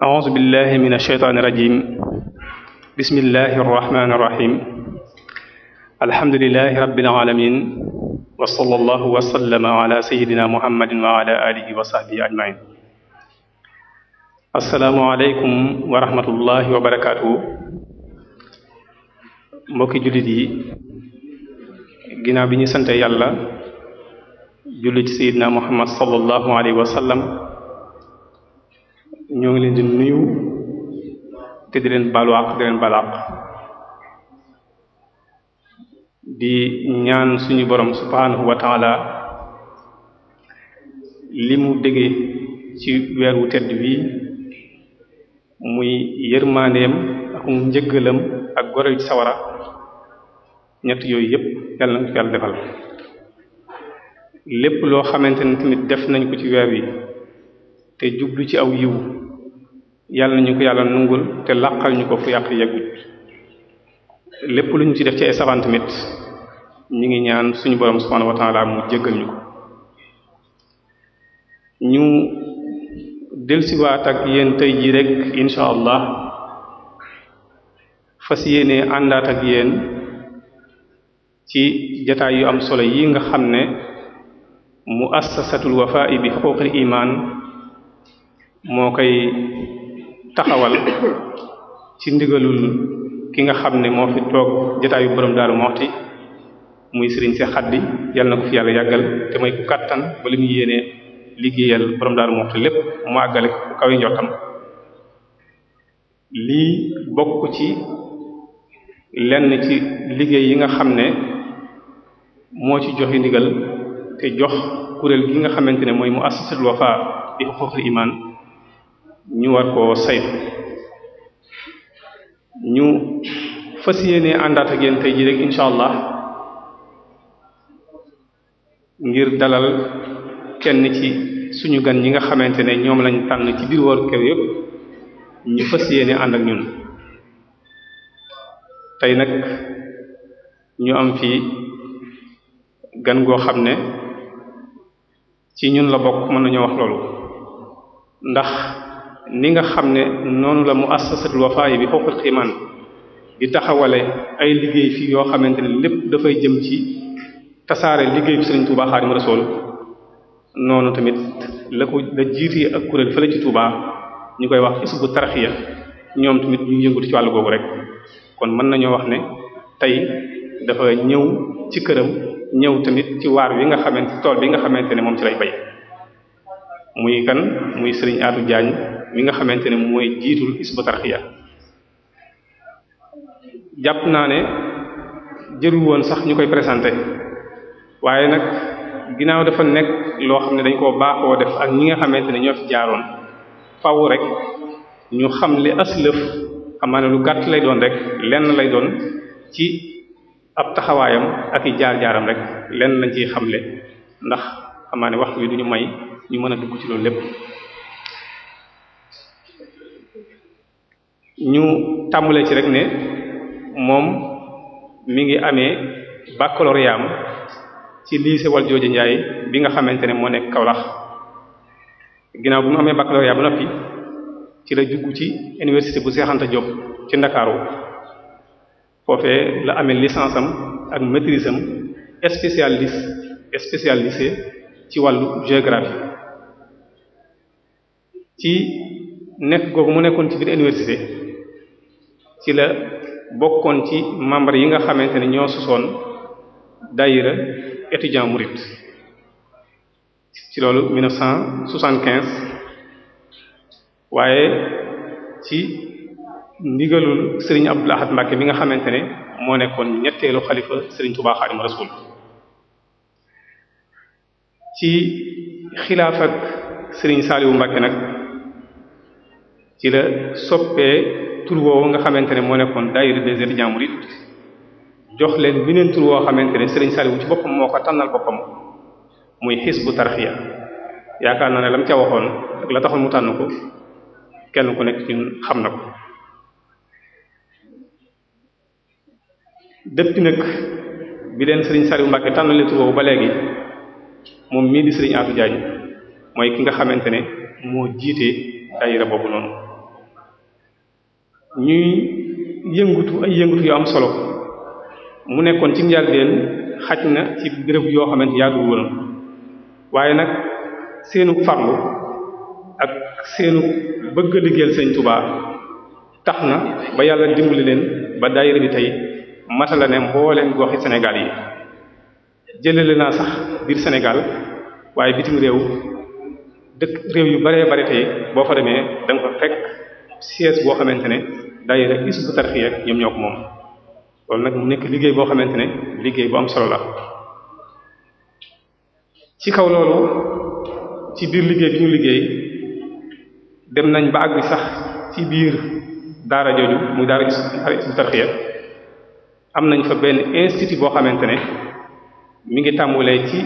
أعوذ بالله من الشيطان الرجيم بسم الله الرحمن الرحيم الحمد لله رب العالمين وصلى الله وسلم على سيدنا محمد وعلى آله وصحبه أجمعين السلام عليكم ورحمة الله وبركاته mbokki jullit yi ginnaaw bi ñu sante yàlla jullit sayyidina Muhammad sallallahu alayhi wa sallam ñoo ngi leen di nuyu te di leen balu di leen balu àq di ñaan suñu borom subhanahu wa taala li mu déggee ci weer wu tedd wi muy yërmandeem ak mu njëggalam ak gore ci sawara ñett yooyu yépp yàlla na ko yàlla defal lépp loo xamante ne tamit def nañ ko ci weer wi te jublu ci aw yiw yàlla ñu ko yàlla nungul te làqal ñu ko fu yàq yeggut lépp lu ñu ci def ci ay savant mit ñu ngi ñaan suñu borom subhanahu wa ta'ala mu jéggal ñu ko ñu delsiwaat ak yéen tey jii rek incha allah fas yéene àndaat ak yéen ci jataay yu am solo yi nga xam ne muassasatul wafa'i bi huquqil iman moo koy taxawal ci ndigalul ki nga xam ne moo fi toog jotaayu borom Daaru Muxti muy Serigne Cheikh Khady yàlla na ko fi yàlla yàggal te may ku kattan ba li mu yéenee liggéeyal borom Daaru Muxti lépp mu àggale ku kaw yi njottam lii bokk ci lenn ci liggéey yi nga xam ne moo ci joxe ndigal te jox kuréel gi nga xamante ne mooy mu assasatul Wafa di xuququl iman ñu war koo saytu ñu fas yéene àndaat ak yéen tey jii rek incha allah ngir dalal kenn ci suñu gan ñi nga xamante ne ñoom lañ tànn ci biir war kew yépp ñu fas yéene ànd ak ñun tey nag ñu am fii gan goo xam ne ci ñun la bokk mën nañoo wax loolu ndax ni nga xam ne noonu la mu muassasatul wafa'i bi huquqil iman di taxawale ay liggéey fii yoo xamante ne lépp dafay jëm ci tasaare liggéey bi Serigne Touba Xaadimu Rasuul noonu tamit la ko ak kuréel fële ci Touba ñu koy wax isbu tarxiya ñoom tamit ñu yëngatu ci wàllu googu rek kon mën nañoo wax ne tey dafa ñëw ci këram ñëw tamit ci waar wi nga xamante tool bi nga xamante ne moom si lay bay muy kan muy Serigne Atou Diagne mi nga xamante ne mooy jiitul isbu tarxiya jàpp naa ne jëru woon sax ñu koy présenté waaye nag ginnaaw dafa nekk loo xam ne dañ koo baaxoo def ak ñi nga xamante ne ñoo fi jaaroon faw rek ñu xam li aslëf xamaa ne lu gàtt lay doon rek lenn lay doon ci ab taxawaayam ak i jaar-jaaram rek lenn lañ ciy xamle ndax xamaa ne wax wi duñu may ñu mën a dugg ci loolu lépp ñu tàmbalee ci rek ne moom mi ngi amee baccalauréat am ci lycée Valdiodio Ndiaye bi nga xamante ne moo nekk Kaolack ginnaaw bi mu amee baccalauréat ba noppi ci la juggu ci université bu seexanta Anta ci Ndakaaru foofee la amee licence am ak maîtrise am spécialiste spécialisé ci wàllu géographie ci nekk googu mu nekkoon ci biir université. ci la bokkoon ci membre yi nga xamante ne ñoo sosoon daayira étudiant murid ci loolu waaye ci ndigalul Serigne Abdoul Ahad Mbacké mi nga xamante ne moo nekkoon ñetteelu xalifa Serigne Touba Xaadimu Rasuul ci xilaaf ak Serigne Saliou nag ci la soppee tur woowu nga xamante ne moo nekkoon daayira des étudiants mourides jox leen beneen tur woo xamante ne Serigne Saliou ci boppam moo ko tànnal boppam muy bu Tarqiyyah yaakaar naa ne la mu ca waxoon la taxoon mu tànn ko kenn ku nekk ci xam na ko dëpp nag bi leen Serigne Saliou Mbacké tànnalee tur ba léegi moom mii di Serigne Atou Diagne mooy ki nga xamante ne moo jiite daayira boobu noonu. ñuy yëngutu ay yëngutu yu am solo mu nekkoon ci njàlbéen xaj na ci béréb yoo xamante yàggul woon waaye nag seenu farlu ak seenu bëgg a liggéeyal Sëriñ Tuubaa tax na ba yàlla dimbali leen ba daayira bi tey matala ne mbooleen goxi Sénégal yi jëlale naa sax biir Sénégal waaye bitim réew dëkk réew yu baree bare tey boo fa demee da fekk siège boo xamante ne daayira Hizbut Tarqiyyah ñoom ñoo ko moom loolu nag mu nekk liggéey boo xamante ne liggéey bu am solo la ci kaw loolu ci biir liggéey bi ñu liggéey dem nañ ba àgg sax ci biir daara jooju muy daara Hizbut Tarqiyyah am nañ fa benn institut boo xamante ne mu ngi tàmbulee ci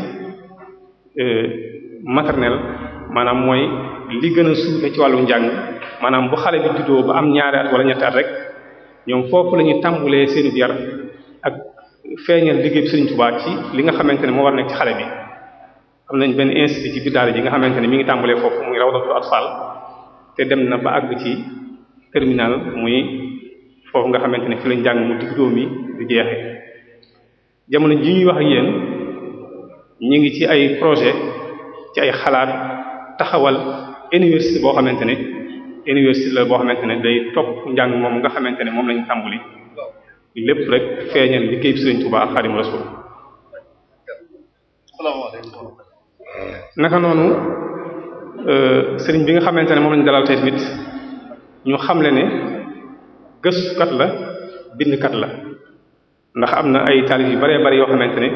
euh, maternelle maanaam mooy li gën a ci wàllu njàng maanaam bu xale bi juddoo ba am ñaari at wala ñetti at rek ñoom foofu lañuy ñuy tàmbulee seen yar ak feeñal liggéey Sëriñ Tuubaa ci li nga xamante ne moo war a ci xale bi am nañ benn institut ci biir daara nga xamante ne mi ngi tàmbulee foofu muy rawdatul atfal te dem na ba àgg ci terminal muy foofu nga xamante ne fi la njàng mu digg mi yi di jeexe jamono ji ñuy wax ak yéen ngi ci ay projet ci ay xalaat taxawal université boo xamante ne université la boo xamante ne day topp njàng moom nga xamante ne moom lañu tàmbali lépp rek feeñal liggéey Sëriñ Tuubaa Xaadimu Rasuul naka noonu euh, sëriñ bi nga xamante ne moom lañu dalal tey nit ñu xamle ne gëstukat la bindkat la ndax am na ay taalif yu bare bare yoo xamante ne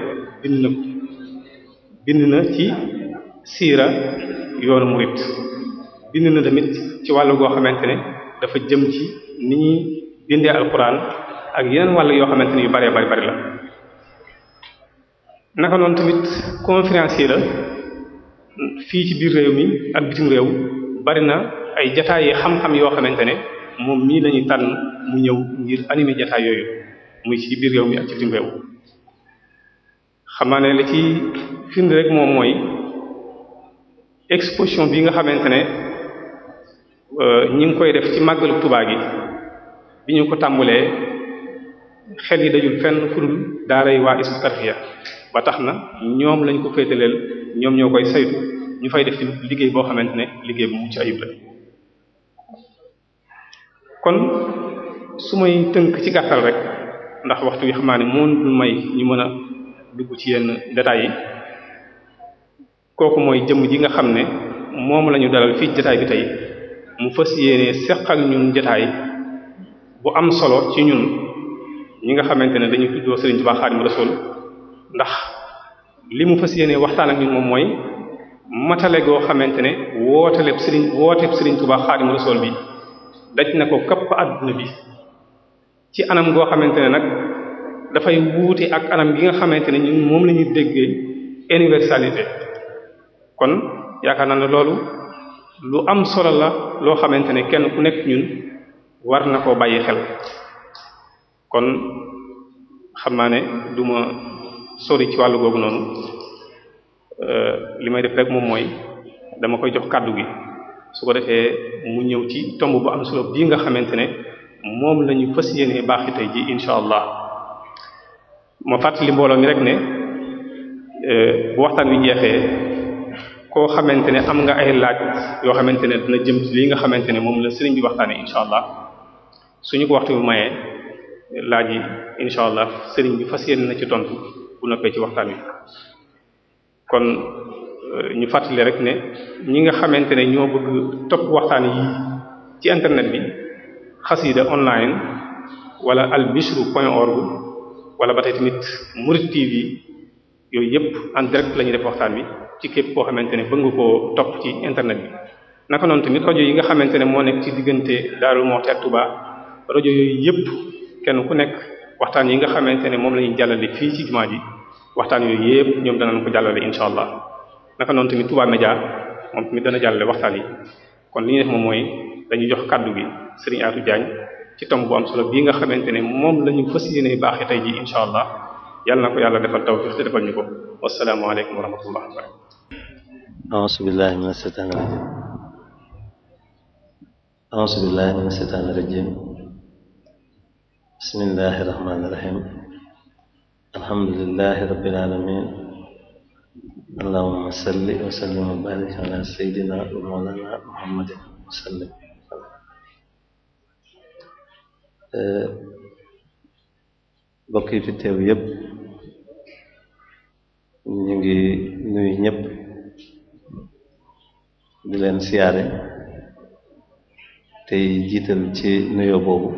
bind na bind na ci siira yoonu murid bind na tamit ci wàll goo xamante ne dafa jëm ci ni ñuy bindee ak yenn wàll yoo xamante ne yu bëree bëri bëri la naka noonu tamit conférencier la fii ci biir réew mi ak bitim réew bari na ay jataay yi xam-xam yoo xamante ne moom mii lañuy tànn mu ñëw ngir animer jataay yooyu muy ci biir réew mi ak ci bitim réew xam ne la ci firnde rek moom mooy exposition bi nga xamante ne euh, ñi ngi koy def ci màggalu Tuubaa yi bi ñu ko tàmbalee xel yi dajul fenn fudul daaray waa isbu tarxiya ba tax na ñoom lañ ko féetaleel ñoom ñoo koy saytu ñu fay def ci liggéey boo xamante ne liggéey bu ci ayib la kon su may tënk ci gàttal rek ndax waxtu wi xamaa ne moom dul may ñu mën a dugg ci yenn détails yi kooku mooy jëmm ji nga xam ne moom la ñu dalal fii jataay bi tey mu fas yéene seq ak ñun jataay bu am solo ci ñun ñi nga xamante ne dañu tuddoo Serigne Touba Xaadimu Rasuul ndax li mu fas yéene waxtaan ak ñun moom mooy matale goo xamante ne wootaleb Serigne wooteb Serigne Touba Xaadimu Rasuul bi daj na ko kapp àdduna bi ci anam goo xamante ne nag dafay wuute ak anam gi nga xamante ne ñun moom lañuy ñuy déggee universalité kon yaakaar naa ne loolu lu am solo la loo xamante ne kenn ku nekk ñun war na koo bàyyi xel kon xam naa ne du ma sori ci wàllu googu noonu euh, li may def rek moom mooy dama koy jox kàddu gi su ko defee mu ñëw ci tomb bu am solo bii nga xamante ne moom la ñu fas yéenee baaxi tey ji incha allah ma fàttali mbooloo mi rek ne euh, bu waxtaan wi jeexee. koo xamante ne am nga ay laaj yoo xamante ne na jëm ci lii nga xamante ne moom la sëriñ bi waxtaanee incha allah suñu ko waxtu bi mayee laaj yi incha allah sëriñ bi fas yéene na ci ton bu noppee ci waxtaan wi kon euh, ñu fàttali rek ne ñi nga xamante ne ñoo bëgg topp waxtaan yi ci internet bi xasida online wala albishru point org wala ba tey tamit Murid TV yooyu yëpp en direct la ñuy def waxtaan bi ci képp koo xamante ne bëgg nga koo topp ci internet bi naka noonu tamit rajo yi nga xamante ne moo nekk ci diggante Darou Moukhty ak rajo yooyu yëpp kenn ku nekk waxtaan yi nga xamante ne moom la ñuy jàllale fii ci jumaa ji waxtaan yooyu yëpp ñoom danañ ko jàllale incha allah naka noonu tamit Touba Média moom tamit dana jàllale waxtaan yi kon li ñuy def moom mooy dañu jox kàddu gi Serigne Atou Diagne ci tomb bu am solo bii nga xamante ne moom lañu ñu fas yéene baaxee tey ji incha allah yàlla na ko yàlla defal tawfiq te defal ñu ko wasalaamualeykum wa rahmatullah wa barakatu aousubillahi min rabbil alamin allahuma salli wa sallim barik ala sayidina wa mawlana muhammadin wa sallim eh, mbokk yi teew yépp ñu ngi nuyu ñépp di leen siyaare tey jiital ci nuyoo boobu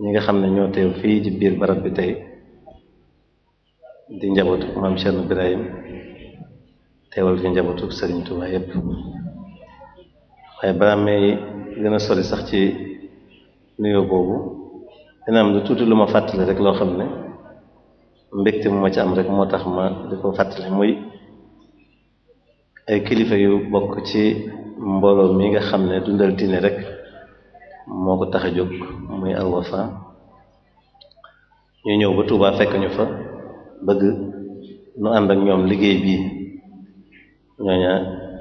ñi nga xam ne ñoo teew fii ci biir barab bi tey di njabootu maam Cheikh Ibrahim teewal fi njabootu Sëriñ Tuubaa yépp waaye balaa may gën a sori sax ci nuyoo boobu dina am lu tuuti lu ma fàttali rek loo xam ne mbégte mu ma ci am rek moo tax ma di ko fàttali muy ay kilifa yu bokk ci mbooloo mi nga xam ne dundal diine rek moo ko tax a jóg muy Al Wafa ñu ñëw ba Touba fekk ñu fa bëgg nu ànd ak ñoom liggéey bii ñooña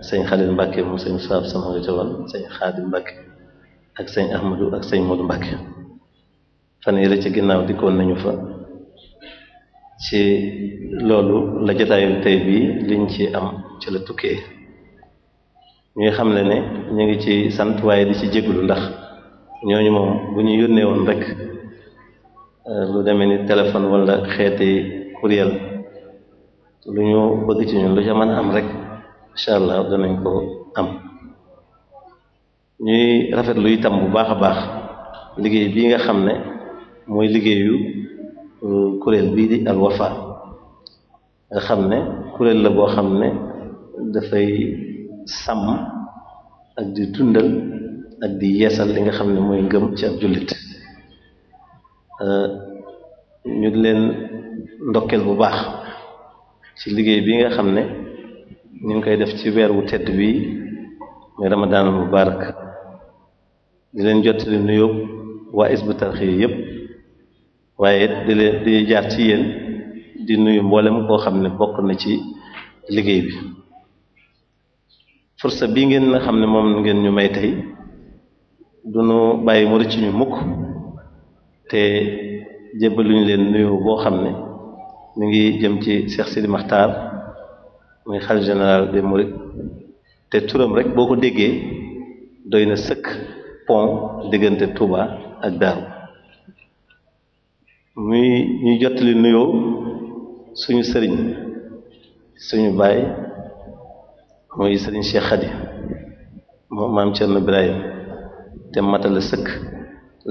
sëñ Xalil Mbàkke mu sëñ Saab sama nga ca woon sëñ Xaadim ak sëñ Ahmadu ak sëñ Modu Mbàkke fan yële ci ginnaaw dikkoon nañu fa ci loolu la jotaayu tey bii liñ ci am ci la tukkee ñuy xam ne ne ñu ngi ci sant waaye di ci jéglu ndax ñooñu moom bu ñu yónnee woon rek euh, lu demee ni téléphone wala xeeti courriel lu ñu bëgg ci ñun lu ca mën am rek incha allah danañ ko am ñuy rafetlu itam bu baax a baax liggéey bii nga xam ne mooy liggéeyu euh, kuréel bii di Al Wafa nga xam ne kuréel la boo xam ne dafay sàmm ak di dundal ak di yeesal li nga xam ne mooy ngëm ci ab jullit euh, ñu leen ndokkeel bu baax ci liggéey bi nga xam ne ñu ngi koy def ci weer wu tedd bi muy ramadaanul mubaarak di leen jottali nuyoo waa isbu tarxiya yépp waaye di leen di jaar ci yéen di nuyu mboolem koo xam ne bokk na ci liggéey bi fursa bii ngeen na xam ne moom ngeen ñu may tey du nu bàyyi mu rëcc ñu mukk te jébbaluñu leen nuyu boo xam ne mi ngi jëm ci Cheikh Sidi Makhtar muy xalifa général des Mourides te turam rek boo ko déggee doy na sëkk pont diggante Touba ak Darou muy ñu jottali nuyoo suñu sëriñ suñu baay muy sëriñ Cheikh Khady moom maam Thierno Birahim te matale sëkk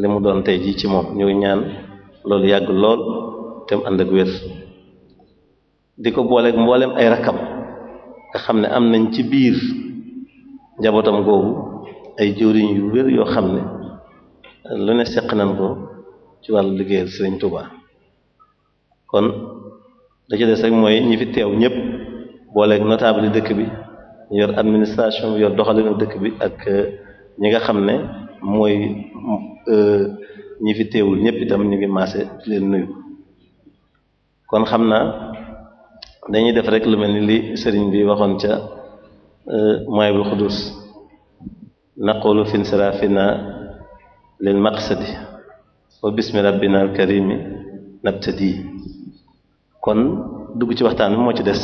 li mu doon tey jii ci moom ñu ñaan loolu yàgg lool te mu ànd ak wér di ko booleek mbooleem ay rakkam nga xam ne am nañ ci biir njabootam googu ay jëwriñ yu wér yoo xam ne lu ne seq nañ ko ci wàllu liggéeyal sëriñ Tuuba kon da ci des rek mooy ñi fi teew ñëpp booleeg notable yi dëkk bi ñu yor administration bi yor doxalinu dëkk bi ak euh, ñi nga xam ne mooy euh, ñi fi teewul ñëpp itam ñu ngi maase leen nuyu kon xam naa dañuy def rek lu mel ni li sëriñ bi waxoon ca euh, mooy bu xudus naqulu fin sarafina lil maqsadi wa bismi rabbina alkarimi nabtadi kon dugg ci waxtaan bi moo ci des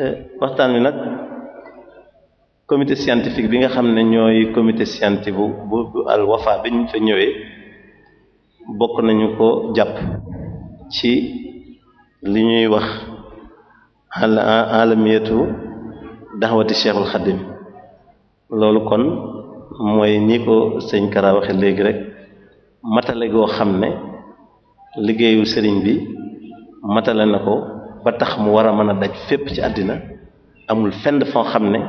eh, waxtaan bi nag comité scientifique bi nga xam ne ñooy comité scientifique bu bu al wafa bi ñu fa ñëwee bokk nañu ko jàpp ci li ñuy wax al alamiyatu daxwati cheikhul xadim loolu kon mooy ni ko sëñ Kara léegi rek matale goo xam ne liggéeyu sëriñ bi matale na ko ba tax mu war a mën a daj fépp ci àddina amul fenn foo xam ne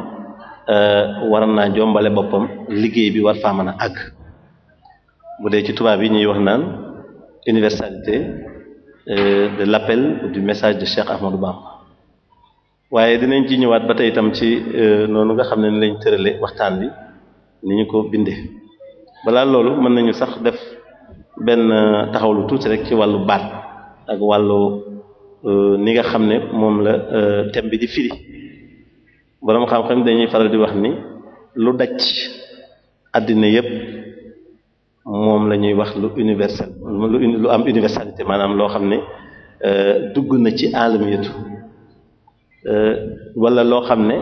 euh, war naa jombale boppam liggéey bi war faa mën a àgg bu dee ci tubaab yi ñuy wax naan universalité euh, de l'appel du message de Cheikh Ahmadou Bamba waaye dinañ ci ñëwaat ba tey itam ci euh, noonu nga xam ne ni lañ tërale waxtaan bi ni ñu ko bindee balaa loolu mën nañu sax def benn euh, taxaw lu tuuti rek ci wàllu baat ak wàllu euh, ni nga xam ne moom la euh, thème bi di firi boroom xam-xam dañuy faral di wax ni lu daj àddina yépp moom la ñuy wax lu universel lu am universalité maanaam loo xam ne dugg na ci alam yëtu wala loo xam ne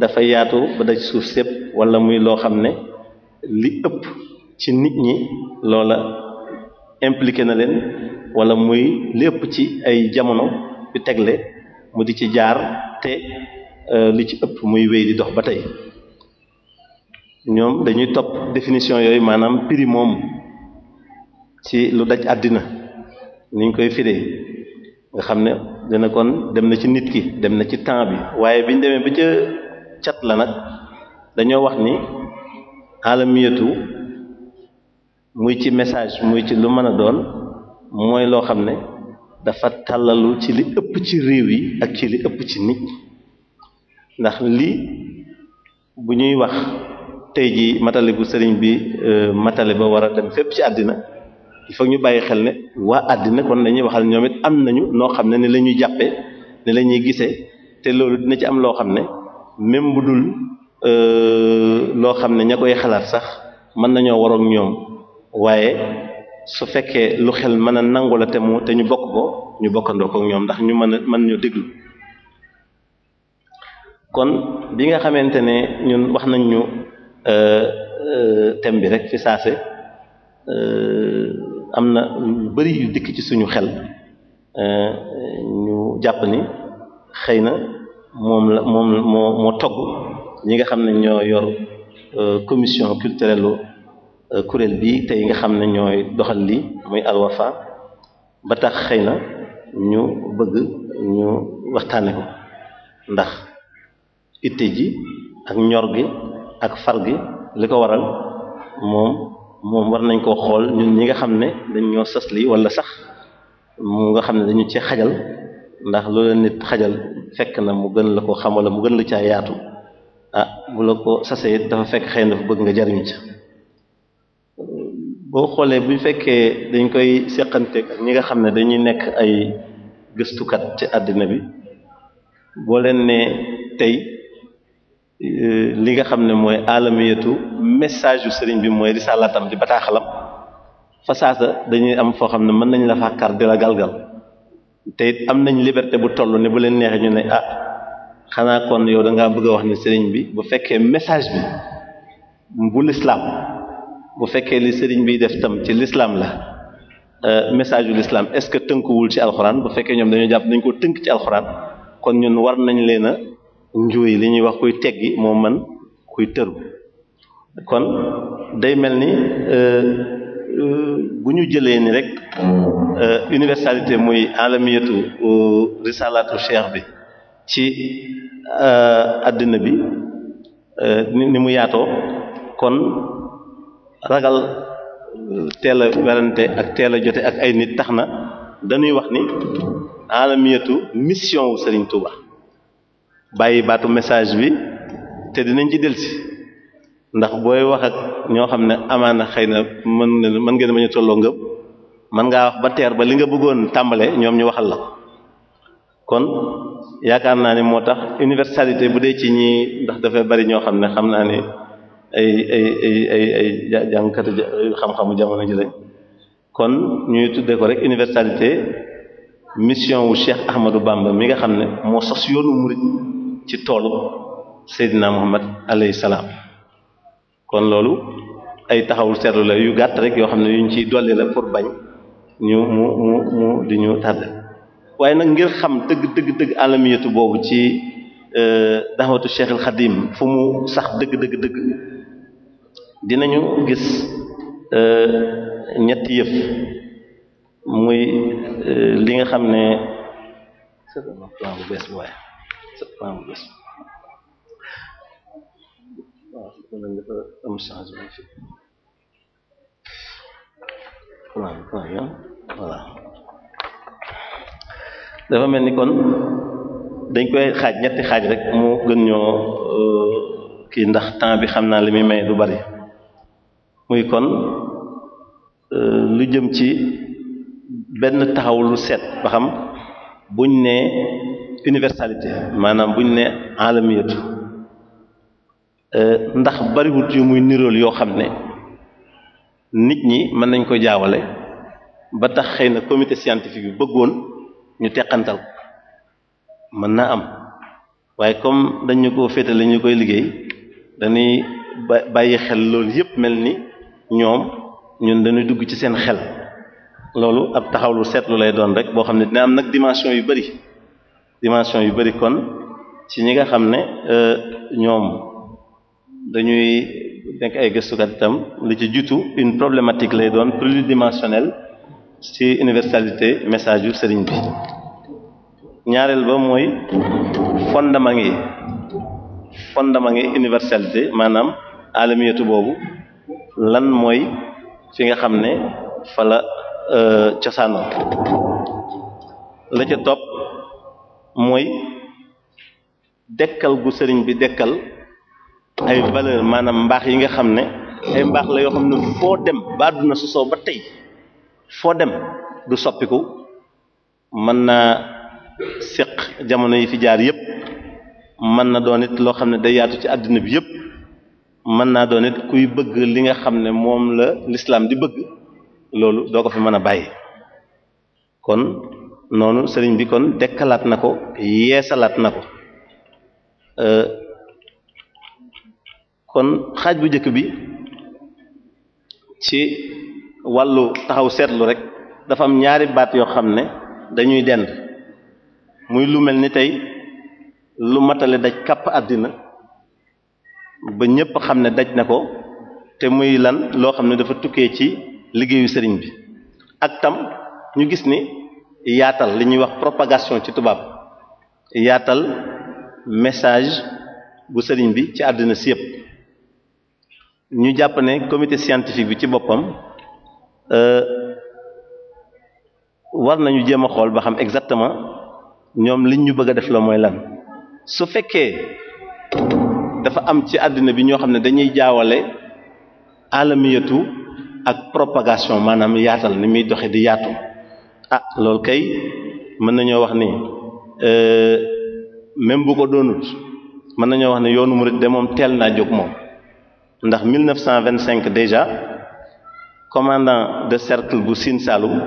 dafa yaatu ba daj suuf sépp wala muy loo xam ne li ëpp ci nit ñi loola impliqué na leen wala muy lépp ci ay jamono yu tegle mu di ci jaar te euh, li ci ëpp muy wéy di dox ba tey ñoom dañuy topp définition yooyu maanaam prix moom ci lu daj àddina niñ koy firee nga xam ne dina kon dem na ci nit ki dem na ci temps bi waaye biñ demee ba ca cat la nag dañoo wax ni alamiyatu muy ci message muy ci lu mën a doon mooy loo xam ne dafa tàllalu ci li ëpp ci réew yi ak ci li ëpp ci nit ndax lii bu ñuy wax tey jii matale bu sëriñ bi euh, matale ba war a dem fépp ci àddina il faut ñu bàyyi xel ne waa àddina kon dañuy waxal ñoom it am nañu noo xam ne ni la ñuy jàppee ni la gisee te loolu dina ci am loo xam ne même bu dul euh, loo xam ne ña koy xalaat sax mën nañoo waroog ñoom waaye su fekkee lu xel mën a nangu la te mu te ñu bokk ko ñu bokkandoo ko ñoom ndax ñu mën a mën ñu déglu kon bi nga xamante ne ñun wax nañ ñu euh, euh, thème bi rek fi saase euh, am na lu bari yu dikk ci suñu xel ñu jàpp ni xëy na moom la moom moo moo togg ñi nga xam ne ñoo yor commission culturelle kuréel bi tey nga xam ne ñooy doxal li muy Al Wafa ba tax xëy na ñu bëgg ñu waxtaane ko ndax itte ji ak ñor gi ak far gi li ko waral moom moom war nañ koo xool ñun ñi nga xam ne dañ ñoo sas lii wala sax mu nga xam ne dañu ci xajal ndax loola nit xajal fekk na mu gën la ko xam wala mu gën la caa yaatu ah bu la ko sasee dafa fekk xëy na dafa bëgg nga jariñu ca boo xoolee bu fekkee dañ koy seqanteeg ak ñi nga xam ne dañuy nekk ay gëstukat ci àddina bi boo leen nee tey li nga xam ne mooy alamiyatu message yu sëriñ bi mooy risalatam di bataaxalam fasaasa dañuy am foo xam ne mën nañ la fàkkar di la galgal te it am nañ liberté bu toll ne bu leen neexee ñu ne ah xanaa kon yow da ngaa bëgg a wax ni sëriñ bi bu fekkee message bi bu l'islam bu fekkee li sëriñ bi def tam ci lislaam la euh, message yu l'islam est-ce que tënkuwul ci alxuraan bu fekkee ñoom dañoo jàpp dañ ko tënk ci alxuraan kon ñun war nañ leena a njuuy li ñuy wax kuy teggi moo mën kuy tëru kon day mel ni euh, euh, bu ñu jëlee ni rek universalité muy alamiyatu risalatu cheikh bi ci àddina bi ni mu yaatoo kon ragal teel a werante ak teel a jote ak ay nit tax na dañuy wax ni alamiyatu mission wu Serigne Touba bàyyi baatu message bi te dinañ ci delsi ndax booy wax ak ñoo xam ne amaana xëy na mën nga mën ngeen bañ a tolloo ngëb mën ngaa wax ba teer ba li nga bëggoon tàmbale ñoom ñu waxal la ko kon yaakaar naa ni moo tax universalité bu dee ci ñi ndax dafay bari ñoo xam ne xam naa ni. ay ay ay ay ay xam-xamu jamono ji lañ kon ñuy tuddee ko rek universalité mission wu Cheikh Ahmadou Bamba mi nga xam ne moo sos yoonu murid ci toolu Seydina Muhammad alayhi salaam kon loolu ay taxawul seetlu la yu gàtt rek yoo xam ne yu yuñ ciy dolli la pour bañ ñu mu mu mu di ñu tàdd waaye nag ngir xam dëgg dëgg dëgg alamiyatu boobu ci euh, daxawatu Cheikhul Xadim fu mu sax dëgg dëgg dëgg dinañu gis euh, ñetti yëpp muy euh, li nga xam ne plan bu bees bi waaye dafa mel ni kon dañ koy xaaj ñetti xaaj rek moo gën ñoo euh, kii ndax temps bi xam naa li muy may du bari muy kon euh, lu jëm ci benn taxaw lu seet ba xam buñ nee universalité maanaam buñ nee alamiyatu euh, ndax bariwut yu muy nirool yoo xam ne nit ñi mën nañ ko jaawale ba tax xëy na comité scientifique bi bëggoon ñu teqantal mën naa am waaye comme dañu ko féetale ñu koy liggéey dañuy bàyyi xel loolu yépp mel ni ñoom ñun dañuy dugg ci seen xel loolu ab taxaw lu seetlu lay doon rek boo xam ne dina am nag dimension yu bari dimension yu bari kon ci ñi nga xam ne euh, ñoom dañuy nekk ay gëstukat itam li ci jiitu une problématique lay doon pluridimensionnelle ci universalité message yu sëriñ bi ñaareel ba mooy fondement ngi fondement ngi universalité maanaam alamiyatu boobu lan mooy fi nga xam ne fa la euh, cosaanoo la ca topp mooy dekkal gu sëriñ bi dekkal ay valeur maanaam mbaax yi nga xam ne ay mbaax la yoo xam ne foo dem ba àdduna sosoo ba tey foo dem du soppiku mën naa séq jamono yi fi jaar yépp mën na doon it loo xam ne day yaatu ci àdduna bi yépp mën naa doon it kuy bëgg li nga xam ne moom la lislaam di bëgg loolu doo ko fi mën a bàyyi kon noonu sëriñ bi kon dekkalaat na ko yeesalaat na ko euh, kon xaaj bu njëkk bi ci wàllu taxaw seetlu rek dafa am ñaari baat yoo xam ne dañuy dend muy lu mel ni tey lu matale daj kàpp àddina ba ñépp xam ne daj na ko te muy lan loo xam ne dafa tukkee ci liggéeyu sëriñ bi ak tam ñu gis ni yaatal li ñuy wax propagation ci tubaab yaatal message bu sëriñ bi ci àddina si ñu jàpp ne comité scientifique bi ci boppam euh, war nañu jéem a xool ba xam exactement ñoom liñ ñu bëgg a def la mooy lan su fekkee dafa am ci àddina bi ñoo xam ne dañuy jaawale alamiyatu ak propagation maanaam yaatal ni muy doxe di yaatu ah loolu kay mën nañoo wax ni euh, même bu ko doonut mën nañoo wax ne yoonu murid de moom teel naa jóg moom ndax 1925 déjà commandant de cercle bu Sine Saloum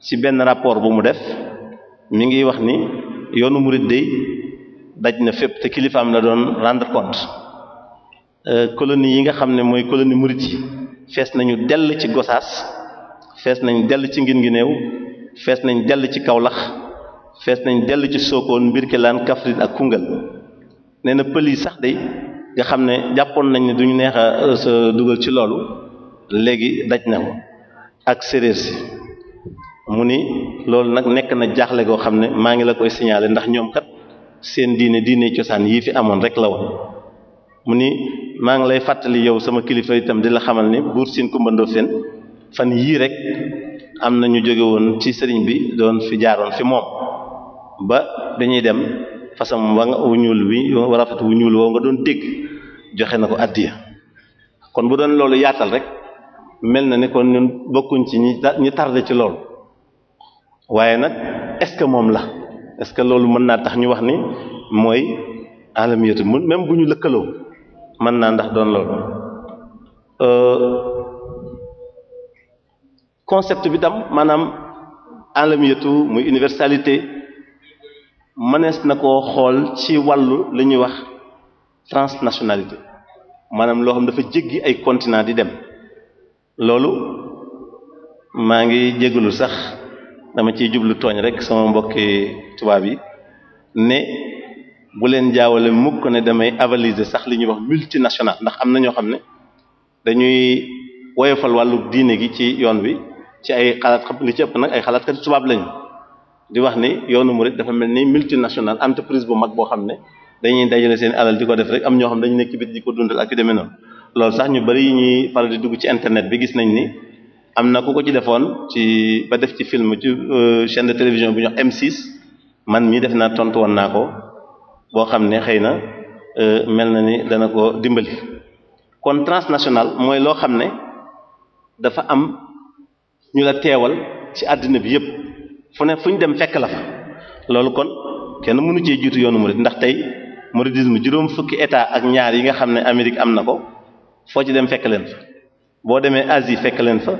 ci benn rapport bu mu def mi ngi wax ni yoonu murid de daj na fépp te kilifaam la doon rendre compte euh, colonie yi nga xam ne mooy colonie murit yi fees nañu dell ci Gosaas fees nañ dell ci ngin ngi néew fees nañ dell ci Kaolack fees nañ dell ci Sokone Birkelane Kaffrine ak Koungheul nee na pël yi sax de nga xam ne jàppoon nañ ne duñu neex a euh, dugal ci loolu léegi daj na ko ak séréer si mu ni loolu nag nekk na jaaxle goo xam ne maa ngi la koy signaler ndax ñoom kat seen diine diine cosaan yii fi amoon rek la woon mu ni maa ngi lay fàttali yow sama kilifa itam di la xamal ni buur siin kumbandoo seen fan yii rek am na ñu jóge woon ci sëriñ bi doon fi jaaroon fi moom ba dañuy dem fasam wa wu ñuul wi rafet wu ñuul woo nga doon dégg joxe na ko addiya kon bu doon loolu yaatal rek mel na ni kon ñun bokkuñ ci ñi ñi ci lool waaye nag est-ce que moom la est-ce que loolu mën naa tax ñu wax ni mooy alamiyatu même bu ñu lëkkaloo mën naa ndax doon loolu euh, concept bi tam maanaam alamiyatu muy universalité mënees na ko xool ci wàllu li ñuy wax transnationalité maanaam loo xam dafa jéggi ay continent di dem loolu maa ngi jégalu sax dama ciy jublu tooñ rek sama mbokki tubaab yi ne bu leen jaawale mukk ne damay avaliser sax li ñuy wax multinational ndax am na ñoo xam ne dañuy woyofal wàllu diine gi ci yoon wi ci ay xalaat li cëpp ëpp nag ay xalaat kat tubaab lañu di wax ni yoonu murid dafa mel ni multinational entreprise bu mag boo xam ne dañuy dajale seen alal di ko def rek am ñoo xam dañu nekk bi di ko dundal ak yu demee noonu lool sax ñu bari ñuy faral di dugg ci internet bi gis nañ ni am na ku ko ci defoon ci ba def ci film ci euh, chaîne de télévision bu ñox wax m man mii def naa tontu woon naa ko boo xam ne xëy na euh, mel na ni dana ko dimbali kon transnational mooy loo xam ne dafa am ñu la teewal ci àddina bi yëpp fu ne fu ñu dem fekk la fa loolu kon kenn mënu cee jiitu yoonu murid ndax tey mouridisme juróom fukki état ak ñaar yi nga xam ne Amérique am na ko foo ci dem fekk leen fa boo demee Asie fekk leen fa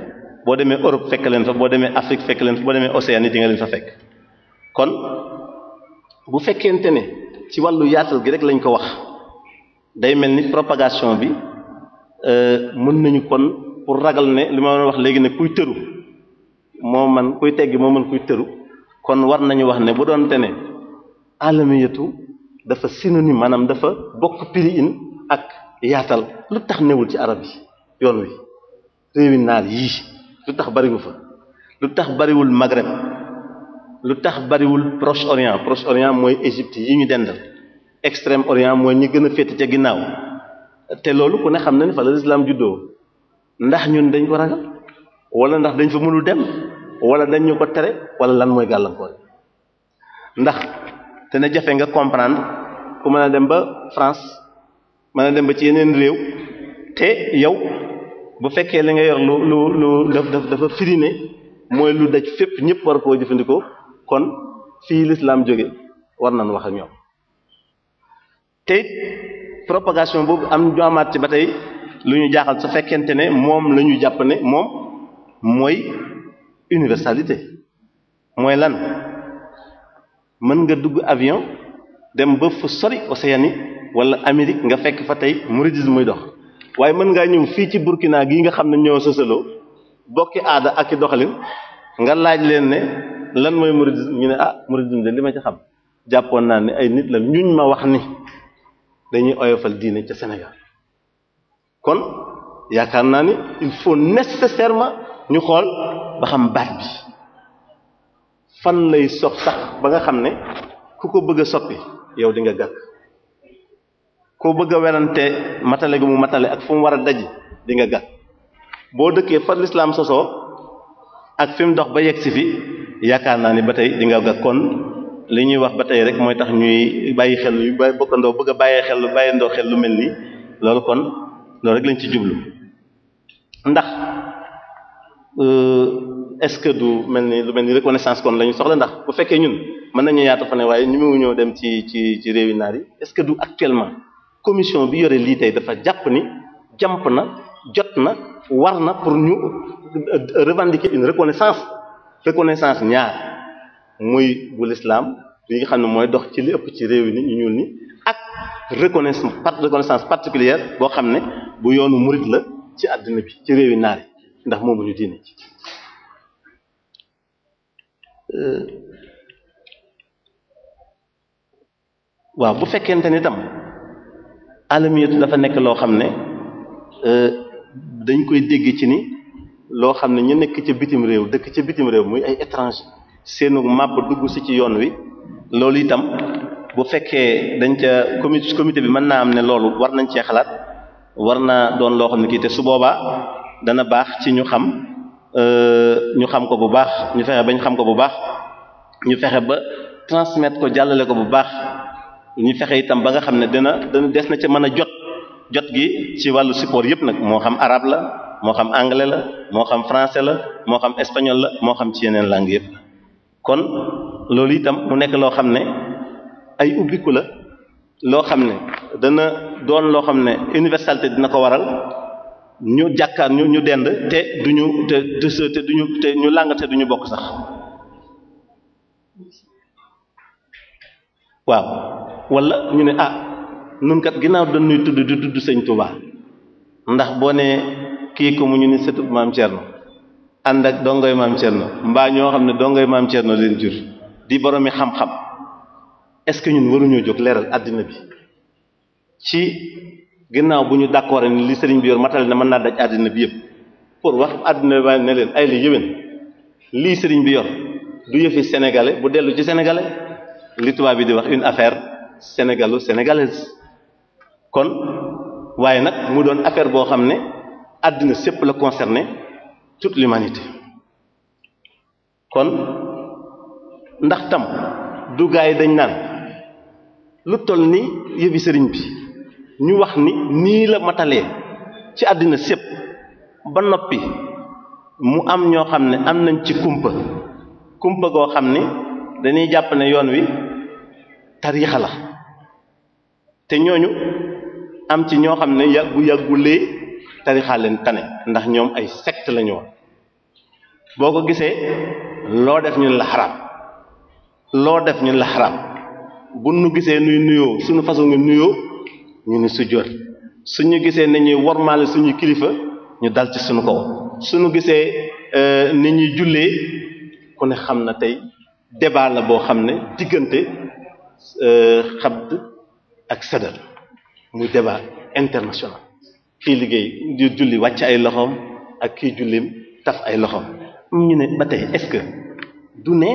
boo demee Europe fekk leen fa boo demee Afrique fekk leen fa boo demee Océanie di nga leen fa fekk kon bu fekkente ne ci wàllu yaatal gi rek lañ ko wax day mel ni propagation bi euh, mën nañu kon pour ragal ne li ma doon wax léegi ne kuy tëru moo man kuy teggi moo man kuy tëru kon war nañu wax ne bu doonte ne alamiyatu dafa synonyme maanaam dafa bokk piri in ak yaatal lu tax newul ci arab yi yoon wi réewi naar yii lu tax bariwu fa lu tax bariwul Maghreb lu tax bariwul Proche Orient Proche Orient mooy Égypte yi ñu dendal Extrême Orient mooy ñi gën a féete ca ginnaaw te loolu ku ne xam na ne fa la islam juddoo ndax ñun dañ ko ragal wala ndax dañ fa mënul dem wala dañ ñu ko tere wala lan mooy gàllankoor ndax te na jafe nga comprendre ku mën a dem ba France mën a dem ba ci yeneen réew te yow. bu fekkee li nga yor lu lu lu dafa dafa firi ne mooy lu daj fépp ñëpp war a koo jëfandikoo kon fii lislaam jóge war nañ wax ak ñoom te propagation boobu am ñu ba tey lu ñu jaaxal sa fekkente ne moom la ñu jàpp ne moom mooy universalité mooy lan mën nga dugg avion dem ba fu sori océan yi wala Amérique nga fekk fa tey mouridisme muy dox waaye mën ngaa ñëw fii ci Burkina gi nga xam ne ñoo sësaloo bokki aada ak i doxalin nga laaj leen ne lan mooy mouridisme ñu ne ah mouridisme de li ma xam jàppoon naa ne ay nit la ñuñ ma wax ni dañuy oyofal diine ca Sénégal kon yaakaar naa ni il faut nécessairement ñu xool ba xam baat bi fan lay sox sax ba nga xam ne ku ko bëgg a soppi yow di nga gàkk koo bëgg a werante matale gu mu matale ak fu mu war a daj di nga gàtt boo dëkkee fa lislaam sosoo ak fi dox ba yegg si fi yaakaar naa ni ba tey dinga nga gàtt kon li ñuy wax ba tey rek mooy tax ñuy bàyyi xel yu bàyyi bokkandoo bëgg a bàyyee xel lu bàyyandoo xel lu mel ni loolu kon loolu rek lañ ci jublu ndax euh, est-ce du mel ni lu mel ni reconnaissance kon lañu soxla ndax bu fekkee ñun mën nañu yaatu fa ne waaye ñu mu ñëw dem ci ci ci réewi naar yi est-ce commission bi yore lii tey dafa jàpp ni jàmp na jot na war na pour ñu euh, euh, revendiquer une reconnaissance reconnaissance ñaar muy bu l'islam li nga xam ne mooy dox ci li ëpp ci réew yi ñu ñuul ni ak reconnaissance part boo xam ne bu yoonu murit la ci àddina bi ci réew yi naar yi ndax moomu ñu diine ci euh, waaw bu fekkente ni alamiyatu dafa nekk loo xam ne euh, dañ koy dégg ci ni loo xam ne ñu nekk ca bitim réew dëkk ca bitim réew muy ay étranger seenu màpp dugg si ci yoon wi loolu itam bu fekkee dañ ca comité comité bi mën naa am ne loolu war nañ cee xalaat war naa doon loo xam ne kii te su boobaa dana baax ci ñu xam euh, ñu xam ko bu baax ñu fexe ba ñu xam ko bu baax fexe ba transmettre ko jàllale ko bu baax ñu fexe itam ba nga xam ne dina dana des na ca mën a jot jot gi ci wàllu support yëpp nag moo xam arabe la moo xam anglais la moo xam français la moo xam espagnol la moo xam ci yeneen langue yëpp kon loolu itam mu nekk loo xam ne ay ubbiku la loo xam ne dana doon loo xam ne universalité dina ko waral ñu jàkkaar ñu ñu dend te duñu te du duñu te ñu làng te ñu bokk sax waaw wala ñu ne ah nun kat ginnaaw dañuy tudd di tudd sëñ Touba ndax boo nee kii ko mu ñu ni sëtub maam Thierno ànd ak dongoy maam na mbaa ñoo xam ne dongoy maam Thierno leen jur di boromi xam-xam est-ce que ñun waruñoo jóg leeral àddina bi ci ginnaaw bu ñu d'accord ni li sëriñ bi yor matal na mën naa daj àddina bi yëpp pour wax àddina bi ne leen ay li yëwén lii sëriñ bi yor du yëfi sénégalais bu dellu ci sénégalais li tubaab bi di wax une affaire senegalu sénégalaise kon waaye nag mu doon affaire boo xam ne àddina sépp la concerné toute l'humanité kon ndax tam du gaa yi dañ naan lu toll ni yëfi sëriñ bi ñu wax ni nii la matalee ci àddina sépp ba noppi mu am ñoo xam ne am nañ ci kumpa kumpa goo xam ne dañuy jàpp ne yoon wi tariixa la te ñooñu am ci ñoo xam ne yàggu yàggulee tarixa tane ndax ñoom ay secte la boo ko gisee loo def ñun la xaraam loo def ñun la xaraam bu nu gisee nuy nuyoo suñu façon nga nuyoo ñu ni sujjóot suñu gisee ne ñuy wormaale suñu kilifa ñu dal ci suñu kow suñu gisee euh, ni ñuy jullee ku ne xam na tey débat la boo xam ne diggante euh, xabd ak sadar muy debar international kii liggéey di julli wàcc ay loxoom ak kii jullim taf ay loxoom ñu ne ba tey est-ce que du ne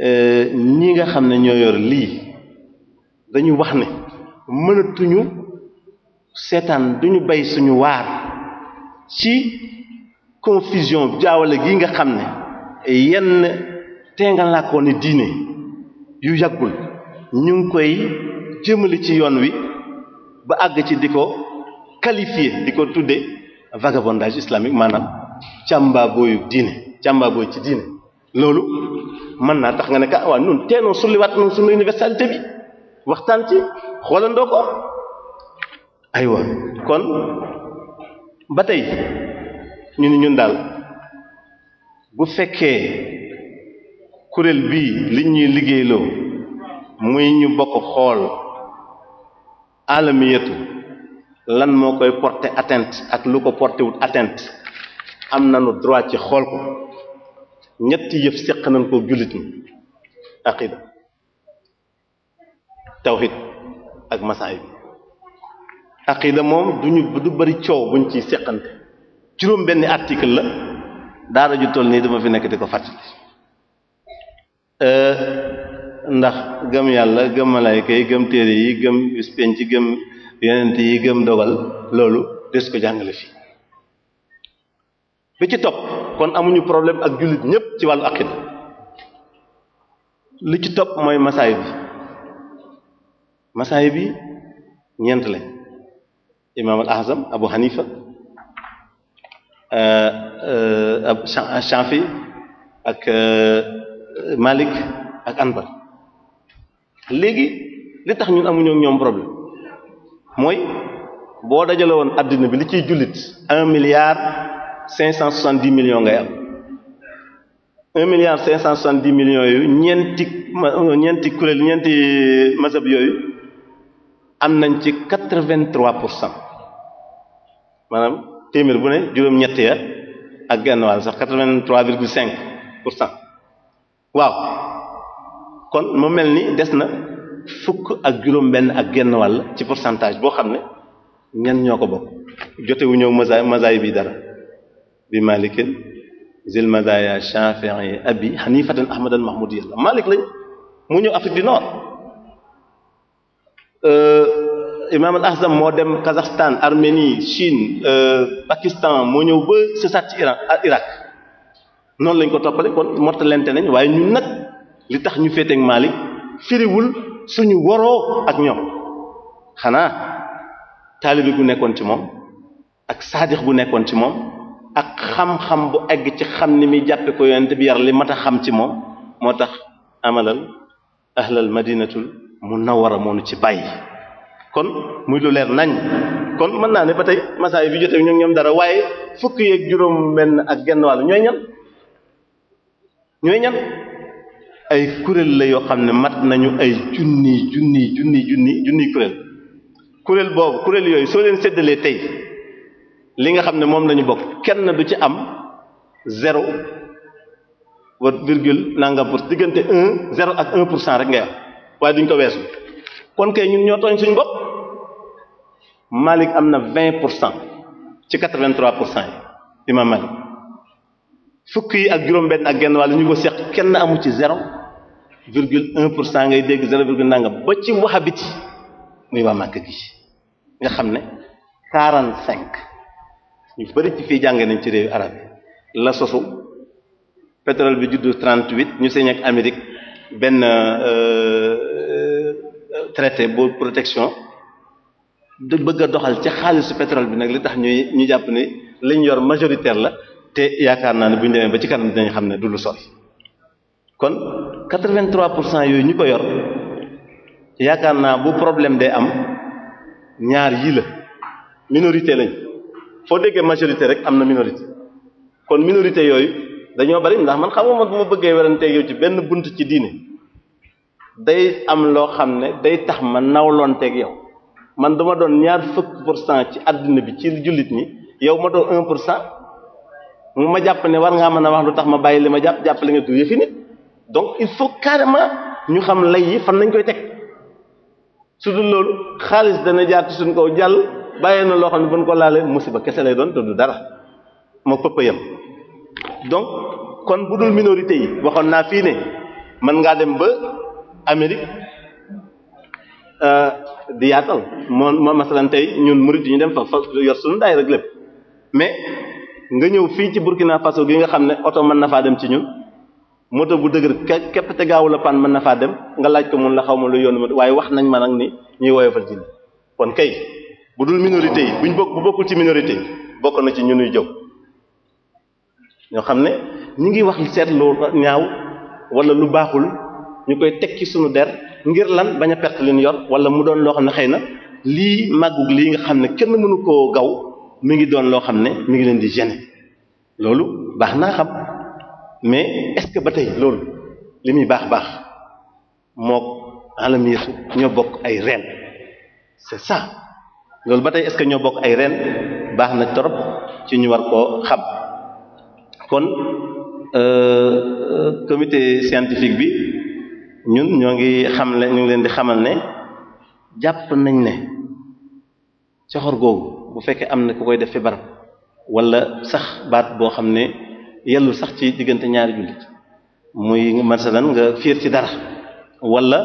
euh, ñi nga xam ne ñoo yor lii dañu wax ne mënatuñu seetaan duñu bay suñu waar ci confusion jaawale gi nga xam ne yenn teengalaakoon ni diine yu yàggul ñu ngi koy jëmale ci yoon wi ba àgg ci di ko qualifier di ko tuddee vagabondage islamique maanaam càmbaabooyu diine càmbaabooy ci diine loolu mën naa tax nga ne ka waaw nun teenoo sulliwaat nun suñu universalité bi waxtaan ci xoolandoo ko aywa kon ba tey ñu ni ñun daal bu fekkee kuréel bii li ñuy liggéeyloo muy ñu bokk xool alamiyatu lan moo koy porter atteinte ak lu ko porter wut am na nañu droit ci xool ko ñetti yëf séq nañ ko jullit ñi aqida tawhid ak masaayib aqida moom du ñu du bari coow buñ ci séqante juróom benn article la daara ju toll nii dama fi nekk di ko fàttali euh, ndax gëm yàlla gëm malayka yi gëm téere yi gëm bis penc gëm yonent yi gëm dogal loolu des ko jàngale fii bi ci topp kon amuñu problème ak jullit ñépp ci wàllu aqida li ci topp mooy masaay bi masaay bi ñeent lañ imaam ahzam abu hanifa euh, euh, ab shafi ak euh, malik ak anbal léegi li tax ñun amuñoo ñoom problème mooy boo dajale woon addina bi li ciy jullit un milliard cinq cent soixante dix millions ngay am un milliard cinq cent soixante dix millions yooyu ñeenti ñeenti kuréel ñeenti masab yooyu am nañ ci quatre vingt trois pour cent maanaam téeméer bu ne juróom-ñett ya ak genn wàll sax quatre vingt trois cinq pour cent waaw kon mu mel ni des na fukk ak juróom-benn ak genn wàll ci pourcentage boo xam ne ñenn ñoo ko bokk jotewu ñëw mazaay mazaay bi dara bi malikin zil mazaya shafi'i abi hanifatan ahmadan mahmudiyya malik lañ mu ñëw Afrique du Nord euh, imam ahzam moo dem Kazakhstan Arménie Chine euh, Pakistan moo ñëw ba sësaat ci Iran noonu lañ ko toppale kon mortalente nañ waaye ñun nag li tax ñu féeteeg Malik firiwul suñu waroo ak ñoom xanaa taalibi bu nekkoon ci moom ak saadix bu nekkoon ci moom ak xam-xam bu egg ci xam ni muy jàppe ko yonent bi yar li mat a xam ci moom moo tax amalal ahlal madinatul munawwara moonu ci bàyyi kon muy lu leer nañ kon mën naa ne ba tey masaay bi jotee ñoom ñoom dara waaye fukk yeeg juróom benn ak genn wàll ñooy ñan ñooy ñan ay kuréel la yoo xam ne mat nañu ay junni junni junni junni junni kuréel kuréel boobu kuréel yooyu soo leen séddalee tey li nga xam ne moom lañu bokk kenn du ci am zéro wa virgule nangam diggante un zéro ak pour cent rek ngay waaye duñ ko weesu kon kay ñun ñoo tooñ suñu bopp Malik am na vingt pour cent ci quatre-vingt-trois pour cent yi imam Malik fukk ak juróom-benn ak genn wàll ñu ko seq kenn amu ci zéro virgule un pour cent ngay dégg zéro virgule nangam ba ci waxabiti muy wax Màkka gi nga xam ne quarante cinq ñu bëri ci fii jànge nañ ci réew arab yi la sosu pétrole bi juddu trente huit ñu señ ak Amérique benn euh, euh, traité bu protection du bëgg a doxal ci xaalisu pétrole bi nag li tax ñuy ñu jàpp ne liñ yor majoritaire la te yaakaar naa ne buñ ñu ba ci kanam dinañ xam ne du lu sori kon 83 pour cent yooyu ñu ko yor yaakaar naa bu problème day am ñaar yii la minorité lañ foo déggee majorité rek am na minorité kon minorité yooyu dañoo bari ndax man xamuma bu ma bëggee weranteeg yow ci benn bunt ci diine day am loo xam ne day tax ma nawlonteeg yow man dama doon ñaar fukk pour cent ci àddina bi ci jullit ni yow ma doon un pour cent mu ma jàpp ne war ngaa mën a wax lu tax ma bàyyi li ma jàpp jàpp li nga tudd nit donc il faut carrément ñu xam lay yi fan nañ koy teg su dul loolu xaalis dana jaar ci suñ kaw jàll bàyyee na loo xam ne buñ ko laalee musiba kese lay doon te dara moo pëpp yam donc kon bu dul minorité yi waxoon naa fii ne mën ngaa dem ba Amérique euh, di yaatal moo moo masalan tey ñun murid ñu dem fa fa yor suñu daay rek lépp mais nga ñëw fii ci Burkina Faso gi nga xam ne oto mën na faa dem ci ñun moto bu dëgër képp te gaawula la pan mën na faa dem nga laaj ko mun la xaw ma lu yoonu waaye wax nañ man nag ni ñuy woyofal ji kon kay bu dul minorité yi buñ bokk bu bokkul ci minorité yi bokk na ci ñu nuy jëw ñoo xam ne ñu ngi wax seet lu ñaaw wala lu baaxul ñu koy teg ci sunu der ngir lan bañ a perte li ñu yor wala mu doon loo xam ne xëy na lii màggug lii nga xam ne kenn mënu koo gaw mu ngi doon loo xam ne mi ngi leen di gêner loolu baax naa mais est ba tey loolu li muy baax baax mook alam ñoo bokk ay reen c'est ça loolu ba tey est ñoo bokk ay reen baax na torop ci ñu war koo xam kon euh, comité scientifique bi ñun ñoo ngi xam xamle ñu ngi leen di xamal ne jàpp nañ ne coxor googu bu fekkee am na ku koy def fi barab wala sax baat boo xam ne yellul sax ci diggante ñaari jullit muy masalan nga fiir ci dara walla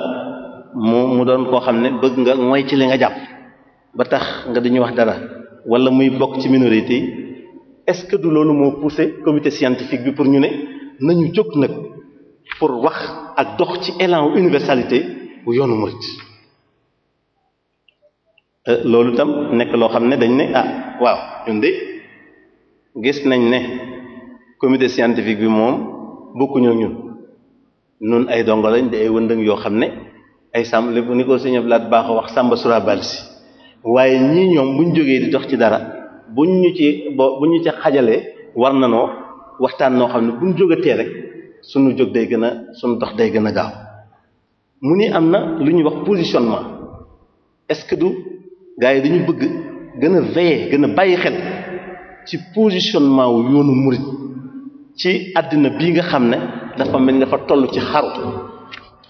mu mu doon koo xam ne bëgg nga mooy ci li nga jàpp ba tax nga dañuy wax dara wala muy bokk ci minorité yi est-ce que du loolu moo poussé comité scientifique bi pour ñu ne nañu jóg nag pour wax ak dox ci élan wu universalité bu yoonu murid euh, loolu tam nekk loo xam ne dañ ne ah waaw ñun de gis nañ ne comité scientifique bi moom bokku bokkuñoo ñun nun ay dongo lañ de ay wëndëng yoo xam ne ay sàmm lépp ni ko sëñ Abdoulaye baax a wax sàmba surabal si waaye ñii ñoom buñ jógee di dox ci dara buñ ñu ci bo buñ ñu ci xajalee war na noo waxtaan noo xam ne buñ jógatee rek sunu jóg day gën a sunu dox day gën a gaaw mu ni am na lu ñuy wax positionnement est du gars yi dañu bëgg gën a veiller gën bàyyi xel ci positionnement yoonu murit ci àddina bii nga xam ne dafa mel ni dafa toll ci xaru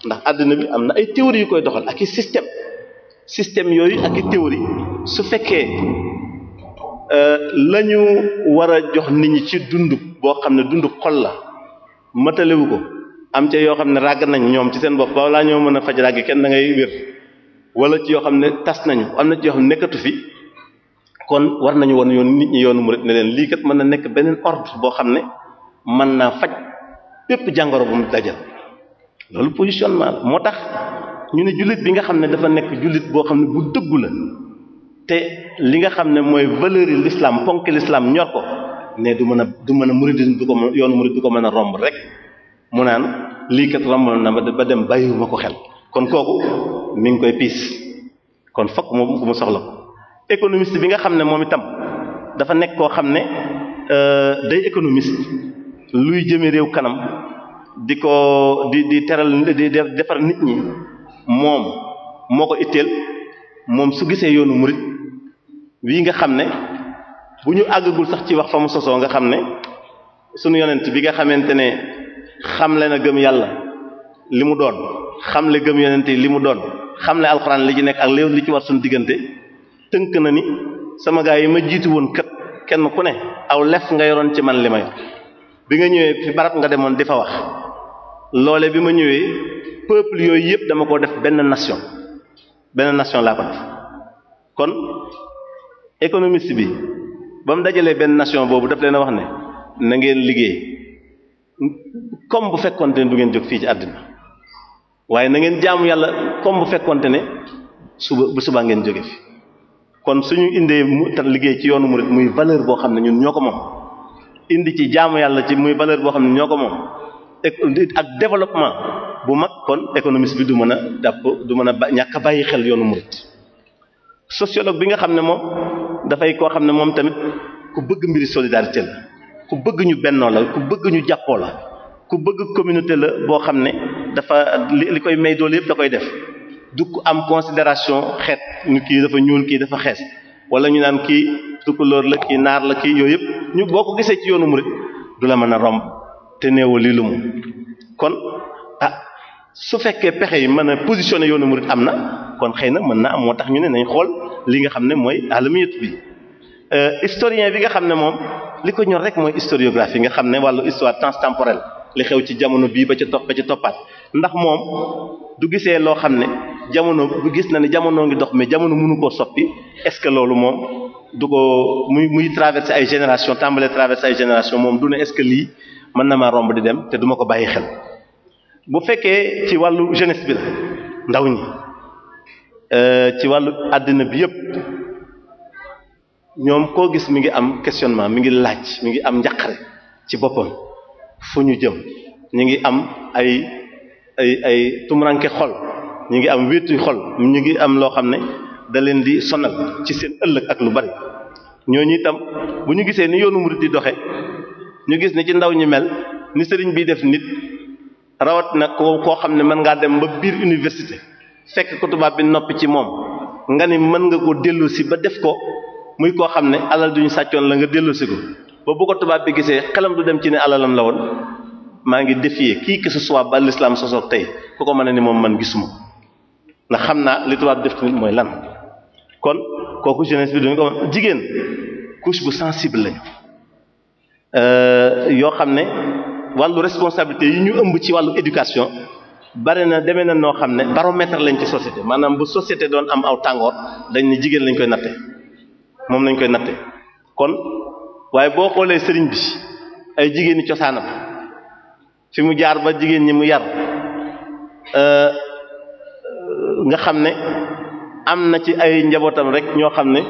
ndax àddina bi am na ay théories yu koy doxal ak i système système yooyu ak i théorie su fekkee euh, lañu war a jox nit ñi ci dund boo xam ne dund xol la matalewu ko am ca yoo xam ne ràgg nañ ñoom ci seen bopp ba laa ñoo mën a faj ràgg kenn da ngay wér wala ci yoo xam ne tas nañu am na ci yoo xam nekkatu fi kon war nañu woon yoon nit ñi yoonu murid ne leen lii kat mën na nekk beneen ordre boo xam ne mën naa faj bépp jàngoro bu mu dajal loolu positionnement la moo tax ñu ne jullit bi nga xam ne dafa nekk jullit boo xam ne bu dëggu la te li nga xam ne mooy valeur yi l'islam ponk ñor ko ne du mën a du mën a muridisme du ko yoonu murid du ko mën a romb rek mu naan lii kat romb na ba dem bàyyiwuma ko xel kon kooku mi ngi koy piis kon fokk moom soxla ko économiste bi nga xam ne moom itam dafa nekk koo xam ne euh, day économiste luy jëme réew kanam di ko di di teral di defar nit ñi moom moo ko itteel moom su gisee yoonu murit wii nga xam ne bu ñu àggagul sax ci wax fa mu sosoo nga xam ne sunu yonent bi nga xamante ne xamle na gëm yàlla li mu doon xamle gëm yonent yi li mu doon xamle alxuraan li ci nekk ak léew li ci war suñu diggante tënk na ni sama gaa yi ma jiitu woon kat kenn ku ne aw lef nga yoroon ci man li ma bi nga ñëwee fi barab nga demoon di fa wax loole bi ma ñëwee peuple yooyu yëpp dama ko def benn nation benn nation laa ko def kon économiste bi ba mu dajalee benn nation boobu daf leen a wax ne na ngeen liggéey comme bu fekkonte ne du ngeen jóg fii ci àddina waaye na ngeen jaamu yàlla comme bu fekkonte ne suba bu subaa ngeen jóge fi kon suñu indee mu tar liggéey ci yoonu murid muy valeur boo xam ne ñun ñoo ko moom indi ci jaamu yàlla ci muy valeur boo xam ne ñoo ko moom ak développement bu mag kon économiste bi du mën a dàpp du mën a ba ñàkk a bàyyi xel yoonu murid sociologue bi nga xam ne moom dafay koo xam ne moom tamit ku bëgg mbiri solidarité la ku bëgg ñu bennoo la ku bëgg ñu jàppoo la ku bëgg communauté la boo xam ne dafa li koy may doole yëpp da koy def du am considération xeet ñu kii dafa ñuul kii dafa xees wala ñu naan kii tukulóor la kii naar la kii yooyu yëpp ñu boo ko gisee ci yoonu murid du la mën a romb te néewa lii lu mu kon ah su fekkee pexe yi mën a positionné yoonu murid am na kon xëy na mën na am moo tax ñu ne nañ xool li nga xam ne mooy alamiyat bi euh, historien bi nga xam ne moom li ko ñor rek mooy historiographie nga xam ne wàllu histoire transtemporelle li xew ci jamono bii ba ca topp ba ca toppaat ndax moom du gisee loo xam ne jamono gis na ne jamonoo ngi dox mais jamono munu koo soppi est-ce que loolu moom du ko muy muy traverser ay génération tàmbalee traverser ay génération moom du ne est lii mën na maa romb di dem te duma ko bàyyi xel bu fekkee ci wàllu jeunesse bi la ndaw ñi euh, ci wàllu àddina bi yëpp ñoom koo gis mi ngi am questionnement mi ngi laaj mu ngi am njaqare ci boppam fu ñu jëm ñu ngi am ay ay ay tumuranke xol ñu ngi am wéetu xol ñu ngi am loo xam ne da leen di sonal ci seen ëllëg ak lu bari ñoo ñooñu itam bu ñu gisee ni yoonu murid di doxe ñu gis ni ci ndaw ñi mel ni sëriñ bi def nit rawat na ko koo xam ne mën ngaa dem ba biir université fekk ko tubaab bi noppi ci moom nga ni mën nga ko dellu ba def ko muy koo xam ne alal duñu sàccoon la nga dellu si ko ba bu ko tubaab bi gisee xelam du dem ci ne alalam la woon maa ngi défier kii que ce soit ba l'islam sosoog tey ku ko mën a moom man gisuma ndax xam naa li tubaab def tamit mooy lan kon kooku jeunesse bi ko jigéen couche bu sensible lañu euh, yoo xam ne wàllu responsabilité yi ñu ëmb ci wàllu éducation bare na demee na noo xam ne baromètre lañ ci société maanaam bu société doon am aw tàngoor dañ ne jigéen lañ koy natte moom lañ koy natte kon waaye boo xoolee sëriñ bi ay jigéeni cosaanam fi mu jaar ba jigéen ñi mu yar euh, nga xam ne am na ci ay njabootam rek ñoo xam ne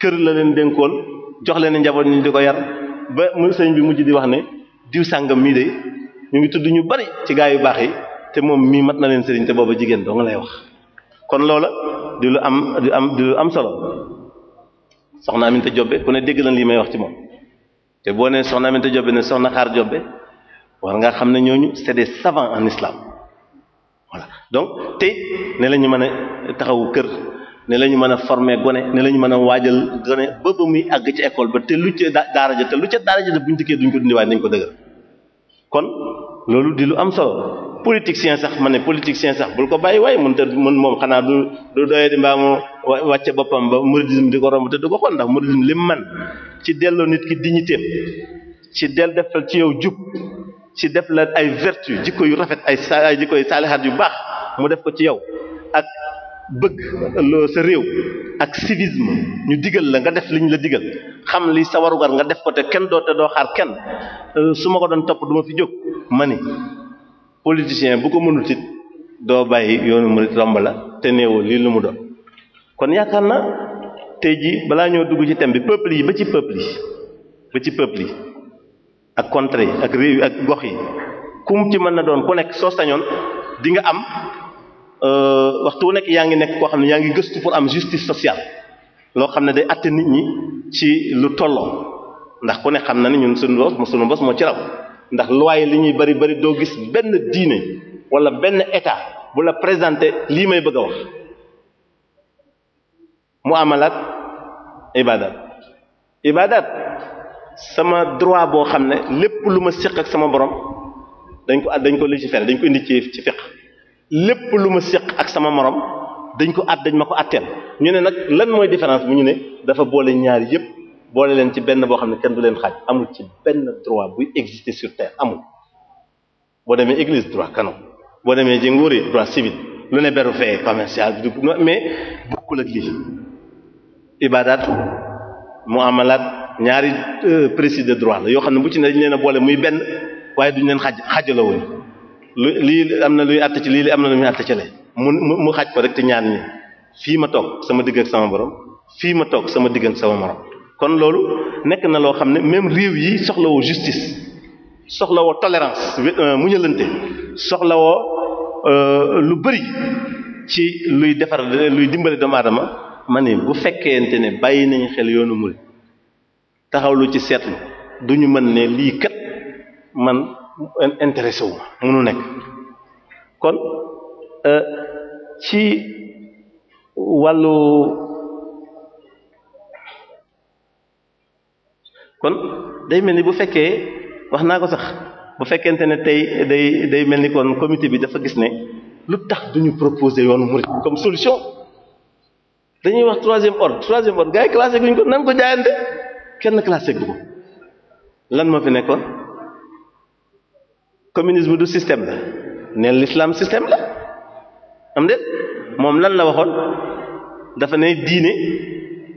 kër la leen dénkoon jox leen njaboot ñu di ko yar ba mu sëñ bi mujj di wax ne diw sàngam mii de ñu ngi tudd ñu bari ci gaa yu baax yi te moom mii mat na leen sëriñ te booba jigéen doo nga lay wax kon loola di lu am di am di lu am solo soxna Aminta Jobbe ku ne dégg na lii may wax ci moom te boo ne soxna Aminta Jobbe ne soxna Xaar Jobbe war nga xam ne ñooñu c'est des en islam voilà donc te ne la ñu mën a taxawu kër ne la ñu mën a former gone ne la ñu mën a waajal gone ba ba muy àgg ci école ba te lu ca daara ja te lu ca daara ja def bu ñu dikkee duñ ko dindiwaay nañ ko dëgër kon loolu di lu am solo politicien sax ma ne politicien sax bul ko bàyyi waaye mën te mën moom xanaa du du doyee di mbaa mu wàcce boppam ba mouridisme di ko romb te du ko xool ndax mouridisme li man ci delloo nit ki dignitéem ci del defal ci yow jub ci def la ay vertu jikko yu rafet ay sa jikko yu saalihaat yu baax mu def ko ci yow ak bëgg sa réew ak civisme ñu digal la nga def liñ la digal xam li sa warugar nga def ko te kenn doo te doo xaar kenn euh, su ma ko doon topp duma fi jóg ma ni politicien bu ko mënut it doo bàyyi yoonu murid romb la te néewoo lii lu mu doon kon yaakaar na tey ji balaa ñoo dugg ci thème bi peuple yi ba ci peuple yi ba ci peuple yi ak contrées yi ak réew yi gox yi kum ci mën na doon ku nekk soo sañoon di nga am euh, waxtu wu nekk yaa ngi nekk koo xam ne yaa ngi gëstu pour am justice sociale loo xam ne day àtte nit ñi ci lu tolloo ndax ku ne xam na ni ñun suñu bos suñu bos moo ci raw ndax lois li ñuy bari bari doo gis benn diine wala benn état bu la présenter lii may bëgg a wax mu amalaat ibadat ibadat sama droit boo xam ne lépp lu ma séq ak sama borom dañ ko dañ ko légiférer dañ ko indi ci ci lépp lu ma séq ak sama morom dañ ko at dañ ma ko atteel ñu ne nag lan mooy différence bu ñu ne dafa boole ñaar yépp boole leen ci benn boo xam ne kenn du leen xaaj amul ci benn droit buy exister sur amul boo demee église droit canon boo demee ci nguur yi droit civil lu ne beru fee commercial mais bokkul ak lii ibadaat muamalat ñaari euh, précis de droit la yoo xam ne bu ci ne dañ leen a boole muy benn waaye duñ leen xaj la wuñ lu lii am na luy àtt ci lii li am na lu muy àtt ci lee mu mu xaj ko rek te ñaan ñi fii ma toog sama digg ak sama borom fii ma toog sama digg ak sama morom kon loolu nekk na loo xam ne même réew yi soxlawoo justice soxlawoo tolérance euh, muñalante soxlawoo euh, lu bari ci luy defar luy dimbali doomu aadama ma ne bu fekkente ne bàyyi nañu xel yoonu murid lu ci seetlu du ñu mën ne lii kat man intéressé wu ma munu nekk kon euh, ci wàllu kon day mel ni bu fekkee wax naa ko sax bu fekkente ne tey day day mel ni kon comité bi dafa gis ne lu tax duñu proposer yoonu murid comme solution dañuy wax troisième ordre troisième ordre gars yi classé guñ ko nan ko jaayante kenn classé gu ko lan moo fi nekkoon communisme du système la ne lislaam système la am de moom lan la waxoon dafa ne diine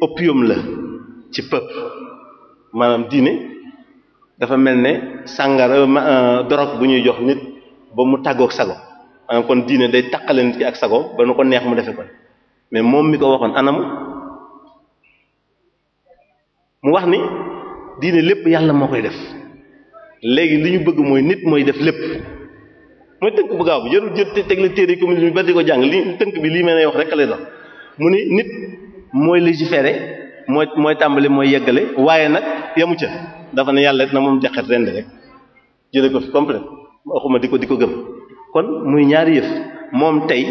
opium la ci peuple maanaam diine dafa mel ne sàngara euh, dorog bu ñuy jox nit ba mu tàggook sago maanaam kon diine day taqale nit ki ak sago ba nu ko neex mu defe ko mais moom mi ko waxoon anamu mu wax ni diine lépp yàlla moo koy def léegi li ñu bëgg mooy nit mooy def lépp mooy tënk bu gaaw bi jarul jël teg la téere commune ba di ko jàng li tënk bi lii may wax rek lay dox mu ni nit mooy légiférer mooy mooy tàmbali mooy yeggale waaye nag yamu ca dafa ne yàlla na moom jaxet rend rek jële ko fi complet waxuma di ko di ko gëm kon muy ñaari yëf moom tey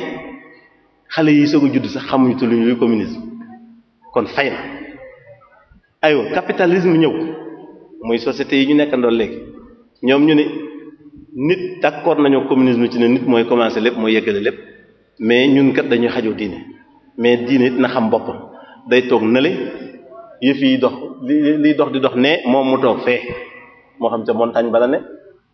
xale yi soog a judd sax xamuñu tu lu ñuy communisme kon fay na aywa capitalisme ñëw muy société yi ñu nekkandoo léegi ñoom ñu ne nit d'accord nañoo communisme ci ne nit mooy commencé lépp mooy yeggale lépp mais ñun kat dañuy xajoo diine mais diine it na xam boppam day toog nële yëf yi dox li liy dox di dox ne moom mu toog fee moo xam ca montagne bala ne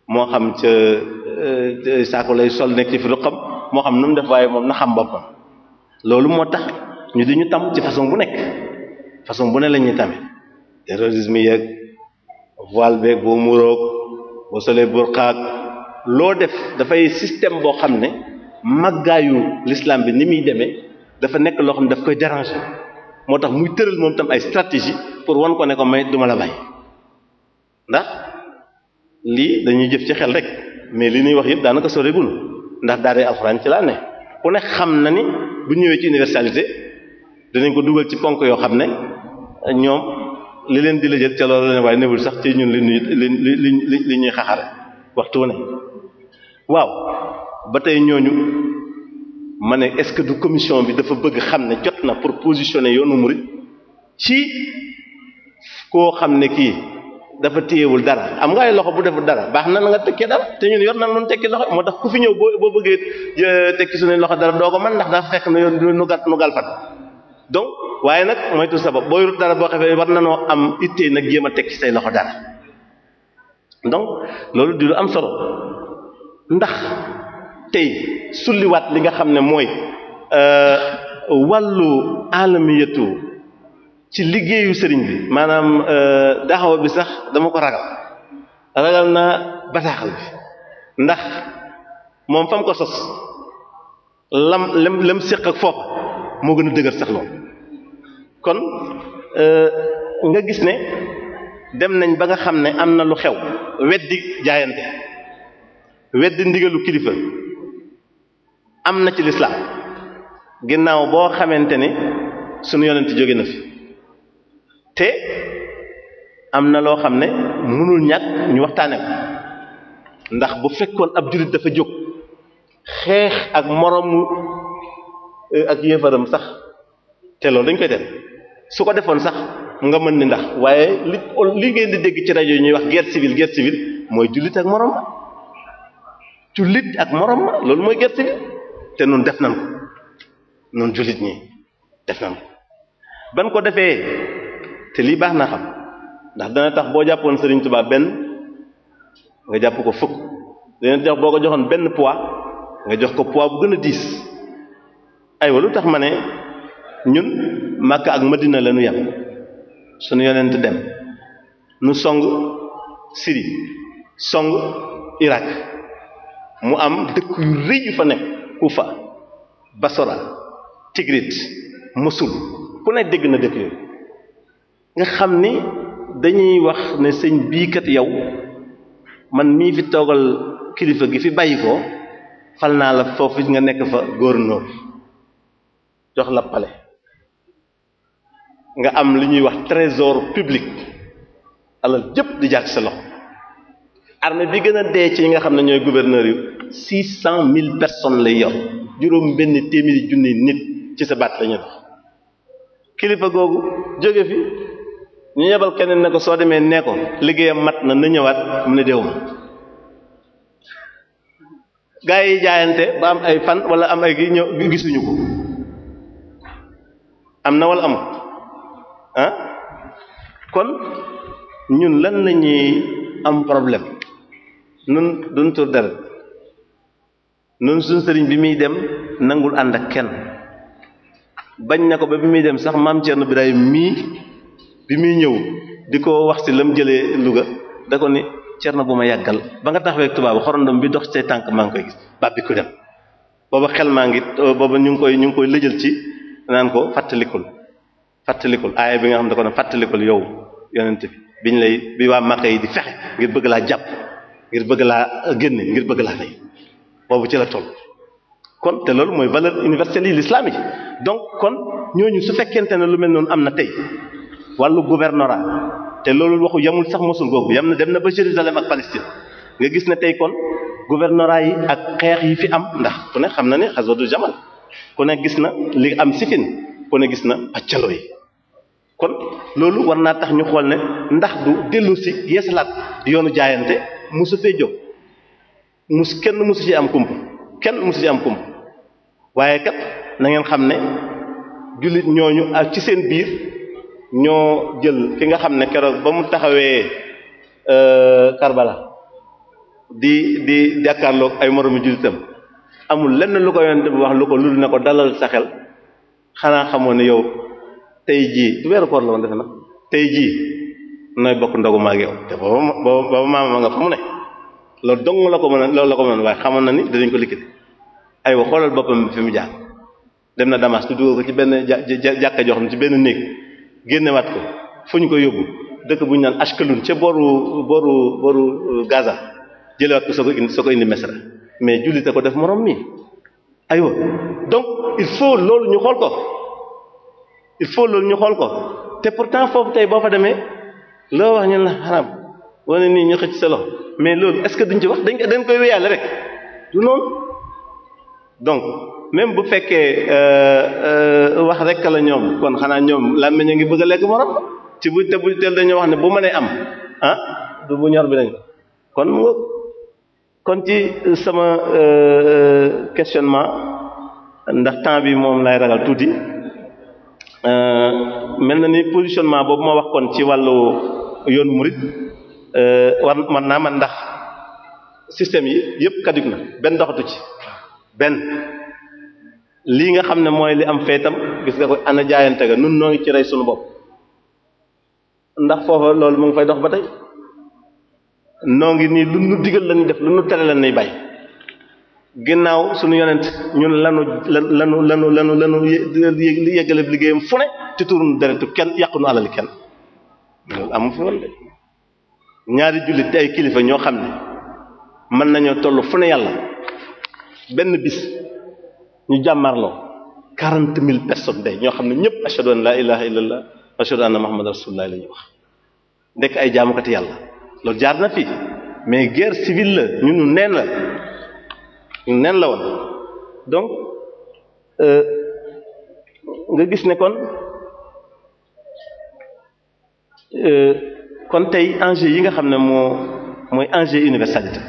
moo xam euh, ca saako lay sol nekk ci fi ruqam moo xam nu mu def waaye moom na xam boppam loolu moo tax ñu di ñu tam ci façon bu nekk façon bu ne la ñuy tamit terrorisme yeeg voile beeg boo muuroog boo solee loo def dafay système boo xam ne màggaayu l'islam bi ni muy demee dafa nekk loo xam ne daf koy déranger moo tax muy tëral moom tam ay stratégie pour wan ko ne ko may duma la bàyyi ndax lii dañuy jëf ci xel rek mais li ñuy wax yëpp daanaka soreegul ndax daaree alxuraan ci laa ne ku ne xam na ni bu ñëwee ci universalité danañ ko dugal ci ponk yoo xam ne ñoom li leen di la jët ca loolu la ne waaye newul sax ci ñun li ñuy li li li ñuy xaxare waxtu ne waaw ba tey ñooñu ma ne est-ce que du commission bi dafa bëgg xam ne jot na pour positionner yoonu murid ci koo xam ne kii dafa téyewul dara am nga ay loxo bu deful dara baax na nga tekkee dara te ñun yor na noonu tekki loxo moo tax ku fi ñëw boo boo bëggee eh, tekki su ne loxo dara doo ko man ndax daa fekk na yoon nu gàtt nu galfat donc waaye nag moytu sabab booy rut dara boo xefee war na noo am ittee nag jéem a teg ci say loxo dara donc loolu di lu am solo ndax tey sulliwaat li nga xam ne mooy euh, wàllu alamiyatu ci liggéeyu sëriñ bi maanaam euh, daxawa bi sax dama ko ragal ragal na bataaxal bi ndax moom fam ko sos lam lam lam séq ak foofu moo gën a dëgër sax kon euh, nga gis ne dem nañ ba nga xam ne am na lu xew weddi jaayante weddi ndigalu kilifa am na ci lislaam ginnaaw boo xamante ni sunu yonent jóge na fi te am na loo xam ne mënul ñàkk ñu waxtaane ko ndax bu fekkoon ab jullit dafa jóg xeex ak moroomu euh, ak yéefaram sax te loolu dañ koy dem su ko defoon sax nga mën ni ndax waaye li li ngeen di dégg ci rajo yi ñuy wax guerre civile guerre civile mooy jullit ak morom ma jullit ak morom ma loolu mooy guerre civile te noonu def nan ko nun jullit ñi def nan ko ban ko defee te lii baax naa xam ndax dana tax boo jàppoon Sëriñ Tuubaa benn nga jàpp ko fukk dana tax boo ko joxoon benn poids nga jox ko poids bu gën a diis ay wa lu tax ma ne ñun Makka ak Madina la ñu yem suñu yonent dem nu song Syrie song Irak mu am dëkk yu rëy yu fa nekk Kufa Basora Tigrit Mosul ku ne dégg na dëkk yooyu nga xam ni dañuy wax ne sëñ bii kat yow man mii fi toogal kilifa gi fi bàyyi ko fal naa la foofu nga nekk fa gouverneur jox la nga am li ñuy wax trésor public alal jëpp di jaar sa loxo armée bi gën a dee ci ñi nga xam ne ñooy gouverneur yu six cent mille personnes lay yor juróom benn téeméeri junni nit ci sa baat la ñu kilifa googu jóge fi ñu yebal keneen ne ko soo demee nee ko liggéeyam mat na na ñëwaat mu ne déwuma gaa yi jaayante ba am ay fan wala am ay gi ñëw gisuñu ko am na wala amul ah kon ñun lan la ñuy am problème nun duñ tur dara nun suñ sëriñ bi muy dem nangul ànd ak kenn bañ na ko ba bi muy dem sax maam Thierno Birahim mii bi muy ñëw di ko wax ci lam jëlee Louga da ko ni Thierno bu ma yàggal ba nga taxawee tubaab xorondom bi dox say tànk maa ngi koy gis bàbbi ko dem booba xel maa ngi booba ñu ngi koy ñu ngi koy lëjal ci naan ko fàttalikul fàttalikul aaya bi nga xam da ko ne fàttalikul yow yonent bi biñ lay bi waa Makka yi di fexe ngir bëgg laa jàpp ngir bëgg laa génne ngir bëgg laa rey boobu ci la toll kon te loolu mooy valeur universelle yi l'islam yi donc kon ñooñu su fekkente ne lu mel noonu am na tey wàllu gouvernorat te loolu waxu yamul sax mosul googu yam na dem na ba Jérusalem ak Palestine nga gis ne tey kon gouvernorat yi ak xeex yi fi am ndax ku ne xam na ne xaswatu jamal ku ne gis na li am sifin ku ne gis na pàccaloo yi kon loolu war naa tax ñu xool ne ndax du dellu si yeesalaat yoonu jaayante mosu fee jóg mus kenn mosu ci am kump kenn musu ci am kump waaye kat nangeen xam ne jullit ñooñu ak ci seen biir ñoo jël ki nga xam ne keroog ba mu taxawee euh, Karbala di di jàkkaarloog ay moromu jullitam amul lenn lu ko yonent bi wax lu ko lu ne ko dalal sa xel xanaa xamoon ne yow. tey jii du weeru koor la woon defe na tey jii nooy bokk ndogu ma te booba booba maama ma nga fa mu ne loolu dong la ko mën a loolu la ko mën xamoon na ni danañ ko liggéey aywa xoolal boppam fi dem na Damas dugal ko ci benn ja jàkka joo xam ci benn néeg génnewaat ko ñu ko yóbbu dëkk bu ñu naan Ashkelon ca booru booru booru euh, Gaza jëlewaat ko soo ko mais jullit ko def morom mi aywa il faut loolu ñu xool ko. il faut loolu ñu xool ko te pourtant foofu tey boo fa demee loo wax ñu la xaram wane nii ñu xëcc selo mais loolu est-ce que duñ ci wax dañ dañ koy wéyale rek du noonu donc même bu fekkee euh, euh, wax rek la ñoom kon xanaa ñoom làmmiñ a ngi bëgg a lekk morom ci bu te bu teel dañoo wax ne bu mënee am ah bu ñor bi dañ ko kon kon ci euh, sama questionnement ndax temps bi moom lay ragal tuuti. Euh, mel na ni positionnement boobu ma wax kon ci wàllu yoon murid euh, war man naa man ndax système yi yëpp kaddu na benn doxatu ci benn lii nga xam ne mooy li am feetam gis nga koy ana jaayante ga nun noo ngi ci rey sunu bopp ndax foofa loolu mu ngi fay dox ba tey noo ngi nii lu nu digal lañuy def lu nu tere lañuy bay ginnaaw suñu yonent ñun lanu lanu lanu lanu lanu yeggale liggéeyam fu ne te turnu deretu kenn yàqunu alal kenn loolu amu fi woon ñaari jullit ay kilifa ñoo xam ne nañoo toll fu ne yàlla benn bis ñu jàmmarloo quarante mille personnes day ñoo xam ne ñëpp ashhadu an la ilaha illallah ashhadu anna muhammadan rasulullah wax ndekk ay jaamukati yàlla loolu jaar na fi mais guerre civile la ñunu neen la nen la woon donc euh, nga gis ne kon euh, kon tey enjeu yi nga xam ne moo mooy enjeu universalité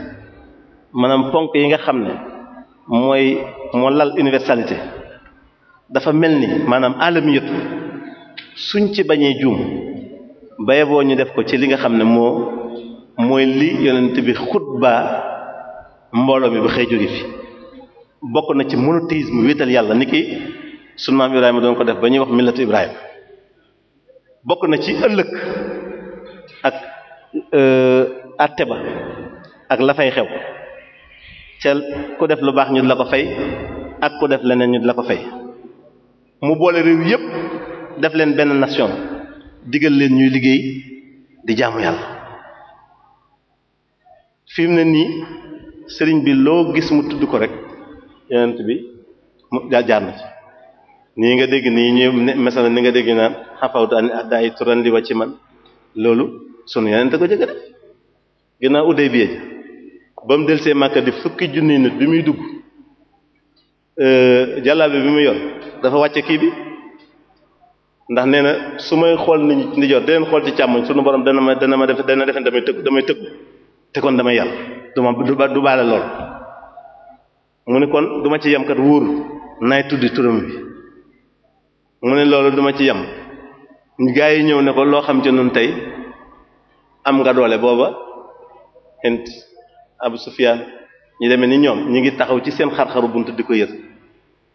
maanaam ponk yi nga xam ne mooy moo lal universalité dafa mel ni maanaam alam suñ ci bañee juum baye boo ñu def ko ci li nga xam ne moo mooy li yonent bi xutbaa mbooloo mi ba xëy jóge fi bokk na ci monothéisme wéetal yàlla ni ki sunu maam Ibrahima doon ko def ba ñuy wax millatu Ibrahima bokk na ci ëllëg ak euh, àtte ba ak la fay xew ca ku def lu baax ñu la ko fay ak ku def leneen ñu la ko fay mu boole réew yépp def leen benn nation digal leen ñuy liggéey di jaamu yàlla fi ne nii. sëriñ bi loo gis mu tudd ko rek yonent bi mu jaar na ci nii nga dégg nii ñu mesala ni nga dégg naan xafawtu an addaay turan li wa ci man loolu sunu yonent ko jëkk def ginnaaw udday bi ba mu del see màkka di fukki junni nit bi muy dugg euh, jàllaabe bi mu yor dafa wàcce kii bi ndax nee na su may xool ni ndi jor deneen xool ci càmmoñ sunu borom dana ma dana ma def dana defen damay tëgg damay tëgg te kon damay yàlla duma du baale lool mu ne kon duma ci yem kat wóorul nay tuddi turam bi mu ne loolu duma ci yem gaa yi ñëw ne ko loo xam ci nun tey am nga doole booba int Abu Sufyaan ñu demee ni ñoom ñu ngi taxaw ci seen xar-xaru bunt di ko yër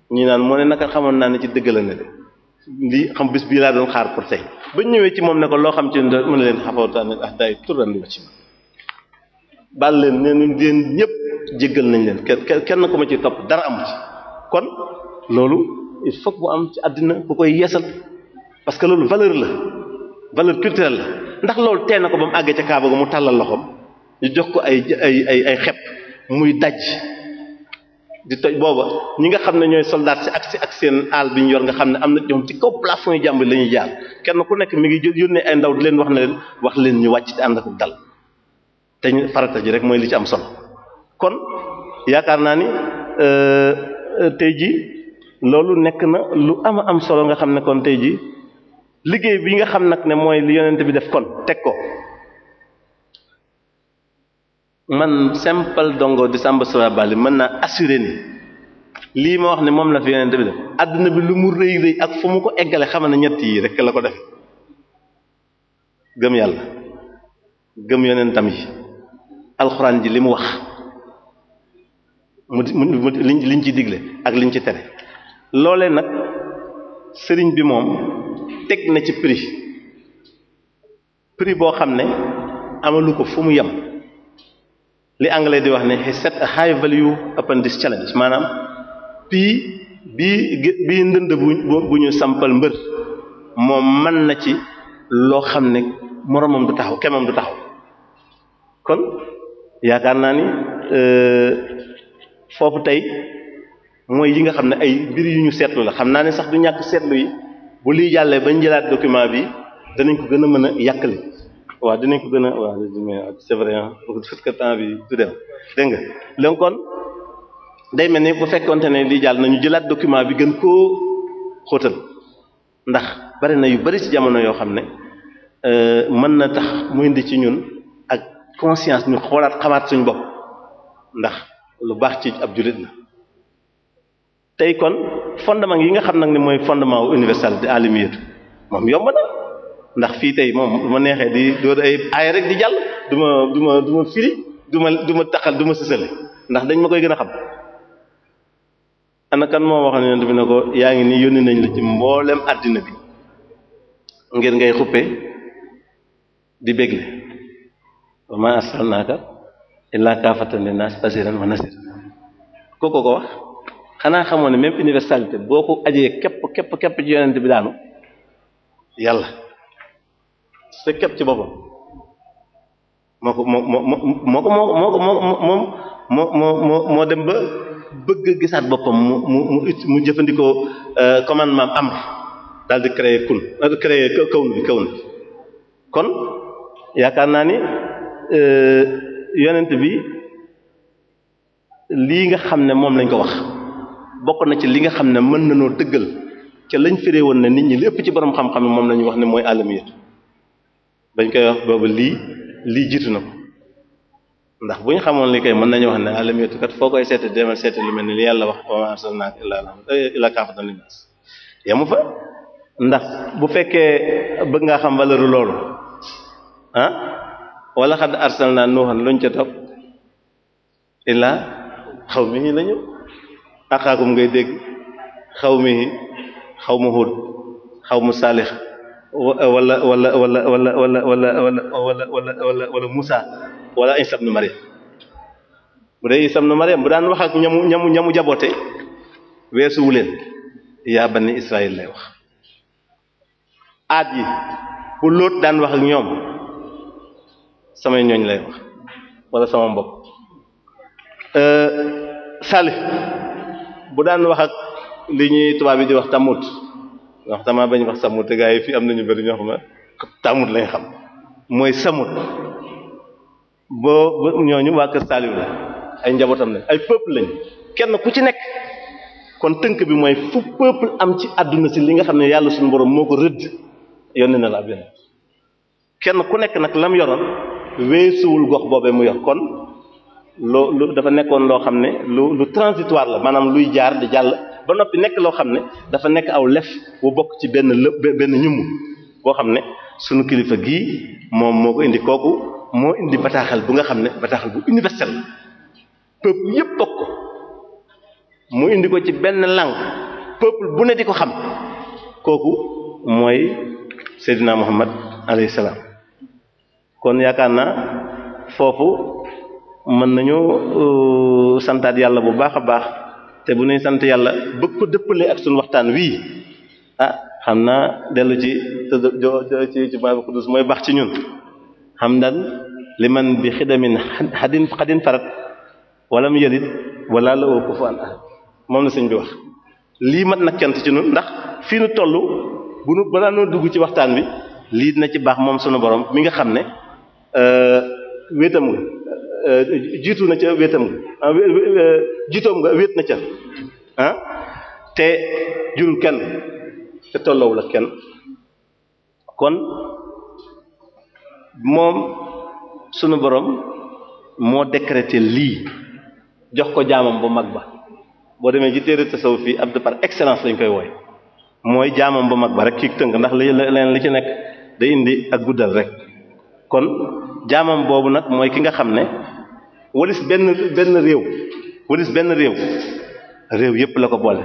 ñu naan moo ne naka xamoon naa ne ci dëgg la ne de lii xam bis bii laa doon xaar pour tey ba ñëwee ci moom ne ko loo xam ci te mu ne leen xafawtaan ah day turan ci ma baal leen nee nañ leen ñëpp jéggal nañ leen kenn kenn ko moo ci topp dara amu ci kon loolu il faut bu am ci àddina ku koy yeesal parce que loolu valeur la valeur culturelle la ndax loolu tee na ko ba mu àggee ca Kaaba ga mu tàllal loxoom ñu jox ko ay ay ay ay xepp muy daj di toj booba ñi nga xam ne ñooy soldat si ak si ak seen aal bi ñu yor nga xam ne am na ñoom ci kaw plafond yi jàmbur la ñuy jaar kenn ku nekk mu ngi yónnee ay ndaw di leen wax na leen wax leen ñu wàcc di ànd ak dal te ñu farata ji rek mooy li ci am solo kon yaakaar naa ni euh, euh, tey ji loolu nekk na lu ama am solo nga xam ne kon tey ji liggéey bi nga xam nag ne mooy li yonent bi def kon teg ko man simple dongo di Samba Sala mën naa assurer ni lii ma wax ne moom la fi yonent bi def àdduna bi lu mu rëy rëy ak fu mu ko eggale xam na ñett yi rek la ko def gëm yàlla gëm yonentam yi alxuraan ji li mu wax mu mu liñ liñ ci digle ak liñ ci tere loolee nag sëriñ bi moom teg na ci prix prix boo xam ne amalu ko fu mu yem li anglais di wax ne he set high value upon this challenge maanaam prix bii bii ndënd bu bu ñu sampal mbër moom mën na ci loo xam ne moroomam du taxaw kemam du taxaw kon yaakaar naa ni euh, foofu tey mooy yi nga xam ne ay mbir yu ñu seetlu la xam naa ne sax du ñàkk seetlu yi bu lii jàllee bañ jëlaat document bi danañ ko gën a mën a yàqali waaw dinañ ko gën a waaw c'est vrai parce que temps bi du dem dégg nga donc kon day mel ni bu fekkonte ne lii jàll nañu jëlaat document bi gën koo xóotal ndax bari na yu bari ci jamono yoo xam ne euh, mën na tax muy indi ci ñun conscience ñu xoolaat xamaat suñu bopp ndax lu baax ci ab jullit la tey kon fondement yi nga xam nag ni mooy fondement universel de alimiyatu moom yomb na ndax fii tey moom ma neexee di dóor ay aaya rek di jàll du ma ma du ma firi du ma du ma taqal sësale ndax dañ ma koy gën a xam ana kan moo wax ne bi ne ko yaa ngi nii yónni nañ la ci mboolem àddina bi ngir ngay xuppe di bégle wa ma arsalnaaka illaa kaafatan linnaas basiran wa nasira kooku ko wax xanaa xamoon ne même universalité boo ko ajee képp képp képp ci yonent bi daanu yàlla te képp ci boppam moo ko moo moo moo ko moo ko moo moo moo moo dem ba bëgg gisaat boppam mu mu mu jëfandikoo commandement am daal di créer kun daal di créer kawn bi kawn bi kon yaakaar naa ni Euh, yonent bi lii nga xam ne moom lañ ko wax bokk na ci li nga xam ne mën nañoo dëggal ca lañ firee woon na nit ñi lépp ci borom xam-xam moom la ñu wax ne mooy alamiyat bañ koy wax boobu lii lii jiitu na ko ndax bu ñu xamoon li kay mën nañu wax ne alamiyat kat koy seete demal lu mel ni li yàlla wax wa ma arsalnaaka illaa kaafatan eh, fa ndax bu fekkee bëgg ngaa xam valeur loolu ah wala xad arsalna nuuhan luñ ca topp illaa xaw mi hi la ñëw axaakum ngay dégg xaw mi xaw mu hud xaw mu saalix wala wala wala wala wala wala wala wala wala wala Musa wala Isa ibn Maryam bu bu daan wax ak ñamu ñamu ñamu jaboote weesuwu leen yaa bani Israël lay wax aat yi bu lóot daan wax ak ñoom samay ñooñ lay wax wala sama mbokk euh, sali bu daan wax ak li ñuy tubaab yi di wax tamut wax tamaa bañ wax samut te gaa yi fii am nañu bëri ñoo xam ne tamut lañ xam mooy samut boo ñooñu waa kër Saliou la ay njabootam lañ ay peuple lañ kenn ku ci nekk kon tënk bi mooy fu peuple am ci àdduna si li nga xam ne yàlla suñu borom moo ko rëdd yónni na la ab kenn ku nekk nag lam yoroon weesuwul gox boobee mu yor kon loo lu dafa nekkoon loo xam ne lu lu transitoire la maanaam luy jaar di jàll ba noppi nekk loo xam ne dafa nekk aw lef bu bokk ci benn lë benn ñumb boo xam ne sunu kilifa gii moom moo ko indi kooku moo indi bataaxal bu nga xam ne bataaxal bu universel peuple yépp bokk mu indi ko ci benn langue peuple bu ne di ko xam kooku mooy Seydina Muhammad alayhi salaam kon yaakaar naa foofu mën nañu euh, santaat yàlla bu baax a baax te bu ñuy sant yàlla bëgg ko dëppale ak suñu waxtaan wii ah xam naa dellu ci mooy baax ci ñun xam ndan li man bi xidamin xadin xadin farat wala mu yëlit wala la woo ko fu an ah moom la sëñ bi wax lii mat nag cant ci ñun ndax fii nu toll bu nu balaa noo dugg ci waxtaan bi lii dina ci baax moom sunu borom mi nga xam ne Euh, wéetam nga euh, jiitu na ca wéetam nga ah, jiitoom nga wéet na ca ah, te jurul kenn te tolloowu la kenn kon moom sunu borom moo décrété lii jox ko jaamam bu mag ba boo demee ci téere tasawuf fii abd par excellence lañ koy wooy mooy jaamam bu mag ba rek kii tënk ndax li leen li ci nekk day indi ak guddal rek kon jaamam boobu nag mooy ki nga xam ne walis benn benn réew walis benn réew réew yépp la ko boole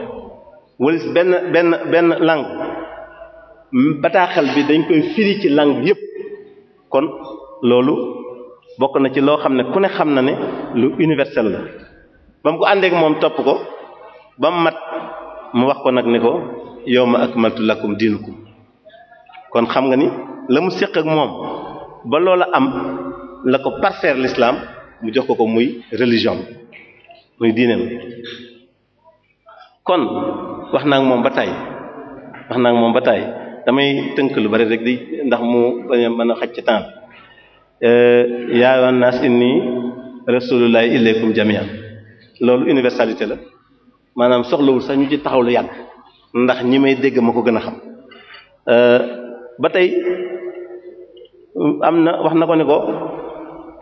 walis benn benn benn langue bataaxal bi dañ koy firi ci langue yépp kon loolu bokk na ci loo xam ne ku ne xam na ne lu universel la ba mu ko àndeek moom topp ko ba mu mat mu wax ko nag ni ko yawma akmaltu lakum diinukum kon xam nga ni la mu séq ak moom ba loola am la ko parfaire l'islam mu jox ko ko muy religion muy diineem kon wax naa moom ba tey wax naa moom ba tey damay tënk lu bari rek di ndax mu bañ mën a xaj ci temps euh, yaa ayyuhan naas inni rasulullahi ilaykum jami'an loolu universalité la maanaam soxlawul sax ñu ci taxaw lu yàgg ndax ñi may dégg ma ko gën a xam euh, ba tey am na wax na ko ne ko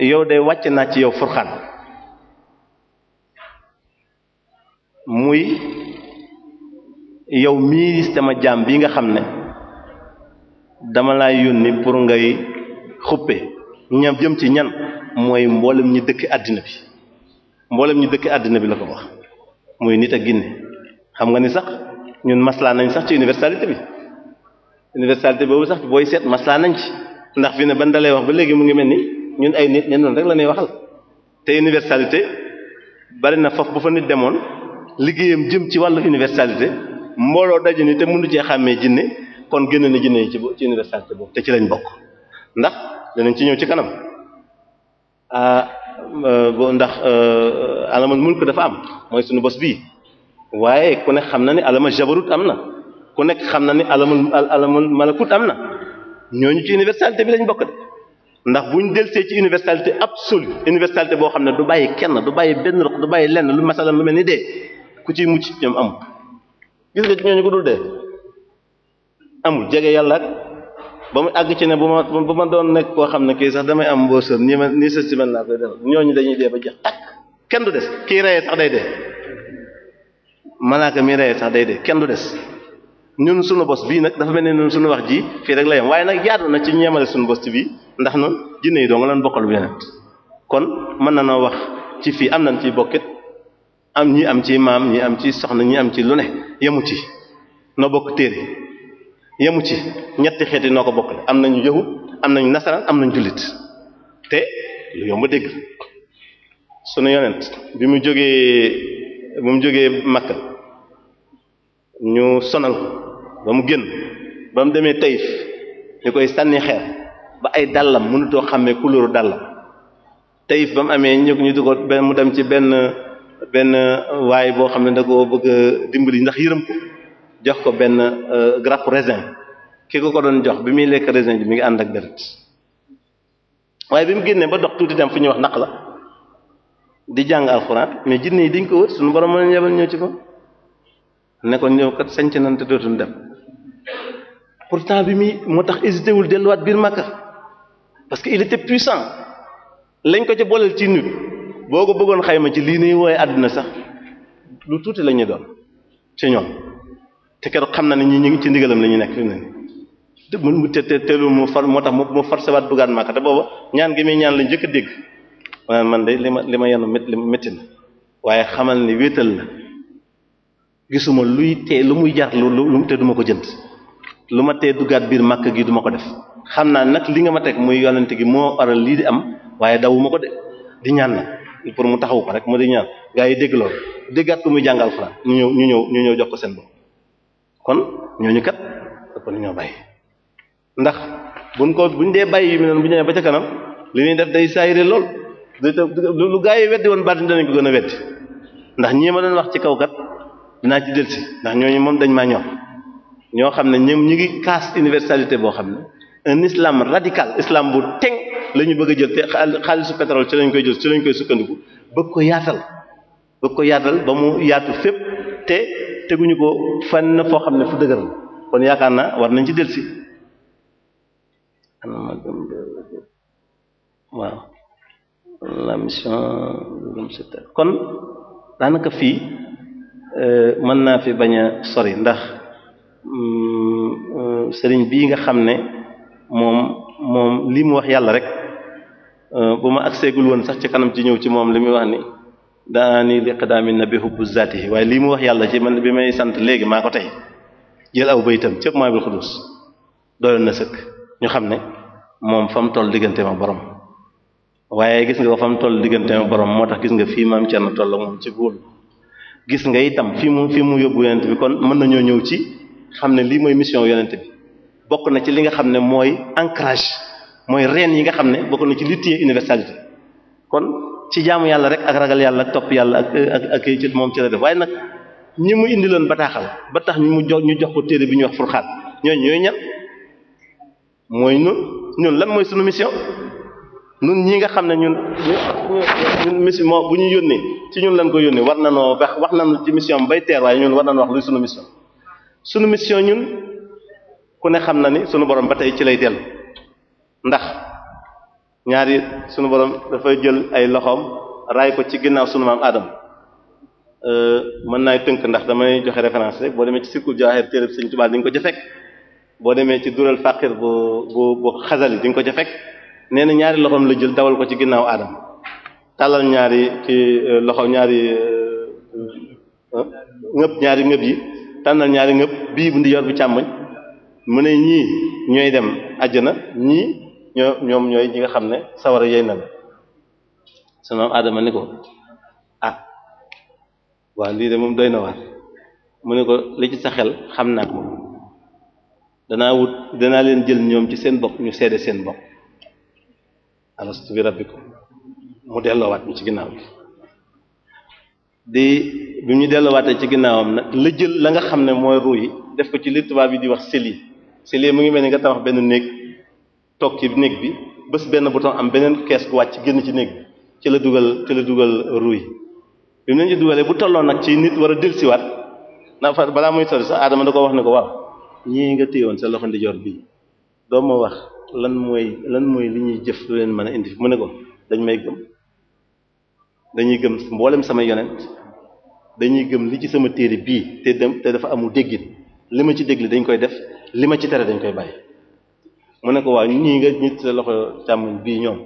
yow de wàcc naa ci yow furxaan muy yow mii sama jaam bi nga xam ne dama laa yónni pour ngay xuppe ñam jëm ci ñan mooy mboolem ñi dëkk àddina bi mboolem ñi dëkk àddina bi la ko wax muy nit a ginne xam nga ni sax ñun maslaa nañ sax ci universalité bi universalité boobu sax booy seet maslaa nañ ci ndax fi ne ban dalay wax ba léegi mu ngi mel ni ñun ay nit ñenn rek la ñuy waxal te universalité bari na foofu bu fa nit demoon liggéeyam jëm ci wàllu universalité mbooloo daje ni te mënu cee xàmmee jinne kon génn na jinne yi ci ci universalité boobu te ci lañ bokk ndax danañ ci ñëw ci kanam ah euh, ndax euh, alamal mulk dafa am mooy suñu bos bii waaye ku nekk xam na ni alamal jabarut am na ku nekk xam na ni alamal alamal malakut am na ñooñu ci universalité bi lañ bokk de ndax buñ delsee ci universalité absolue universalité boo xam ne du bàyyi kenn du bàyyi benn roq du bàyyi lenn lu masalan lu mel ni dee ku ci mucc ñoom amul gis nga ci ñooñu ko dul dee amul jege yàlla ak àgg ci ne bu ma bu ma doon nekk koo xam ne kii damay am mboosam nii ma nii sa si man naa koy ñooñu dañuy dee ba jeex takk kenn du des kii reyee sax day de malaaka mi reyee sax day de kenn du des ñun sunu bos bii nag dafa mel ne ñun sunu wax ji fii rek la yem waaye nag jaadu na ci ñeemale sunu bos bi ndax noonu jinne yi doo nga leen bokkal beneen kon mën na noo wax ci fii am nañ ci bokkit am ñi am ci maam ñi am ci soxna ñi am ci lu yemu ci noo bokk téere yamu ci ñetti xeet yi noo ko bokkale am nañu yahut am nañu nasaraan am nañu jullit te lu yomb dégg sunu yonent bi mu jógee bi mu jógee Makka ñu sonal ba mu génn ba mu demee tayif ñu koy sànni xeer ba ay dàllam mënutoo xàmmee couleur dàllam tayif ba mu amee ñu ñu di ko mu dem ci benn benn waay boo xam ne da ko bëgg dimbali ndax yërëm ko jox ko benn euh, grappe raisin ki ko ko doon jox bi muy lekk raisin bi mi ngi ànd ak deret waaye bi mu génnee ba dox tuuti dem fu ñuy wax naq la di jàng alxuraan mais jinne yi dañ ko wër suñu borom mën a ñëw ci ko nekkoon ñëw kat sañc nañ te dootuñ dem pourtant bi muy moo tax hésité wul delluwaat biir Makka parce que il était puissant lañ ko ca booleel ci nit boo ko bëggoon xayma ci lii nii wooye àdduna sax lu tuuti la ñuy doon ci ñoom te keroog xam na ne ñi ñu ngi ci ndigalam la ñu nekk fi mu ne nii te te teelul mu far moo tax mu forcé waat duggaat Makka te booba ñaan gi muy ñaan lañ njëkk a dégg maanaam man de li ma li ma yenu metti na waaye xamal ni wéetal la gisuma luy te lu muy jar lu lu te duma ko jënd. lu ma tee duggaat biir màkk gi duma ko def xam naa nag li nga ma teg muy yonent gi moo aral lii di am waaye dawuma ko de di ñaan na pour mu taxaw ko rek mu di ñaan gaa yi dégg loolu déggaat ko muy jàngal la ñu ñëw ñu ñëw ñu ñëw jox ko seen bopp kon ñooñu kat ëpp ñoo bàyyi ndax buñ ko buñ dee bàyyi yu mel bu ñëwee ba ca kanam li ñuy def day saayire lool lu gaa yi weddi woon baatuñ danañ ko gën a weddi ndax ñii ma doon wax ci kaw kat dinaa ci si ndax ñooñu moom dañ maa ñor ñoo xam ne ñoom ñu ngi casse universalité boo xam ne un islam radical islam bu teg la bëgg a jël te xaalisu pétrole ci lañ koy jël ci lañ koy sukkandiku bëgg ko yaatal bëgg ko yaatal ba mu yaatu fépp te teguñu ko fenn foo xam ne fu dëgër kon yaakaar na war nañ ci delsi waaw kon daanaka fii euh, mën naa fi bañ a sori ndax. Mm, euh, sëriñ bii nga xam ne moom moom li mu wax yàlla rek euh, bu ma agseegul woon sax ci kanam ci ñëw ci moom li muy wax ni daa ni li qadaami nabi hubbu waaye lii mu wax yàlla ci man bi may sant léegi maa ko tey jël aw baytam cëpp maa bil xudus doyoon na sëkk ñu xam ne moom fa mu toll diggante ma borom waaye gis nga ko fa toll diggante ma moo tax gis nga fii maam Cerno toll moom ci góor gis nga itam fi mu fi mu yóbbu yonent bi kon mën nañoo ñëw ci xam ne lii mooy mission yonent bi bokk na ci li nga xam ne mooy ancrage mooy reen yi nga xam ne bokk na ci li téye universalité kon ci jaamu yàlla rek ak ragal yàlla ak topp yàlla ak ak ak ci moom ci la def waaye nag ñi mu indi loon bataaxal ba tax ñu jox ñu jox ko téere bi ñuy wax Furqaan ñooñu ñooy ñan mooy ñun ñun lan mooy sunu mission ñun ñi nga xam ne ñun ñun mission moo bu ñu yónnee ci ñun lan ko yónnee war na noo wax wax nañu ci mission bay teer waaye ñun war nañu wax luy sunu mission. sunu mission ñun ku ne xam na ni sunu borom ba tey ci lay dellu ndax ñaari sunu borom dafay jël ay loxoom raay ko ci ginnaaw sunu maam Adam euh, mën naay tënk ndax damay joxe référence rek boo demee ci Sirkul Jawaahir téereb Sëriñ Tuubaa di nga ko ca fekk boo demee ci Dural Faqir bu bu bu Xasali di nga ko ca fekk nee na ñaari loxoom la jël dawal ko ci ginnaaw Adam tàllal ñaari ci euh, loxo ñaari ngëb euh, ñaari ngëb yi. tànnal ñaari ngëpp bii bu ndi yor bu càmmoñ mu ne ñii ñooy dem àjjana ñii ñoo ñoom ñooy ñi nga xam ne sawara yey na la sunu maam Adama ni ko ah waaw lii de moom doy na waar mu ne ko li ci sa xel xam naa ko danaa wut danaa leen jël ñoom ci seen bopp ñu seede seen bopp alastu bi rabbikum mu delloowaat ñu ci ginnaaw bi bi ñu delluwaatee ci ginnaawam nag la jël la nga xam ne mooy ruu yi def ko ci li tubaab yi di wax cellier cellier mu ngi mel ni nga tabax benn néeg toog ci néeg bi bés benn bouton am beneen kees gu ci génn ci néeg bi ci la dugal ci la dugal ruu yi bi mu leen ci dugalee bu tolloon nag ci nit war a dellusiwaat na fa balaa muy sori sax Adama da ko wax ne ko waaw ñii nga tëyoon woon sa loxo ndijoor bii doo ma wax lan mooy lan mooy li ñuy jëf lu leen mën a indi mu ne ko dañ may gëm dañuy mboolem sama yonent dañuy gëm li ci sama téere bii te dem te dafa amul déggin li ma ci dégli dañ koy def li ma ci tere dañ koy bàyyi mu ne ko waaw ñi nga ñi sa loxo càmmoñ bii ñoom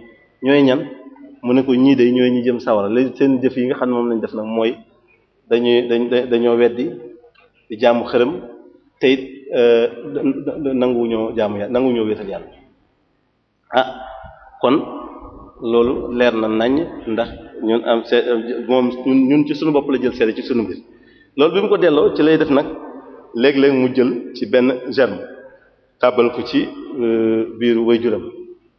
ñooy ñan mu ne ko ñii de ñooy ñi jëm sawara li seen jëf yi nga xam ne moom lañ def nag mooy dañuy dañ dañoo weddi di jaamu xërëm te it euh, nanguwuñoo jàmm yàlla nanguwuñoo wéetal yàlla ah kon loolu leer na nañ ndax ñun am see moom ñun ci suñu bopp la jël seede ci suñu mbir loolu bi mu ko delloo ci lay def nag léeg-léeg mu jël ci benn germe tàbbal ko ci euh, biiru waajuram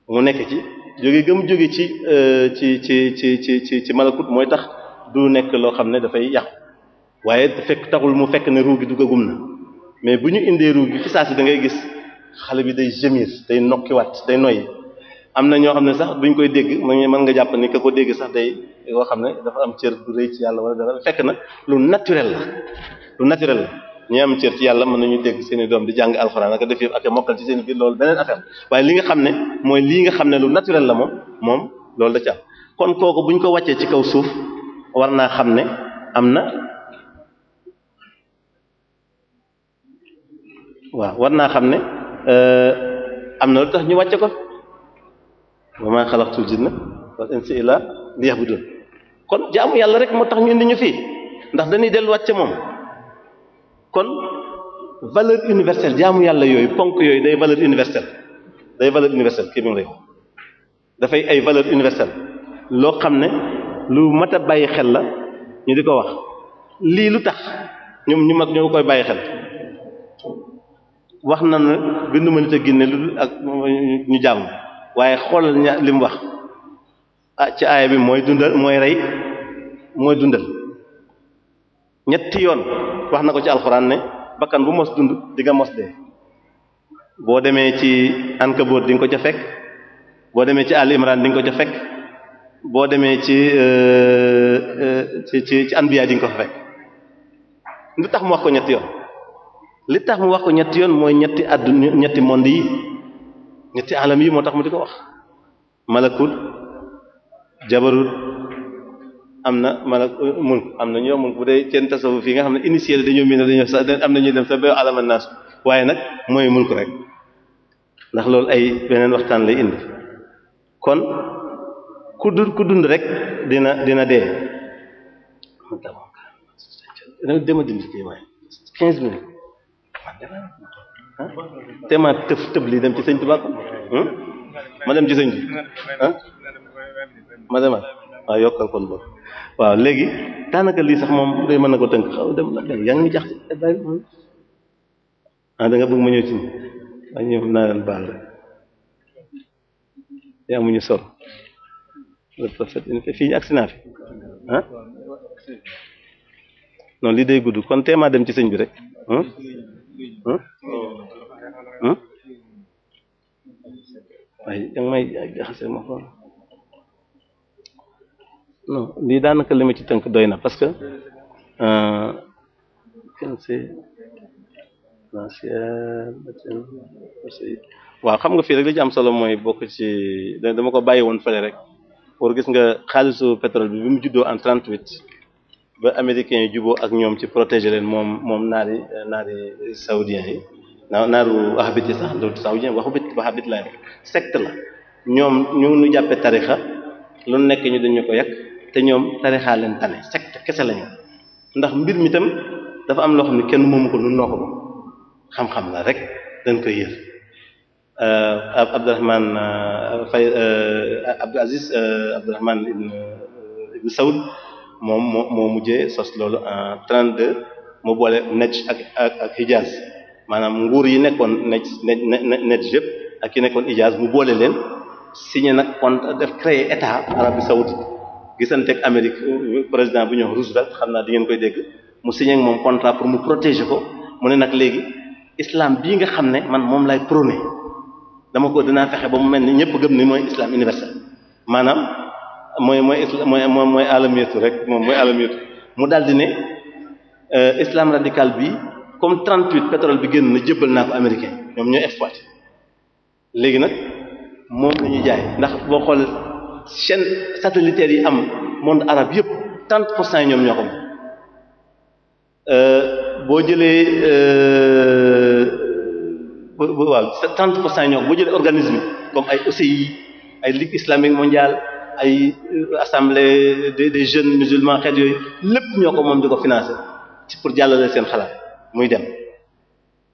mu nekk ci jóge gëm jóge ci euh, ci ci ci ci ci ci malakut mooy tax du nekk loo xam ne dafay yàqu waaye fekk taxul mu fekk ne ruu du duggagum na mais bu ñu indee ruu gi ci saa si da ngay gis xale bi day gémir day nokkiwaat day noyyi am na ñoo xam ne sax buñ koy dégg mën nga jàpp ni ka ko dégg sax day yoo xam ne dafa am cër du rëy ci yàlla wala dara fekk na lu naturel la lu naturel la ñi am cër ci yàlla mën nañu dégg seen i doom di jàng alxuraan ak def yëf ak mokkal ci seen biir loolu beneen affaire waaye li nga xam ne mooy lii nga xam ne lu naturel la moom moom loolu da ci kon kooku bu ñu ko wàccee ci kaw suuf war naa xam ne am na waaw war naa xam ne euh, am na lu tax ñu wàcce ko wa ma xalaqtul jinna wal insa illa li ya'budun kon jaamu yàlla rek moo tax ñu indi ñu fii ndax dañuy delluwaat ca moom kon valeur universelle jaamu yàlla yooyu ponk yooyu day valeur universelle day valeur universelle kii bi mu lay dafay ay valeur universelle loo xam ne lu mat a bàyyi xel la ñu di ko wax lii lu tax ñoom ñu mag ñoo koy bàyyi xel wax na ne binduma nit a ginne lu ak ñu jàmm waaye xoolal ña li wax Ah, ci aaya bi mooy dundal mooy rey mooy dundal ñetti yoon wax na ko ci alxuraan ne bakkan bu mos dund dinga mos de boo demee ci Ankabut di nga ko ca boo demee ci Al Imran ko ca boo demee ci euh, euh, ci ci Anbiya di nga fa fekk lu tax mu wax ko ñetti yoon li tax mu wax ko ñetti yoon mooy ñetti àdduna ñetti monde yi ñetti alam yi moo tax mu di ko wax malakul jabarut am na malak mulk am na ñoo mulk bu dee seen tasawuf yi nga xam ne initié la dañoo miinal dañoo sax am na ñuy dem sa béw alama waaye nag mooy mulk rek ndax loolu ay beneen waxtaan lay indi kon ku dund ku dund rek dina dina dee dama dindi ci waaye quinze minutes te ma tëf tëf lii dem ci sëñ Tuubaa hmm? ma dem ci sëñ bi ma demal ah. waaw ah, yokkal kon boobu waaw léegi daanaka lii sax moom day mën na ko tënk xaw dem na yaa ngi jax ah da nga bëgg baal rek yaa amuñu solo le prophète fii ñu agsi naa fi ah non lii day gudd kon téema dem ci sëñ bi rek waaye hmm? hmm? hmm? danga may jaxase ma xool non lii daanaka li ma ci tënk doy na parce que euh, waaw xam nga fii rek li ci am solo mooy bokk ci dama ko bàyyi woon fële rek pour gis nga xaalisu pétrole bi bi mu juddoo en trente huit ba américains juboo ak ñoom ci protéger leen moom moom naari naari saoudiens yi naa naaru wahabite sax du saoudien wahabit wahabit la secte la ñoom ñu nu jàppe tarixa lu nekk ñu dañu ko yàq te ñoom tarixaa leen tane secte kese lañu ndax mbir mi tam dafa am loo xam ne kenn moomu ko nun noo ko xam-xam la rek dañ koy yër euh, Abdurahman euh, Fay euh, Abdul Aziz Abdurahman ibn Saoud moom moo moo mujjee sos loolu en 32 mu boole Najj ak ak Hijaz maanaam nguur yi nekkoon Najj Najj yëpp ak yi nekkoon Hijaz mu boole leen signé nag compte def créer état Arabie saoudite gisanteeg Amérique euh, président bu ñëw Roosevelt xam naa di ngeen koy dégg mu signé ak moom contrat pour mu protéger ko mu ne nag léegi islam bii nga xam ne man moom lay prôné dama ko dinaa fexe ba mu mel ni ñëpp gëm ni mooy islam universel maanaam mooy mooy islam mooy mooy alamiyatu rek moom mooy alamiyatu mu daal di ne euh, islam radical bi comme trent 38 pétrole bi génn na jébbal naa ko américain ñoom ñooy exploité léegi nag moom la jaay ndax boo xoolee. chaîne satellitaire yi am monde arabe yëpp 30 pour cent yi ñoom ñoo ko moom euh, boo jëlee euh, waaw 30 pour cent yi ñoo boo jëlee organisme comme ay OCI ay ligue islamique mondiale ay euh, assemblée des des jeunes musulmans xeet yooyu lépp ñoo ko moom di ko financer pour jàllale seen xalaat muy dem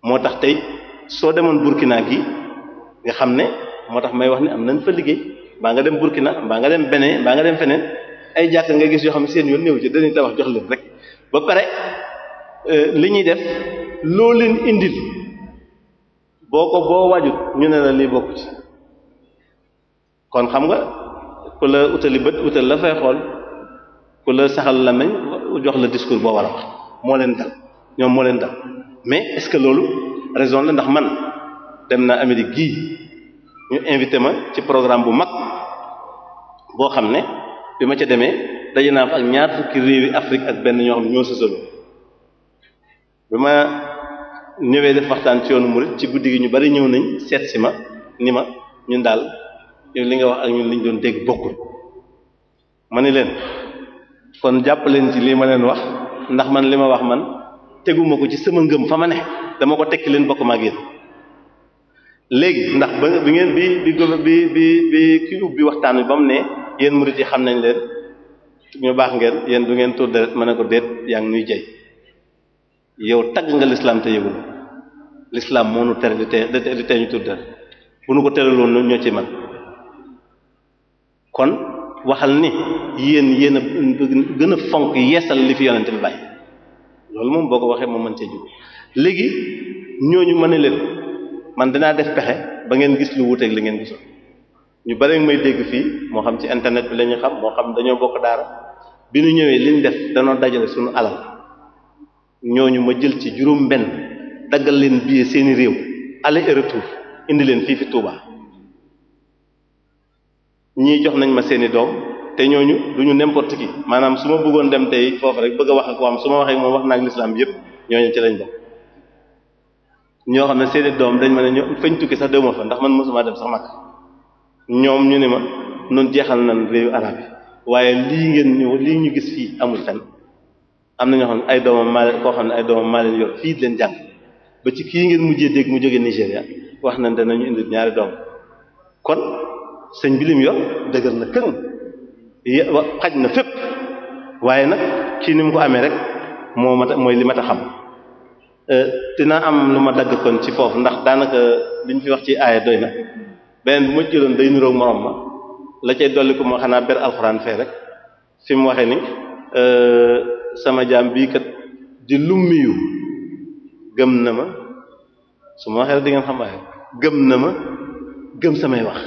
moo tax tey soo demoon Burkina gi nga xam ne moo tax may wax ne am nañ fa liggéey. mbaa nga dem Burkina mbaa nga dem Benin mbaa nga dem feneen ay jàkk nga gis yoo xam ne seen yoon néew ci dañuy tabax jox leen rek ba pare euh, li ñuy def loo leen indil boo ko boo wajut ñu ne la lii bokku kon xam nga ku la utali bët utal la fay xool ku la saxal la meñ jox la discours boo war a wax moo leen dal ñoom moo leen dal mais est que loolu raison la ndax man dem na Amérique gii ñu invité ma ci programme bu mag boo xam ne bi ma ca demee daje naa fa ak ñaar fukki réewi Afrique ak benn ñoo xam ñoo sësalu bi ma ñëwee def waxtaan ci yoonu murid ci guddi gi ñu bari ñëw nañ seet si ma ni ma ñun daal yow li nga wax ak ñun liñ doon dégg bokkul ma ni leen kon jàpp leen ci lii ma leen wax ndax man li ma wax man teguma ko ci sama ngëm fa ma ne dama ko tekki leen bokk ma léegi ndax ba bi ngeen bi bi bi bi bi ki ubbi waxtaan wi ba mu ne yéen murit yi xam nañ leen ñu baax ngeen yéen du ngeen tuur deret ma ne ko déet yaa ngi ñuy jey yow tagg nga lislaam lislaam moo nu tee di tee ñu tuur deret bu nu ko teraloon loolu ñoo ci man kon waxal ni yéen yéen a gën a fonk yeesal li fi yonente bi bàyyi loolu moom boo ko waxee moom mën cee jug léegi ñooñu ma ne leen man dinaa def pexe ba ngeen gis lu wuuteeg li ngeen gisul ñu bari may dégg fii moo xam ci internet bi lañu ñu xam moo xam dañoo bokk daara bi ñu ñëwee liñ def danoo dajale suñu alal ñu ma jël ci juróom benn daggal leen billet seeni réew aller et retour indi leen fii fi Touba ñii jox nañ ma seeni doom te ñooñu du ñu n'importe qui maanaam su ma bëggoon dem tey foofu rek bëgg a wax ak waam su ma waxee moom wax naa ak l'islam yépp ñooñu ci lañ ñoo xam ne seeni doom dañ ma ne ñoom fañ tukki sax demoo fa ndax man mosuma dem sax Makka ñoom ñu ni ma noonu jeexal nañ réewu arab waaye lii ngeen ñëw lii ñu gis fii amul fenn am na ñoo xam ne ay doomam maa koo xam ne ay doomam maa leen yor fii di leen jàng ba ci kii ngeen mujjee dégg mu jógee Nigéria wax nañ danañu indi ñaari doom kon sëñ bi lim yor dëgër na kër xaj na fépp waaye nag ci ni mu ko amee rek moo mat mooy li mat a xam. Euh, dina am lu ma dagg kon ci foofu ndax daanaka liñ fi wax ci aaya doy na beneen bu ma jëloon day niroog morom ma la cay dolli ko moo xanaa ber alxuraan fee rek fi mu waxee ni euh, sama jaam bii kat di lummiyu gëm na ma su ma waxee rek di ngeen xam waaye gëm na ma gëm samay wax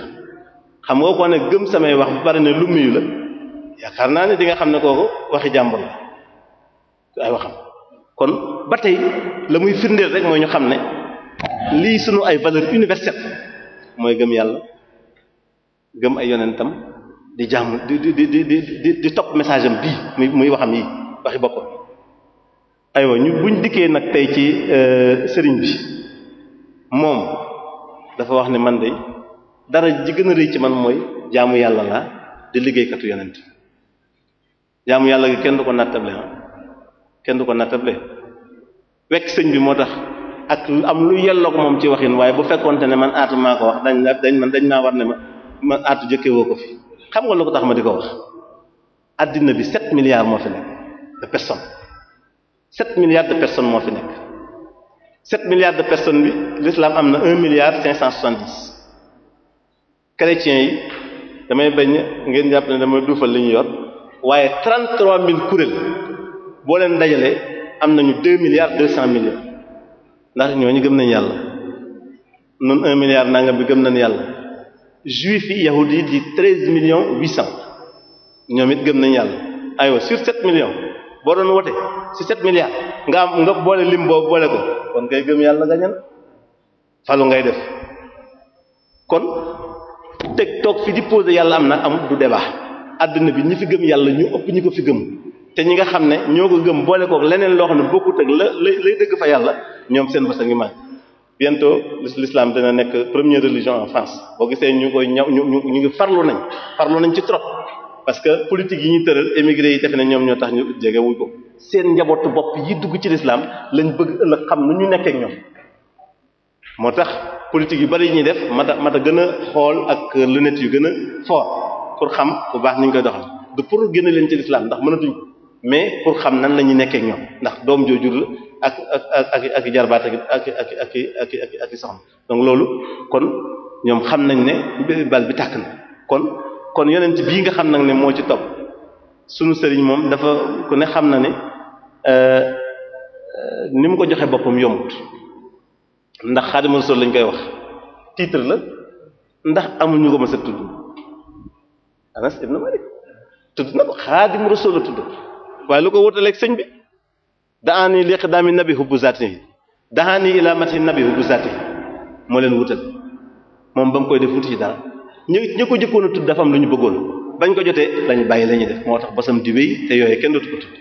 xam nga ko ne gëm samay wax bu bari ne lummiyu la yaakaar naa ne di nga xam ne kooku waxi jàmbur la ay waxam kon ba tey la muy firndeel rek mooy ñu xam ne lii sunu ay valeurs universelles mooy gëm yàlla gëm ay yonentam di jàmm di di di di di topp message am bi muy muy waxam yi waxi boppam aywa ñu buñ dikkee nag tey ci euh, sëriñ bi moom dafa wax ne man de dara ji gën ci man mooy jaamu yàlla laa di liggéeykatu yonent jaamu yàlla gi kenn du ko nattable ah. kenn ko nattable wekk sëñ bi moo tax ak am lu yelloo ko moom ci waxin waaye bu fekkonte ne man aatu maa ko wax dañ dañ man dañ maa war ne ma man aatu jëkkee woo ko fi xam nga lu ko tax ma di ko wax addina bi sept milliards moo fi nekk de personne sept milliards de personnes moo fi nekk sept milliards de personne bi l'islam am na un milliard cinq cent soixante-dix chrétiens yi damay bañ ngeen jàpp ne damay duufal li ñu waaye trente-trois mille kuréel boo leen dajalee am nañu deux milliards deux cent millions ndax ñooñu gëm nañu yàlla noonu un milliard nangam bi gëm nañu yàlla juif yi yahudi yi di treize millions huit cent ñoom it gëm nañ yàlla aywa sur sept millions boo doon wote si sept milliards nga am nga boole lim boobu boole ko kon kay gëm yàlla nga ñan falu ngay def kon teg toog fi di poser yàlla am na amul du débat àdduna bi ñi fi gëm yàlla ñu ëpp ñi ko fi gëm te ñi nga xam ne ñoo ko gëm boole kook leneen loo xam ne bokkut ak la lay dëgg fa yàlla ñoom seen bës a ngi màgg bientôt lislaam dina nekk première religion en France boo gisee ñu koy ñaw ñu ñu ngi farlu nañ farlu nañ ci trop parce que politique yi ñuy tëral émigré yi defe ne ñoom ñoo tax ñu jege wuñ ko seen njabootu bopp yi dugg ci lislaam lañ bëgg ëllëg xam nu ñu nekkee ak ñoom moo tax politique yu bari yi ñuy def mat a gën a xool ak lu lunettes yu gën a fort pour xam bu baax ni ñu koy doxal du pour génne leen ci l'islam ndax mënatuñ mais pour xam nan la ñuy nekkee ñoom ndax doom joojur la ak ak ak ak i jarbaat ak ak ak ak ak ak i soxna donc loolu kon ñoom xam nañ ne bal bi tàkk na kon kon yonent bii nga xam nag ne moo ci topp suñu sëriñ moom dafa ku ne xam na ne euh, euh, ni mu ko joxe boppam yombut ndax Xaadimu Rasuul lañ koy wax titre la ndax amuñu ko ma sa tudd na ko Xaadimu Rasuul la tudd waaye lu ko wutaleeg sëñ bi daani li xidaami nabi hubbu zaatihi daani ila mati nabi hubbu zaatihi moo leen wutal moom ba mu koy def wuti ci dara ñu ñu ko jëkkoon a tudd dafa am lu ñu bëggoon bañ ko jotee lañu bàyyi la ñuy def moo tax basam di wéy te yooyu kenn dootu ko tudd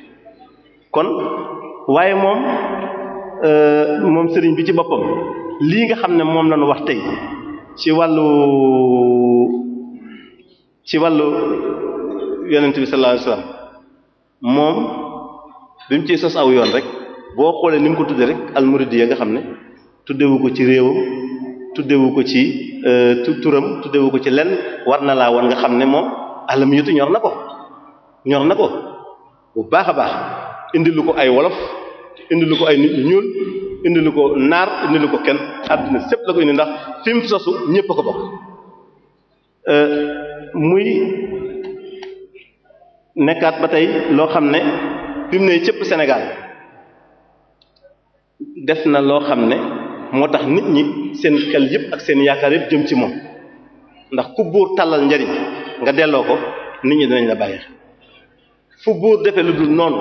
kon waaye moom euh, moom sëriñ bi ci boppam lii nga xam ne moom lañu wax tey ci wàllu ci wàllu yonent bi sallallahu alayhi moom bi mu ci sos aw yoon rek boo xoolee ni mu ko tuddee rek almuridiya nga xam ne tuddewu ko ci réewam tuddewu ko ci euh, turam tuddewu ko ci len war na laa woon nga xam ne moom alam yutu ñor na ko ñor na ko bu baax a baax indilu ko ay wolof indilu ko ay nit ñuul indilu ko naar indi ko kenn àddina sépp la ko indi ndax fi sosu ñépp a ko bokk euh, muy nekkaat ba tey loo xam ne bi mu ne cépp Sénégal def na loo xam ne moo tax nit ñi seen xel yëpp ak seen yaakaar yëpp jëm ci moom ndax ku buur tàllal njariñ nga delloo ko nit ñi dinañ la bàyyi fu buur defee lu dul noonu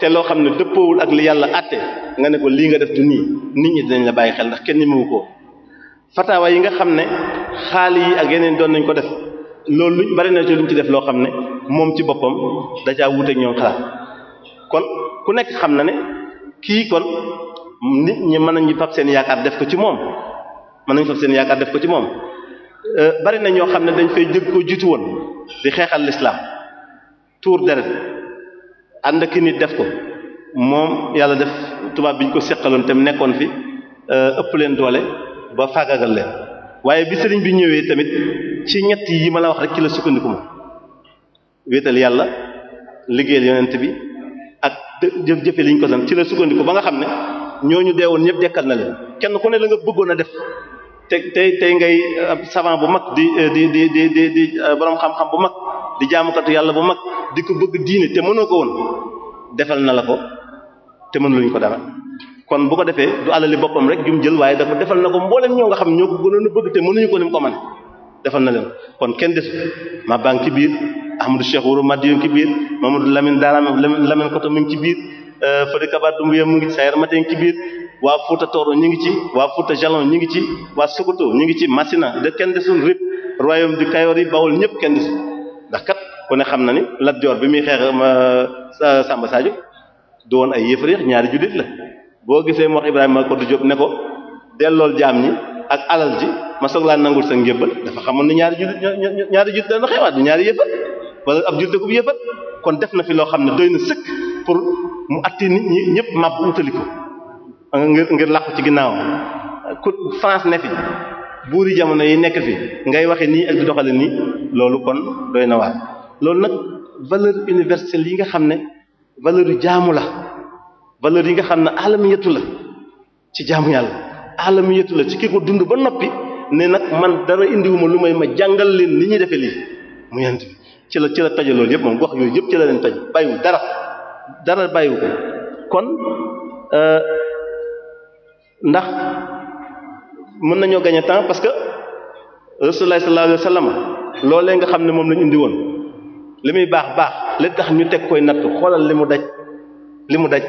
te loo xam ne dëppoowul ak li yàlla àtte nga ne ko lii nga def du nii nit ñi dinañ la bàyyi xel ndax kenn ni mu ko fataawa yi nga xam ne xaali yi ak yeneen doon nañ ko def loolu luñ bari na ci luñ ci def loo xam ne moom ci boppam dajaa caa wuuteeg ñoom xalaat kon ku nekk xam na ne kii kon nit ñi mën nañu fab seen yaakaar def ko ci moom mën nañu fab seen def ko ci moom. Euh, bari na ñoo xam ne dañ fay jëg ko jiitu woon di xeexal lislaam tuur deret ànd ak nit def ko moom yàlla def tubaab bi ñu ko seqaloon te mu nekkoon fi euh, ëpp leen doole ba faagaagal leen waaye bi sëriñ bi ñëwee tamit. ci ñett yi ma la wax rek ci la sukkandiku wéetal yàlla liggéeyal yonent bi ak jëf jëfe liñ ko sant ci la sukkandiku ba nga xam ne ñooñu deewoon ñëpp dekkal na kenn ku ne la nga bëggoon a def te tey tey ngay savant bu mag di di di di di di euh, xam-xam bu mag di jaamukatu yàlla bu mag di ko bëgg diine te mënoo ko woon na la ko te mën luñ ko dara kon bu ko defee du alali boppam jël waaye dafa defal na ko mboolem ñoo nga xam ñoo ko gënoon a bëgg te mënuñu ko ni mu ko mën defal na leen kon kenn desu ma banque ci biir Ahmadou Cheikh Wuro Madiou ci biir Mamadou Lamine Darame Lamine Koto mi ngi ci biir euh, Fadi Kabar Doumbouya mu ngi ci Sayar Maté ngi ci biir waa Fouta Toro ñu ngi ci waa Fouta Jalon ñu ngi ci waa Sokoto ñu ngi ci Massina de kenn desul rip royaume du Kayor yi Bawol ñëpp kenn desul ndax kat ku ne xam na ni Lat Joor bi muy xeex Samba Sadio du woon ay yëfër ñaari jullit la boo gisee mu wax Ibrahima Kodou Diop ne ko dellool jaam ñi ak alal ji ma soog laa nangul sa njëbbal dafa xamoon na ñaari jullit ñaari jullit dana xewaat du ñaari yëfat wala ab jullit ko bu yëfat kon def na fi loo xam ne doy na sëkk pour mu atti nit ñi ñëpp màbb wutali ko ngir ngir làqu ci ginnaawam ku France ne fi buuri jamono yi nekk fi ngay waxe nii ak di doxale nii loolu kon doy na waar loolu nag valeur universelle yi nga xam ne valeur yu jaamu la valeur yi nga xam ne alamiyatu la ci jaamu yàlla aalamiyatu la ci ki ko dund ba noppi ne nag man dara indiwuma lu may ma jàngal leen li ñuy defee lii mu yent bi ci la ci la tajaloolu loolu yëpp moom wax yooyu yëpp ci la leen taj bàyyiwu dara dara bàyyiwu kon euh, ndax mën nañoo gagner temps parce que rasulullah sallallahu alayhi wasallam loolee nga xam ne moom lañu indi woon li muy baax baax li tax ñu teg koy natt xoolal li mu daj li mu daj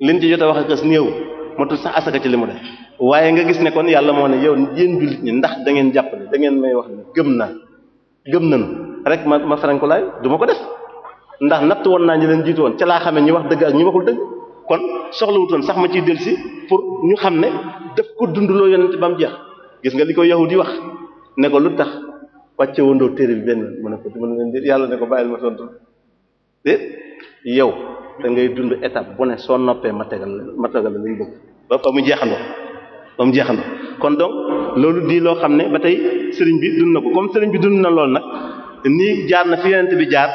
liñ ci jot a wax ak as néew matul sax asaka ci li mu def waaye nga gis ne kon yàlla moo ne yow yéen jullit ñi ndax da ngeen jàpp ne da may wax ne gëm naa gëm nañu rek ma ma farankulaay du ma ko def ndax natt woon naa ñi leen jiitu woon ca laa xamee ñi wax dëgg ak ñi waxul dëgg kon soxla soxlawutoon sax ma ciy del si pour ñu xam ne daf ko dund dundaloo yonent ba mu jeex gis nga li ko yahudi wax ne ko lu tax wàcce wondoo téere bi benn mu ne ko du yàlla ne ko bàyyil ma tontu déet yow da ngay dund étape bu ne soo noppee ma tegal ma tegal la li ba ba mu jeexandoo ba mu jeexandoo kon donc loolu dii loo xam ne ba tey sëriñ bi dund na ko comme sëriñ bi dund na lool nag nii jaar na fi yonent bi jaar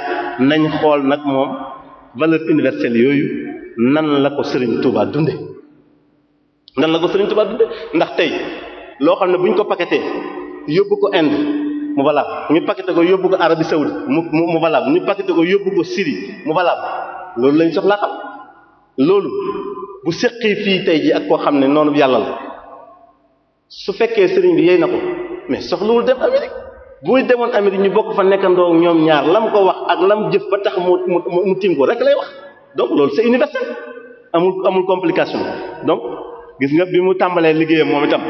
nañ xool nag moom valeur universelle yooyu nan la ko sëriñ tuubaa dunde nan la ko sëriñ Touba ndax tey loo xam ne bu ñu ko paqueté yóbbu ko Inde mu valable ñu paqueté ko yóbbu ko Arabie saoudite mu mu valable ñu paqueté ko yóbbu ko Syrie mu valable loolu lañ soxlaa xam. loolu bu séqee fii tey ji ak koo xam ne noonu yàlla la su fekkee sëriñ bi yey na ko mais soxlawul dem Amérique buy demoon Amérique ñu bokk fa nekkandoo ñoom ñaar lam ko wax ak lam jëf ba tax mu mu mu tiim ko rek lay wax donc loolu c'est universel amul amul complication donc gis nga bi mu tàmbalee liggéeyam moom itam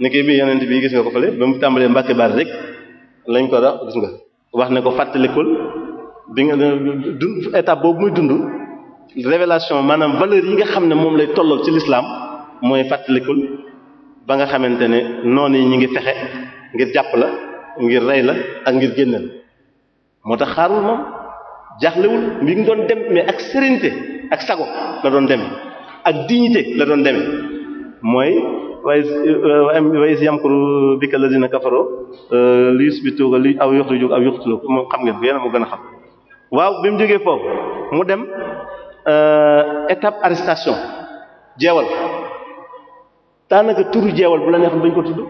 nekkee bi yonent bi gis nga ko fële bi mu tàmbalee Mbàkke Bari rek lañ ko dox gis nga wax ne ko fàttalikul bi nga dund étape boobu muy dund. révélation maanaam valeur yi nga xam ne moom lay tolloo ci lislaam mooy fàttalikul ba nga xamante ne noonu yi ñu ngi fexe ngir jàpp la ngir rey la ak ngir génneel moo tax xaarul moom jaaxlewul mi ngi doon dem mais ak sérénité ak sago la doon demee ak dignité la doon demee mooy waaye waaye si yamkuru bika lazina kafaroo euh, li yusbituka li aw yukhrijuka aw yaqtuluka moom xam ngeen ko yéen a gën a xam foofu mu dem Euh, étape arrestation jeewal daanaka turu jeewal bu la neexoon bañ ko tudd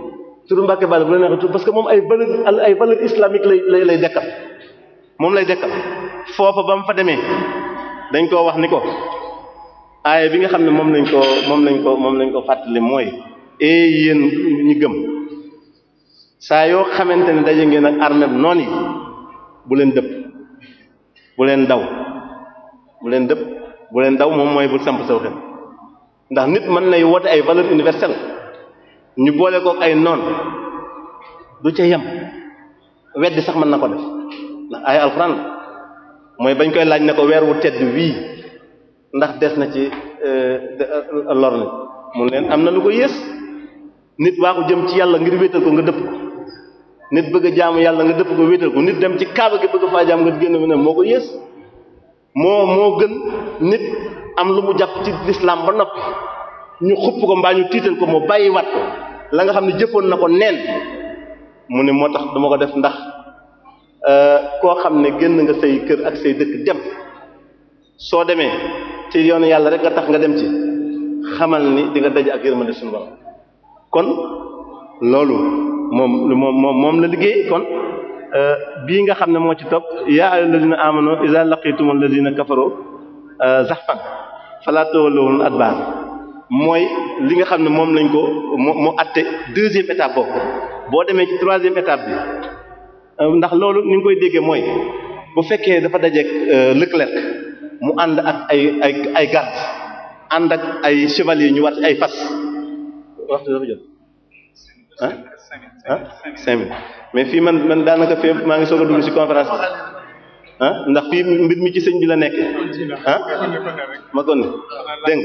turu Mbàkke Balla bu la neexoon tudd parce que moom ay valeur ay valeur islamique lay lay lay dekkal moom lay dekkal foofa ba mu fa demee dañ koo wax ni ko aaya bi nga xam ne moom lañ ko moom lañ ko moom lañ koo fàttali mooy ee yéen ñi gëm saa yoo xamante ne daje ngeen ak armée bi noon yi bu leen dëpp bu leen daw bu leen dëpp bu leen daw moom mooy bu samp saw xel ndax nit mën nay woote ay valeur universelle ñu boole kook ay noon du ca yem weddi sax mën na ko def ndax ay alxuraan mooy bañ koy laaj ne ko weer wu tedd wii ndax des na ci euh, euh, lor ni mun leen am na lu ko yées nit waa ko jëm ci yàlla ngir wéetal ko nga dëpp ko nit bëgg jaamu yàlla nga dëpp ko wéetal ko nit dem ci kaaba gi bëgg faa jaam nga génn ne moo ko yées moo moo gën nit am lu mu jàpp ci lislaam ba noppi ñu xupp ko mbaa ñu tiital ko moo bàyyi wat la nga xam ne jëppoon na ko neen mu ne moo tax duma ko def ndax euh, koo xam ne génn nga say kër ak say dëkk dem soo demee ci yoon yàlla rek nga tax nga dem ci xamal ni di nga daje ak yërmande suñu borom kon loolu moom moom moom la liggéey kon Euh, bii nga xam ne moo ci topp yaa ayyuhalladhina amanu idha laqitumul ladhina kafaru euh, zahfan fala tawalluhum adbar mooy li nga xam ne moom lañ ko moo moo atte deuxième étape boobu boo demee ci troisième étape bi euh, ndax loolu ni nga koy déggee mooy bu fekkee dafa dajeek Leclerc mu ànd ak ay ay ay garde ànd ak ay chevalier ñu war ay fas waxtu dafa jot ah ah mais fii man man daanaka fee maa ngi soog a dugg ci conférence bi ah ndax fii mbir mi ci sëñ bi la nekk ah ma kon dégg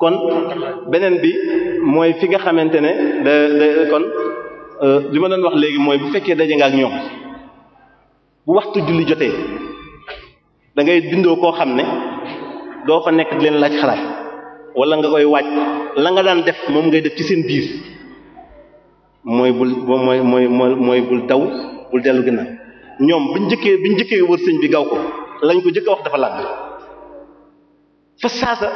kon beneen bi mooy fi nga xamante ne da da kon euh, li ma doon wax léegi mooy bu fekkee daje nga ak ñoom bu waxtu julli jotee dangay dindoo koo xam ne doo fa nekk di leen laaj xalaat wala nga koy waaj la nga daan def moom ngay def ci seen biir. mooy bul mooy mooy mooy bul daw bul dellu ginnaaw ñoom biñ njëkkee biñ njëkkee wër sëñ bi gaw ko lañ ko njëkk a wax dafa làgg fa saasa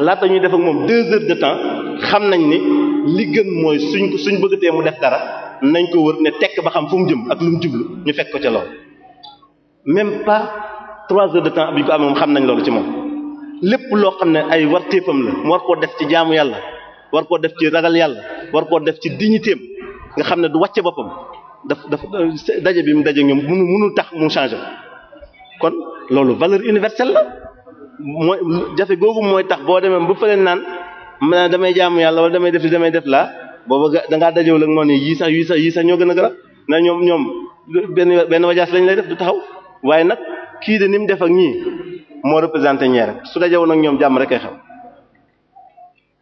laata ñuy def ak moom deux heures de temps xam nañ ni li gën mooy suñ suñ bëggatee mu def dara nañ ko wër ne tekk ba xam fu mu jëm ak lu mu ñu fekk ko ca lool même pas trois heures de bi ñu ko xam nañ loolu ci moom lépp loo xam ne ay warteefam la mu war koo def ci jaamu yàlla war koo def ci ragal yàlla war def ci dignitéem nga xam ne du wàcce boppam daf daf daje bi mu daje ñoom munu munu tax mu changé kon loolu valeur universelle la mooy jafe googu mooy tax boo demee ba fële naan ma damay jàmm yàlla wala damay def li damay def laa booba da ngaa dajewul ak noonu yii sax yii sax yii sax ñoo gën a gën a na ñoom ñoom benn benn wajaas lañ lay def du taxaw waaye nag kii de ni mu def ak ñii moo représenté ñeere su dajewoon ak ñoom jàmm rek ay xam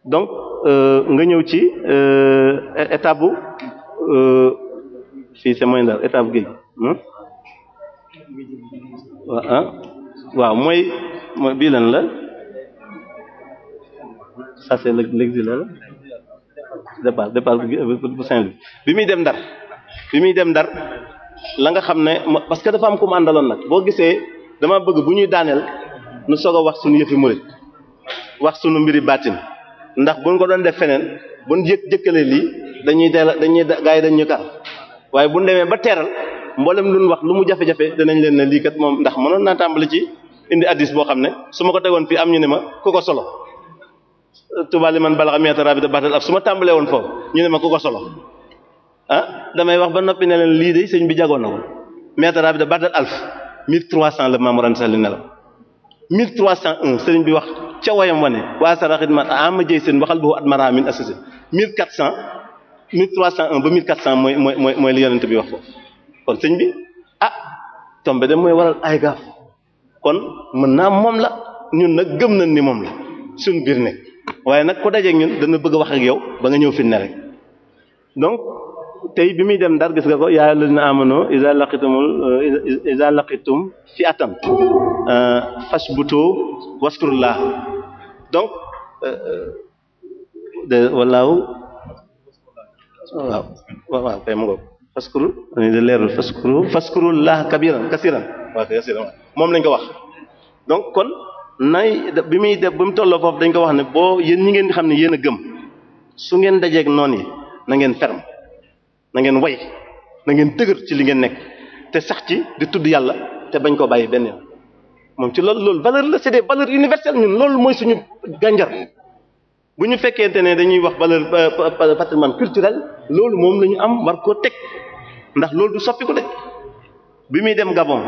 donc euh, nga ñëw ci euh, étape bu euh, fii c'est moyen daal étape géej hmm? ah? waaw mooy mooy bii lan la ça c'est l'exil la départ départ bu Saint-Louis bi muy dem Ndar bi muy dem Ndar la nga xam ne parce que dafa am ku mu àndaloon nag boo gisee dama bëgg bu ñuy daaneel nu soog a wax suñu yëfi murid wax suñu mbiri baatin ndax buñ ko doon def feneen buñ jëkk jëkkale lii dañuy deel dañuy gaa yi dañ ñu kar waaye buñ demee ba teeral mboolem luñ wax lu mu jafe-jafe danañ leen ne lii kat moom ndax mënoon naa tàmbali ci indi addis boo xam ne su ma ko tegoon fii am ñu ne ma ku ko solo tubaali man balaxa miata rabita batal ab su ma tàmbalee woon foofu ñu ne ma ku ko solo ah damay wax ba nappi ne leen lii de sëñ bi jagoon na ko miata rabita batal alf 1300 la Mamour Anta Sall nelaw 1301 sëriñ bi wax ca wayam wane waa sara xidmat ama jëy seen waxal boobu at maramin assasé 1400 1301 ba 1400 mooy mooy mooy mooy li yonent bi wax ko kon sëñ bi ah tombe de mooy waral ay gaaf kon mën naa moom la ñun nag gëm nañ ni moom la suñ biir nekk waaye nag ku dajeeg ñun dana bëgg a wax yow ba nga ñëw fi ne rek donc tey bi muy dem ndar gis nga ko yaa alladina amanu iza laqitumul iza laqitum fi atam euh, fasbutu waskurullah donc euh, euh, de walaaw waaw waaw kay mu ngoog faskuru dañuy de leerul faskuru faskurullah kabiran kasiran moom lañ ko wax donc kon nay bi muy def bi mu tolloo foofu dañ ko wax ne boo yéen ñi ngeen di xam ne yéen a gëm su ngeen dajeek noon yi na ngeen na ngeen way na ngeen dëgër ci li ngeen nekk te sax ci di tudd yàlla te bañ koo bàyyi benn yoon moom ci loolu loolu valeur la c'est des valeurs universelles ñun loolu mooy suñu gànjar bu ñu fekkente ne dañuy wax valeur euh, patrimoine culturel loolu moom la ñu am war koo teg ndax loolu du soppi ko de bi muy dem Gabon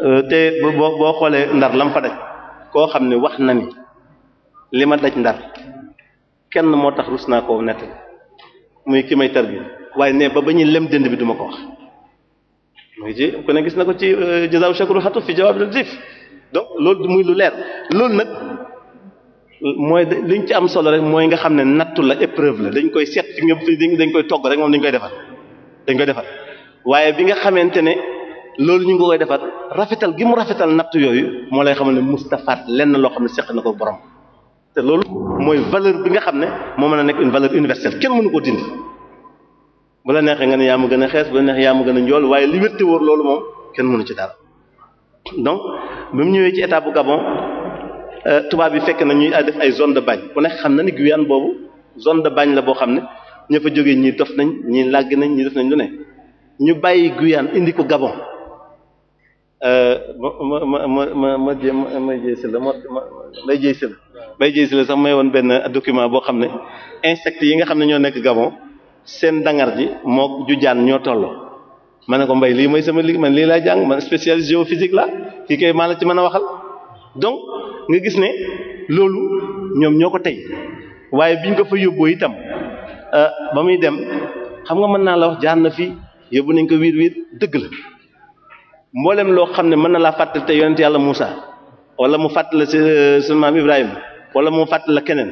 euh, te boo boo xoolee ndar lam fa daj koo xam ne wax na ni li ma daj ndar kenn moo tax rus naa koo nett muy ki may tarbiya waaye ne ba ba ñuy lem dënd bi duma ko wax mu ngi kon ku gis na ko ci euh, jazaaw shakru xatu fi jawaab latif donc loolu muy lu leer loolu nag mooy liñ ci am solo rek mooy nga xam ne nattu la dañ koy seet fi nga dañ koy togg rek moom dañ koy defar dañ koy defar waaye bi nga xamante ne loolu ñu ngi koy defar rafetal gi mu rafetal nattu yooyu moo lay xamal ne mustafaat lenn loo xam ne seq na ko borom te loolu mooy valeur bi nga xam ne moo mën a nekk une valeur universelle kenn mënu ko dindi bu la neexee nga ne yaa ma gën a xees bu la neexee yaa ma gën a njool waaye li wérte loolu moom kenn mënu ci dara donc bi mu ñëwee ci état bu Gabon tubaab yi fekk na ñuy def ay zone de bañ ku nekk xam na ni Guyane boobu zone de bañ la boo xam ne ña fa jógee ñii dof nañ ñii lagg nañ ñii def nañ lu ne ñu bàyyi Guyane indi ko Gabon ma ma ma ma ma ma ma ma bay jëy si la sax may woon benn document boo xam ne insectes yi nga xam ne ñoo nekk Gabon seen dangar ji moo ju jaan ñoo tolloo ma ne ko mbay lii mooy sama li man lii laa jàng man spécialiste géophysique la kii kay maa la ci mën a waxal donc nga gis ne loolu ñoom ñoo ko tey waaye biñ ko fa yóbboo itam euh, ba muy dem xam nga mën naa la wax jaar na fi yóbbu nañ ko wiir wiir dëgg la mboolem loo xam ne mën na laa fàttali te yonent yàlla Moussa wala mu fàttali si sunu euh, Ibrahima wala moo fàtt la keneen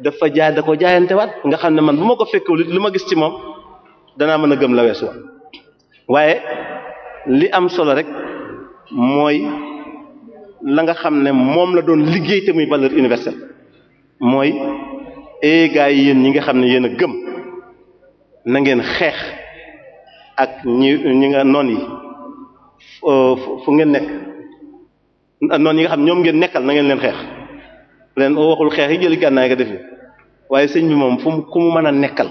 dafa jaay da ko jaayante waat nga xam ne man bu ma ko fekkewul lu ma gis ci moom danaa mën a gëm la weesu wa waaye li am solo rek mooy la nga xam ne moom la doon liggéey te muy valeur universelle mooy eegaay eh yéen ñi nga xam ne yéen a gëm na ngeen xeex ak ñi ñi nga noon yi fu ngeen nekk noon yi nga xam ñoom ngeen nekkal na ngeen leen xeex ren oo waxul xeex yi jëli gànnaay nga defee waaye sëñ bi moom fu mu ku mu mën a nekkal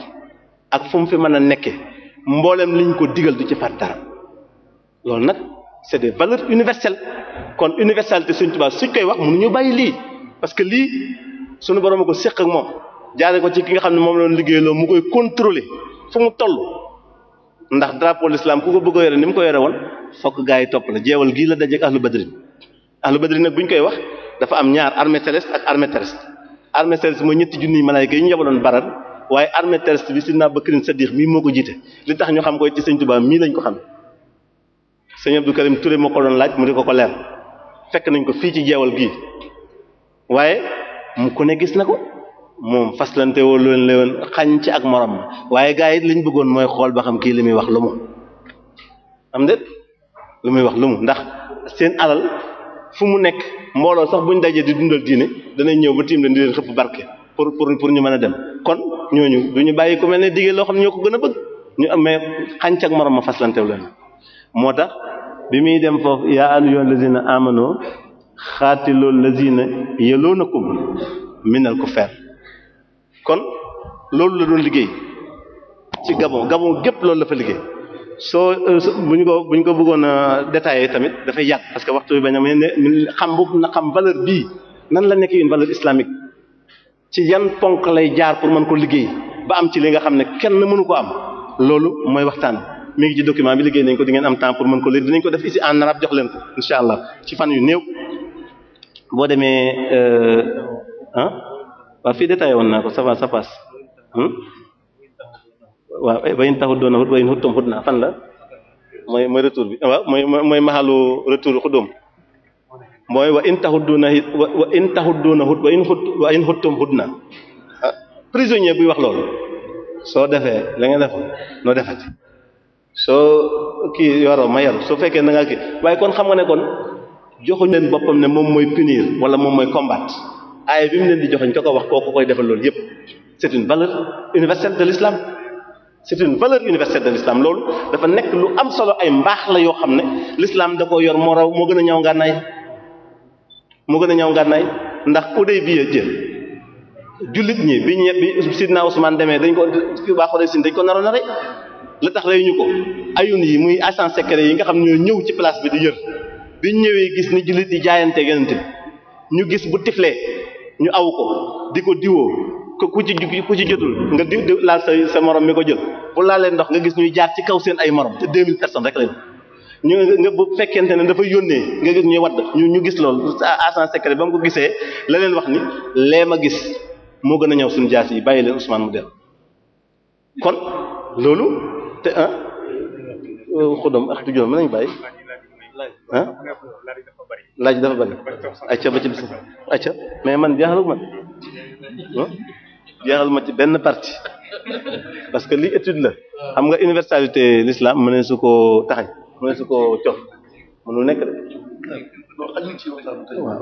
ak fu mu fi mën a nekke mboolem liñ ko digal du ci fat dara loolu nag c'est des valeurs universelles kon universalité Sëñ Tuubaa suñ koy wax ñu bàyyi lii parce que lii suñu borom a ko séq ak moom jaare ko ci ki nga xam ne moom loon liggéey loo mu koy contrôler fu mu toll ndax drapeau l'islam ku ko bëgg a yore ni mu ko yore woon fokk gaa yi topp la jeewal gii la dajeeg ahlu badrin dafa am ñaar armée terrestre ak armée terrestre armée terrestre mooy ñetti junniy malaayka yi ñu yabaloon baral waaye armée terrestre bi Sidna Bakrin Sadiq mii moo ko jiite li tax ñu xam koy ci Sëñ Tuubaa mii lañ ko xam Sëñ Abdou Karim Touré moo ko doon laaj mu di ko ko leer fekk nañ ko fii ci jeewal gii waaye mu ku ne gis na ko moom faslante woo loolu leen xañ ci ak moroom morom waaye gaa yi liñ bëggoon mooy xool ba xam kii li muy wax lu mu am déet lu muy wax lu mu ndax seen alal mbooloo sax buñ dajee di dundal diine danañ ñëw ba tiim leen di leen xëpp barke pour pour pour ñu mën a dem kon ñooñu du ñu bàyyi ko mel ne digee loo xam ne ñoo ko gën a bëgg ñu amee xànc ak morom ma faslantew leen moo tax bi muy dem foofu yaa loolu la amanu xaatilul na yalunakum minal fer kon loolu la doon liggéey ci Gabon Gabon gépp loolu la fa liggéey Euh, soo bu ñu ko bu ko bëggoon a détailler tamit dafay yàgg parce que waxtu bi bañ a ne xam bu na xam valeur bii nan la nekk une valeur islamique ci yan ponk lay jaar pour mën ko liggéey ba am ci li nga xam ne kenn mënu ko am loolu mooy waxtaan mi ngi ci document bi liggéey nañ ko di ngeen am temps pour mën ko lire dinañ ko def ici en arabe jox leen ko incha allah ci fan yu néew boo demee euh, ah waaw fii détaillé woon naa ko ça va ça passe hmm? waaw eh, bayin taxut doona xut bayin xuttum xut naa fan la mooy mooy retour bi waaw mooy mooy maxalu retour doom mooy wa in taxut doon wa taxut doona xut wa in xut wa in xuttum xut ah, wax loolu soo defee la nga def noo soo kii yoroo ma yaru soo fekkee ngaa waaye kon xam nga ne kon joxuñ leen boppam ne moom mooy punir wala moom mooy combat aaya bi mu leen di joxeñ ko ko wax ko koy defal loolu yépp c'est une valeur universelle de l'islam c'est une valeur universelle de l'islam loolu dafa nekk lu am solo ay mbaax la yoo xam ne l'islam da ko yor moo raw moo gën a ñaw ngànnaay moo gën a ñaw ngànnaay ndax Hudaybiya jël jullit ñi bi ñe bi Sidna Ousmane demee dañ ko kii baa xoolee sin dañ ko naroon a rey la tax rey ñu ko ayun yi muy agent secret yi nga xam ñoo ñëw ci place bi di yër biñ ñëwee gis ni jullit yi jaayante yenente ñu gis bu tiflee ñu aw ko di ko diwoo ku ci ku ci jotul nga di laal sa sa morom mi ko jël bu laalee ndox nga gis ñuy jaar ci kaw seen ay morom te 2000 personnes rek lañ ñu nga bu fekkente ne dafa yónnee nga gis ñuy wadd ñu ñu gis loolu agent secret ba mu ko gisee la leen wax ni lee ma gis moo gën a ñëw suñu jaas yi bàyyi leen Ousmane mu dellu kon loolu te ah xudam ak tujuram mën nañu bàyyi ah laaj dafa bari acca ba ci bis acca mais man jaaxalul man ah? jeexal ma ci benn parti parce que li étude la xam nga universalité l'islam mu ne su ko taxañ mu ne su ko cof mënul nekk de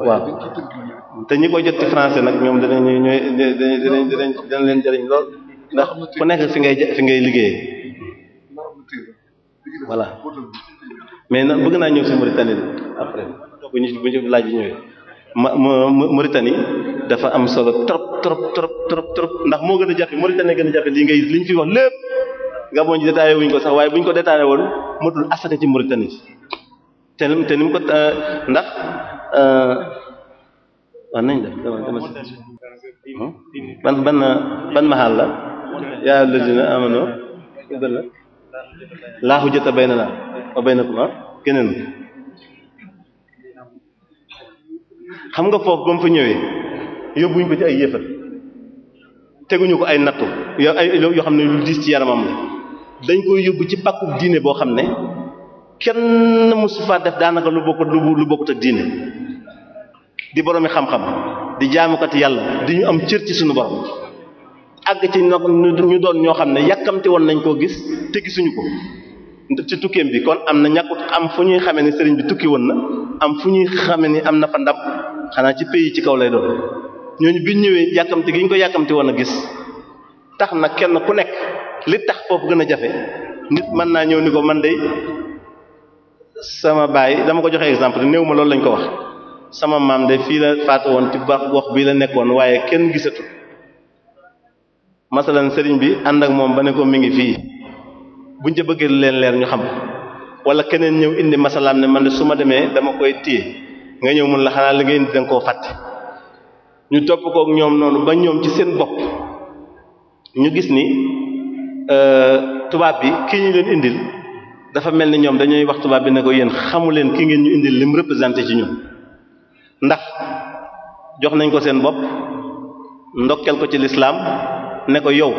waaw te ñi koy jot ci français nag ñoom danañu ñooy danañ danañ danañ leen jëriñ lool ndax ku nekk fi ngay fi ngay liggéeyee voilà mais nag bëgg naa ñëw si Mauritanie après bu ñu bu ñu laaj yi ñëwee ma mo Mauritanie dafa am solo trop trop trop trop trop ndax moo gën a jafe Mauritanie gën a jafe lii ngay li ci fi wax lépp Gabon ji détaillé wuñ ko sax waaye buñ ko détaillé woon matul asaka ci Mauritanie te te ni mu ko euh, ndax euh, wax nañ def ban ban ban maxaal la yaa alladina amanu laahu jota bayna naa wa baynakum keneen xam nga foofu ba mu fa ñëwee yóbbuñu ko ci ay yéefar teguñu ko ay nattu yo ay yoo xam ne lu diis ci yaramam la dañ koy yóbbu ci pàkku diine boo xam ne kenn mosu faa def daanaka lu bokk lu bokkut ak diine di boroomi xam-xam di jaamukat yàlla di ñu am cër ci suñu borom àgg ci ñu doon ñoo xam ne yàkkamti woon nañ koo gis te gisuñu ko ci tukkeem bi kon am na ñàkkut am fu ñuy xamee ne sëriñ bi tukki woon na am fu ñuy xame ni am na fa ndam xanaa ci pays ci kaw lay doon ñooñu bi ñëwee yàkkamti gi ñu ko yàkkamti woon a gis tax na kenn ku nekk li tax foofu gën a jafe nit mën naa ñëw ni ko man dey sama baay dama ko joxe exemple néew ma loolu lañ ko wax sama maam de fii la faatu woon ci baax gox bii la nekkoon waaye kenn gisatu masalan sëriñ bi ànd ak moom ba ne ko mi ngi fii buñ ca bëggee leen leer ñu xam wala keneen ñëw indi masalaam ne man de su ma demee dama koy téye nga ñëw mun la xanaa li nga indi danga koo fàtte ñu topp kook ñoom noonu ba ñoom ci seen bopp ñu gis ni euh, tubaab bi kii ñu leen indil dafa mel ni ñoom dañuy wax tubaab bi ne ko yéen xamu leen ki ngeen ñu indil lim représenté ci ñu ndax jox nañ ko seen bopp ndokkel ko ci lislaam ne ko yow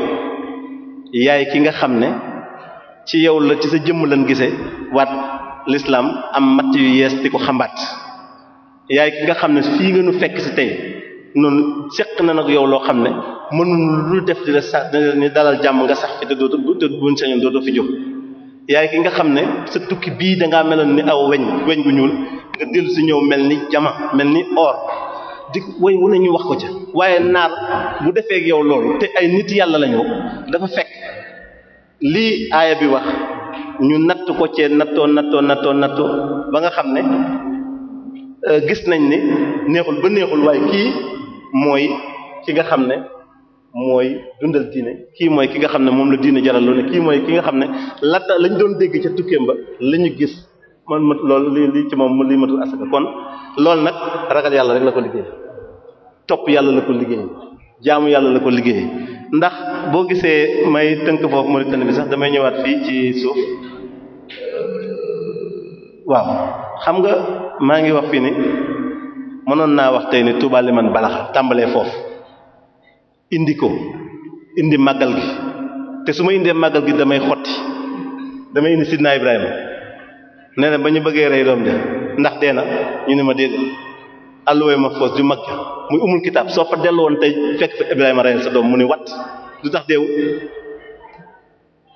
yaay ki nga xam ne ci yow la ci sa jëmm lan gisee waat lislaam am matt yu yees di ko xambaat yaay ki nga xam ne fii nga nu fekk si tey noonu seq na nag yow loo xam ne mënul lu def di la sax ni dalal jàmm nga sax fi te dootu buñ sañoon dootu fi jóg yaay ki nga xam ne sa tukki bii dangaa meloon ni aw weñ weñ gu ñuul nga dellu si ñëw mel ni jama mel ni or di way wu ne ñu wax ko ca waaye naar bu defee yow loolu te ay nit yàlla lañu dafa fekk lii aaya bi wax ñu natt ko cee nattoo nattoo nattoo nattoo ba nga xam ne euh, gis nañ ni neexul ba neexul waaye kii mooy ki nga xam ne mooy dundal kii mooy ki nga xam ne moom la diine jaral lu ne kii mooy ki nga xam ne laata lañ doon dégg ca tukkeem ba la gis man mat loolu li li ci moom li matul asaka kon loolu nag ragal yàlla rek la ko liggéey topp yàlla la ko liggéey jaamu yàlla la ko liggéey ndax boo gisee may tënk foofu Mauritanie bi sax damay ñëwaat fii ci suuf waaw xam nga maa ngi wax fii ni mënoon naa wax tey ni Touba Liman Balaxa tàmbalee foofu indi ko indi màggal gi te su ma indee màggal gi damay xotti damay indi Sidna Ibrahima nee na ba ñu bëggee rey doom de ndax dee na ñu ne ma déedéet àlluwee mahfuz ju mag muy umul kitaab soo fa dellu woon tey fekk fa Ibrahima rey sa doom mu ne wat lu tax deewul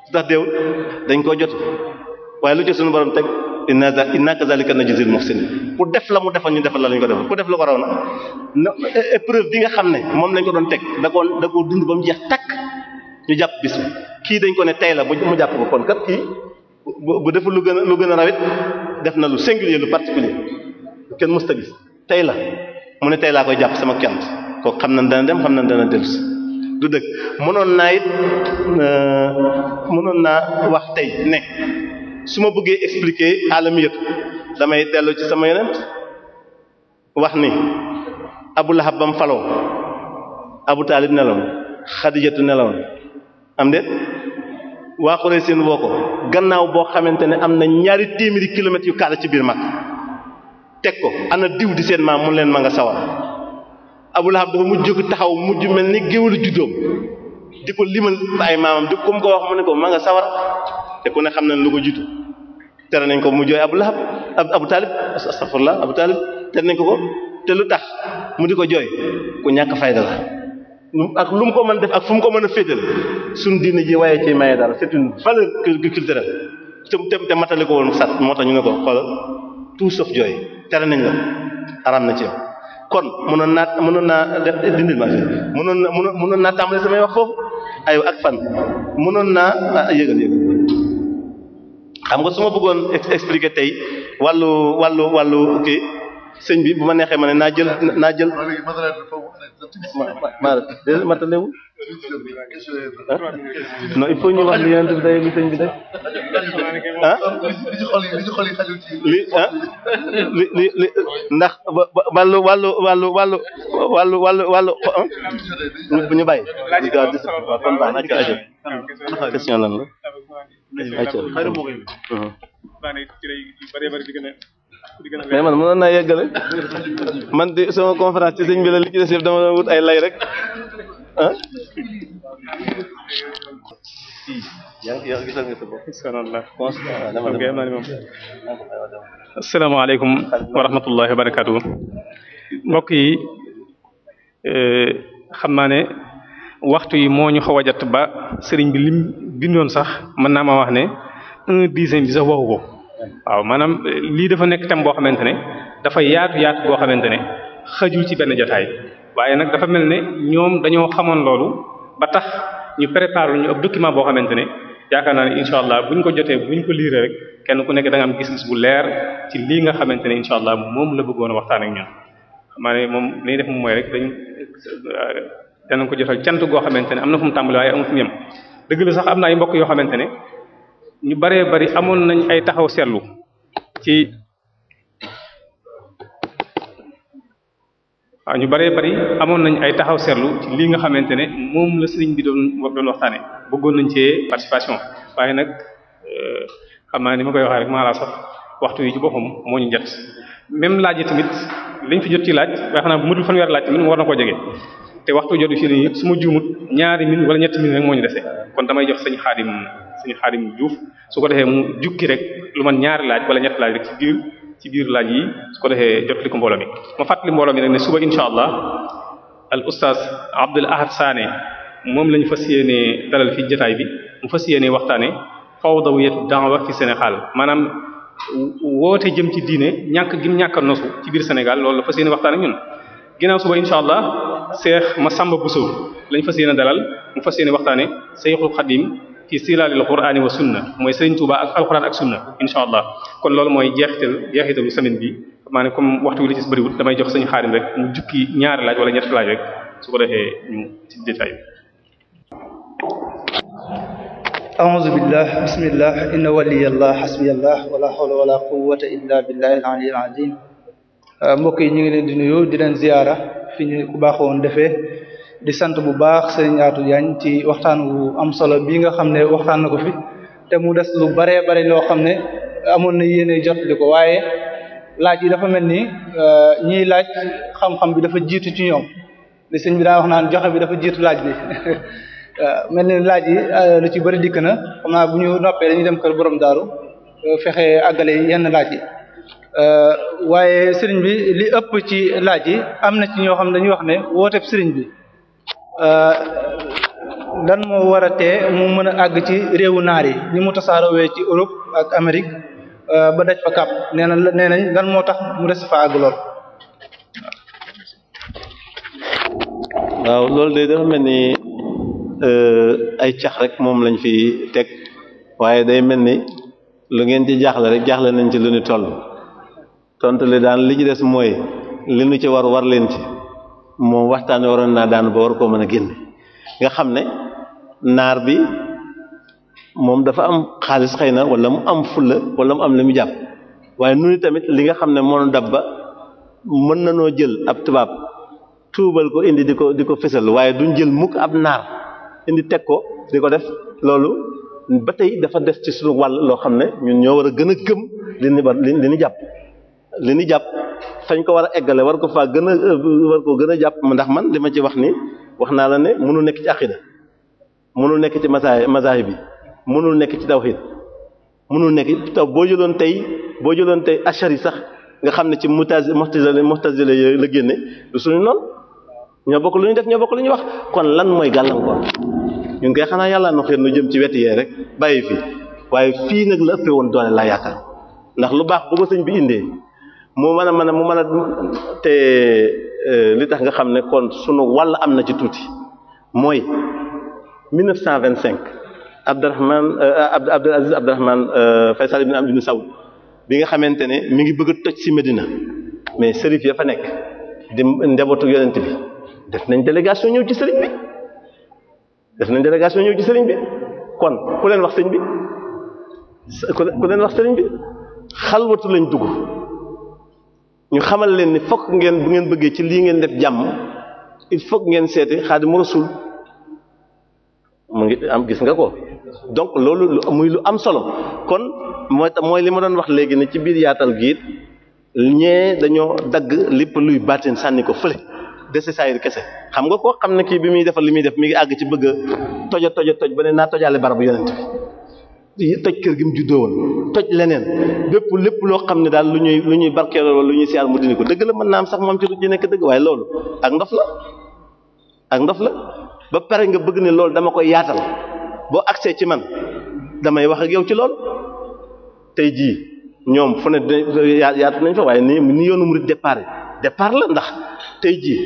lu tax deewul dañ koo jot waaye lu ci suñu borom teg inna inna kazalika najzil muhsinin ku def la mu defal ñu defal la lañ ko defal ku def la ko raw na épreuve bi nga xam ne moom lañ ko doon teg da koo da koo dund ba mu jeex takk ñu jàpp bis kii dañ ko ne tey la bu mu jàpp ko kon kat kii bu bu deful lu gën a lu gën a rawit def na lu singulier lu particulier kenn mësta gis tey la mu ne tey laa koy jàpp sama kent kooku xam na dana dem xam na dana dellusi du dëgg mënoon naa it euh, mënoon naa wax tey ne su ma bëggee expliquer alam yëpp damay dellu ci sama yeneen wax ni Abu Lahab bam faloo Abu Taalib nelaw Xadijatu nelaw am de waa Quraysh seen woo ko gannaaw boo xamante ne am na ñaari téeméeri kilomètres yu kaala ci biir mag teg ko ana diw di seen maam mun leen ma nga sawar Abu Lahab dafa mujj taxaw mujj mel ni géwélu juddoom di ko ma ay maamam di ko mu ko wax mu ne ko ma nga sawar te ku ne xam nañ lu ko jiitu nañ ko mu jooy Abu Lahab Abu Talib astaghfirullah Abu Talib tere nañ ko ko te lu tax mu di ko jooy ku ñàkk fayda ak lu mu ko mën def ak fu mu ko mën a féetal suñ diine ji waaye ci maye dara c'est une valeur culturelle te te matali ko woon sat moo tax ñu ne ko xoolal tout sauf jooy tere nañ la araam na ci kon mënoon naa mënoon naa def dindil ma fi mënoon na mënoon naa tàmbali samay wax foofu aywa ak fan mënoon naa yëgal yëgal xam nga su ma bëggoon expliquer tey wàllu wàllu wàllu kii sëñ bi bu ma neexee ma ne naa jël naa jël. ma ma ma non il faut ñu wax li yonent bi day li sëñ bi day ah li ah li li li ndax wàllu wàllu wàllu wàllu wàllu wàllu wàllu ñu ñu bàyyi ñu gaaw dis waaw kon baax na acca question lan la acca mais man mënoon naa yeggale man di sama conférence ci sëñ bi la li ci des yëpp dama doon wut ay lay rek ah yow gisal nga mbokk yi eh, xam naa ne waxtu yi moo ñu xaw a jot ba sëriñ bi lim bindoon sax mën naa ma wax ne un dixième bi sax waxu ko waaw maanaam eh, lii dafa nekk tam boo xamante ne dafa yaatu yaatu boo xamante ne xajul ci benn jotaay waaye nag dafa mel ne ñoom dañoo xamoon loolu ba tax ñu préparé ñu ab document boo xamante ne yaakaar naa ne incha allah buñ ko jotee bu buñ ko liiree rek kenn ku nekk da am gis-gis bu leer ci lii nga xamante ne incha allah moom la bëggoon a waxtaan ak ñun. maa moom li def moom mooy rek dañ danañ ko jotal cant goo xamante ne am na fu mu tàmbali waaye amul fu mu yem dëgg la sax am na ay mbokk yoo xamante ne ñu baree bari amoon nañ ay taxaw seetlu waaw ñu bëree bari amoon nañ ay taxaw seetlu ci lii nga xamante ne moom la sëriñ bi doon doon waxtaane bëggoon nañ cee participation waaye nag euh, xam naa ni ma koy waxee rek maa laa sax waxtu yi ci boppam moo ñu jot même laaj yi tamit liñ fi jot ci laaj waaye xanaa bu matul fanweer laaj tamit war na koo jege te waxtu jotu fii nii su ma juumut ñaari min wala ñetti min moo ñu dese kon damay jox sëñ xaadim sëñ xaadim Juuf su ko defee mu jukki rek lu man ñaari laaj wala ñetti laaj rek ci ci biir laaj yi su ko defee jot li ko mbooloo mi ma fàttali mbooloo mi nag ne suba insha allah al ustaas Abdul Ahad Sané moom lañu fas yéenee dalal fi jotaay bi mu fas yéenee waxtaane fawdawiyatu da'wa fi Sénégal maanaam woote jëm ci diine ñàkk gi mu ñàkk a nosu ci biir Sénégal lool la fas yéene waxtaan ak ñun ginnaaw suba insha allah Cheikh Massamba Bousso lañu fas yéene dalal mu fas yéene waxtaane Cheikhul Khadim ci silalil qur'ani wa sunna mooy Serigne Touba ak alquran ak sunna insha allah kon loolu mooy jeexital jeexitalu semaine bi maanaam comme waxtu wi li damay jox Serigne Xaadim rek mu jukki ñaari laaj wala ñetti laaj rek su ko defee ñu ci détail a'uuzu billah bismillah inna waliyallah hasbiyallah wala hawla wala quwwata illa billahil aliyyil azim mbokk yi ñu ngi leen di nuyu di leen ziyaara fi ñu ku baaxoon defee di sant bu baax Serigne Atou ci waxtaan wu am solo bii nga xam ne waxtaan na ko fi te mu des lu baree bari loo xam ne amoon na yéene jot li ko waaye laaj yi dafa mel ni euh, ñiy laaj xam bi dafa jiitu ci ñoom li sëñ bi daa wax naan joxe bi dafa jiitu laaj bi euh, mel ni laaj yi euh, lu ci bëri dikk na xam naa bu ñu noppee dañuy dem kër boroom daaru fexe àggale yenn laaj yi waaye sëriñ bi li ëpp ci laaj yi am na ci ñoo xam ne dañuy wax ne wooteeb sëriñ bi. Euh, lan moo war a tee mu mën a àgg ci réewu naar yi ni mu wee ci Europe ak Amérique euh, ba daj fa kàpp nee na nee nañ lan moo tax mu des fa àgg lool. waaw loolu de dafa mel ni euh, ay cax rek moom lañ fi teg waaye day mel ni lu ngeen ci jaaxle rek jaaxle nañ ci lu ñu toll tontu li daan li ci des mooy li ñu ci war war leen ci. moom waxtaan waroon naa daanu ba war koo mën a génne nga xam ne naar bi moom dafa am xaalis xëy na wala mu am fulla wala mu am li mu jàpp waaye nu ni tamit li nga xam ne moonu dab ba mën na noo jël ab tubaab tuubal ko indi di ko di ko fësal waaye duñ jël mukk ab naar indi teg ko di ko def loolu ba tey dafa def ci suñu wàll loo xam ne ñun ñoo war a gën a këm li ni ba li ni jàpp li ni jàpp fañ ko war a eggale war ko faa gën a euh, war ko gën a jàpp ndax man li ma ci wax ni wax naa la ne mënul nekk ci aqida mënul nekk ci masaa masaay bi mënul nekk ci tawhid mënul nekk taw boo jëloon tey boo jëloon tey ashari sax nga xam ne ci mutaz mu'tazila mu'tazila la génne du suñu noonu ñoo bokk lu ñu def ñoo bokk lu ñuy wax kon lan mooy gàllankoor ñu ngi koy xanaa yàlla no xëy nu jëm ci wet yee rek bàyyi fi waaye fii nag la ëppee woon doole laa yaakaar mu man a mën a mu man a te euh, li tax nga xam ne kon sunu walla am na ci tuuti mooy 1925 Abdurahman Abdul Aziz Abdurahman euh, Faysal ibn Abdul Saoud bi nga xamante ne mi ngi bëgg a toj ci Medina mais sërif ya fa nekk di njabootu yonent bi def nañ délégation ñëw ci sëriñ bi def nañ délégation ñëw ci sëriñ bi kon ku leen wax sëriñ bi ku leen wax sëriñ bi xalwatu lañ dugg. ñu xamal leen ni fokk ngeen bu ngeen bëggee ci lii ngeen def jàmm il faut ngeen seeti Xaadimu Rasuul mu ngi am gis nga ko donc loolu muy lu am solo kon mooy mooy li ma doon wax léegi ne ci biir yaatal giit ñee dañoo dagg lipp luy baatin sànni ko fële dese saa yu kese xam nga koo xam ne kii bi muy defal li muy def mi ngi àgg ci bëgg a toj a toj a toj ba ne naa tojaale barabu yonent bi toj kër gi mu juddoo woon toj leneen bépp lépp loo xam ne daal lu ñuy lu ñuy barkeeloo lu ñuy siyaar mu dindi ko dëgg la man naa am sax moom ci lu nekk dëgg waaye loolu ak ndof la la ba pare nga bëgg ne loolu dama koy yaatal boo accès ci man damay wax ak yow ci lool tey jii ñoom fu ne yaatu nañ fa waaye ni ni yoonu murid départ départ la ndax tey jii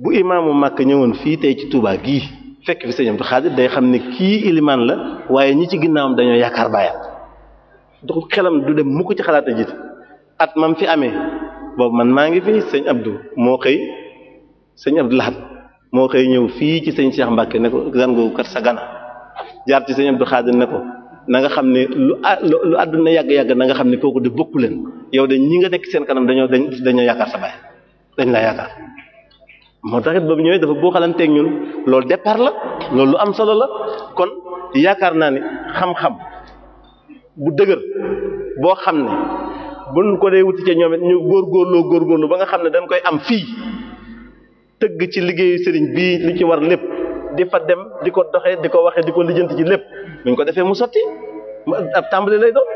bu imaamu Màkk ñëwoon fii tey ci tuubaa gii. fekk fi sëñ Abdou Khadir day xam ne kii ilimaan la waaye ñi ci ginnaawam dañoo yaakaar baayam donc xelam du dem mu ci xalaat a jiite at mam fi amee boobu man maa ngi fi sëñ Abdou moo xëy sëñ Abdou Lahad moo xëy ñëw fii ci sëñ Cheikh Mbacke ne ko gan googu kat sa gana jaar ci sëñ Abdou Khadir ne ko na nga xam ne lu lu àdduna yàgg-yàgg na nga xam ne kooku di bokku leen yow de ñi nga nekk seen kanam dañoo dañ dañoo yaakaar sa baay dañ laa yaakaar moo taxit ba mu ñëwee dafa boo xalanteeg ñun loolu départ la loolu lu am solo la kon yaakaar naa ni xam-xam bu dëgër boo xam ne buñ ko dee wuti ca ñoom it ñu góorgóorloo góorgóorlu ba nga xam ne dañ koy am fii tëgg ci liggéeyu sëriñ bii lu ci war lépp di fa dem di ko doxee di ko waxee di ko lijjanti ci lépp buñ ko defee mu sotti ab tàmbali lay doon.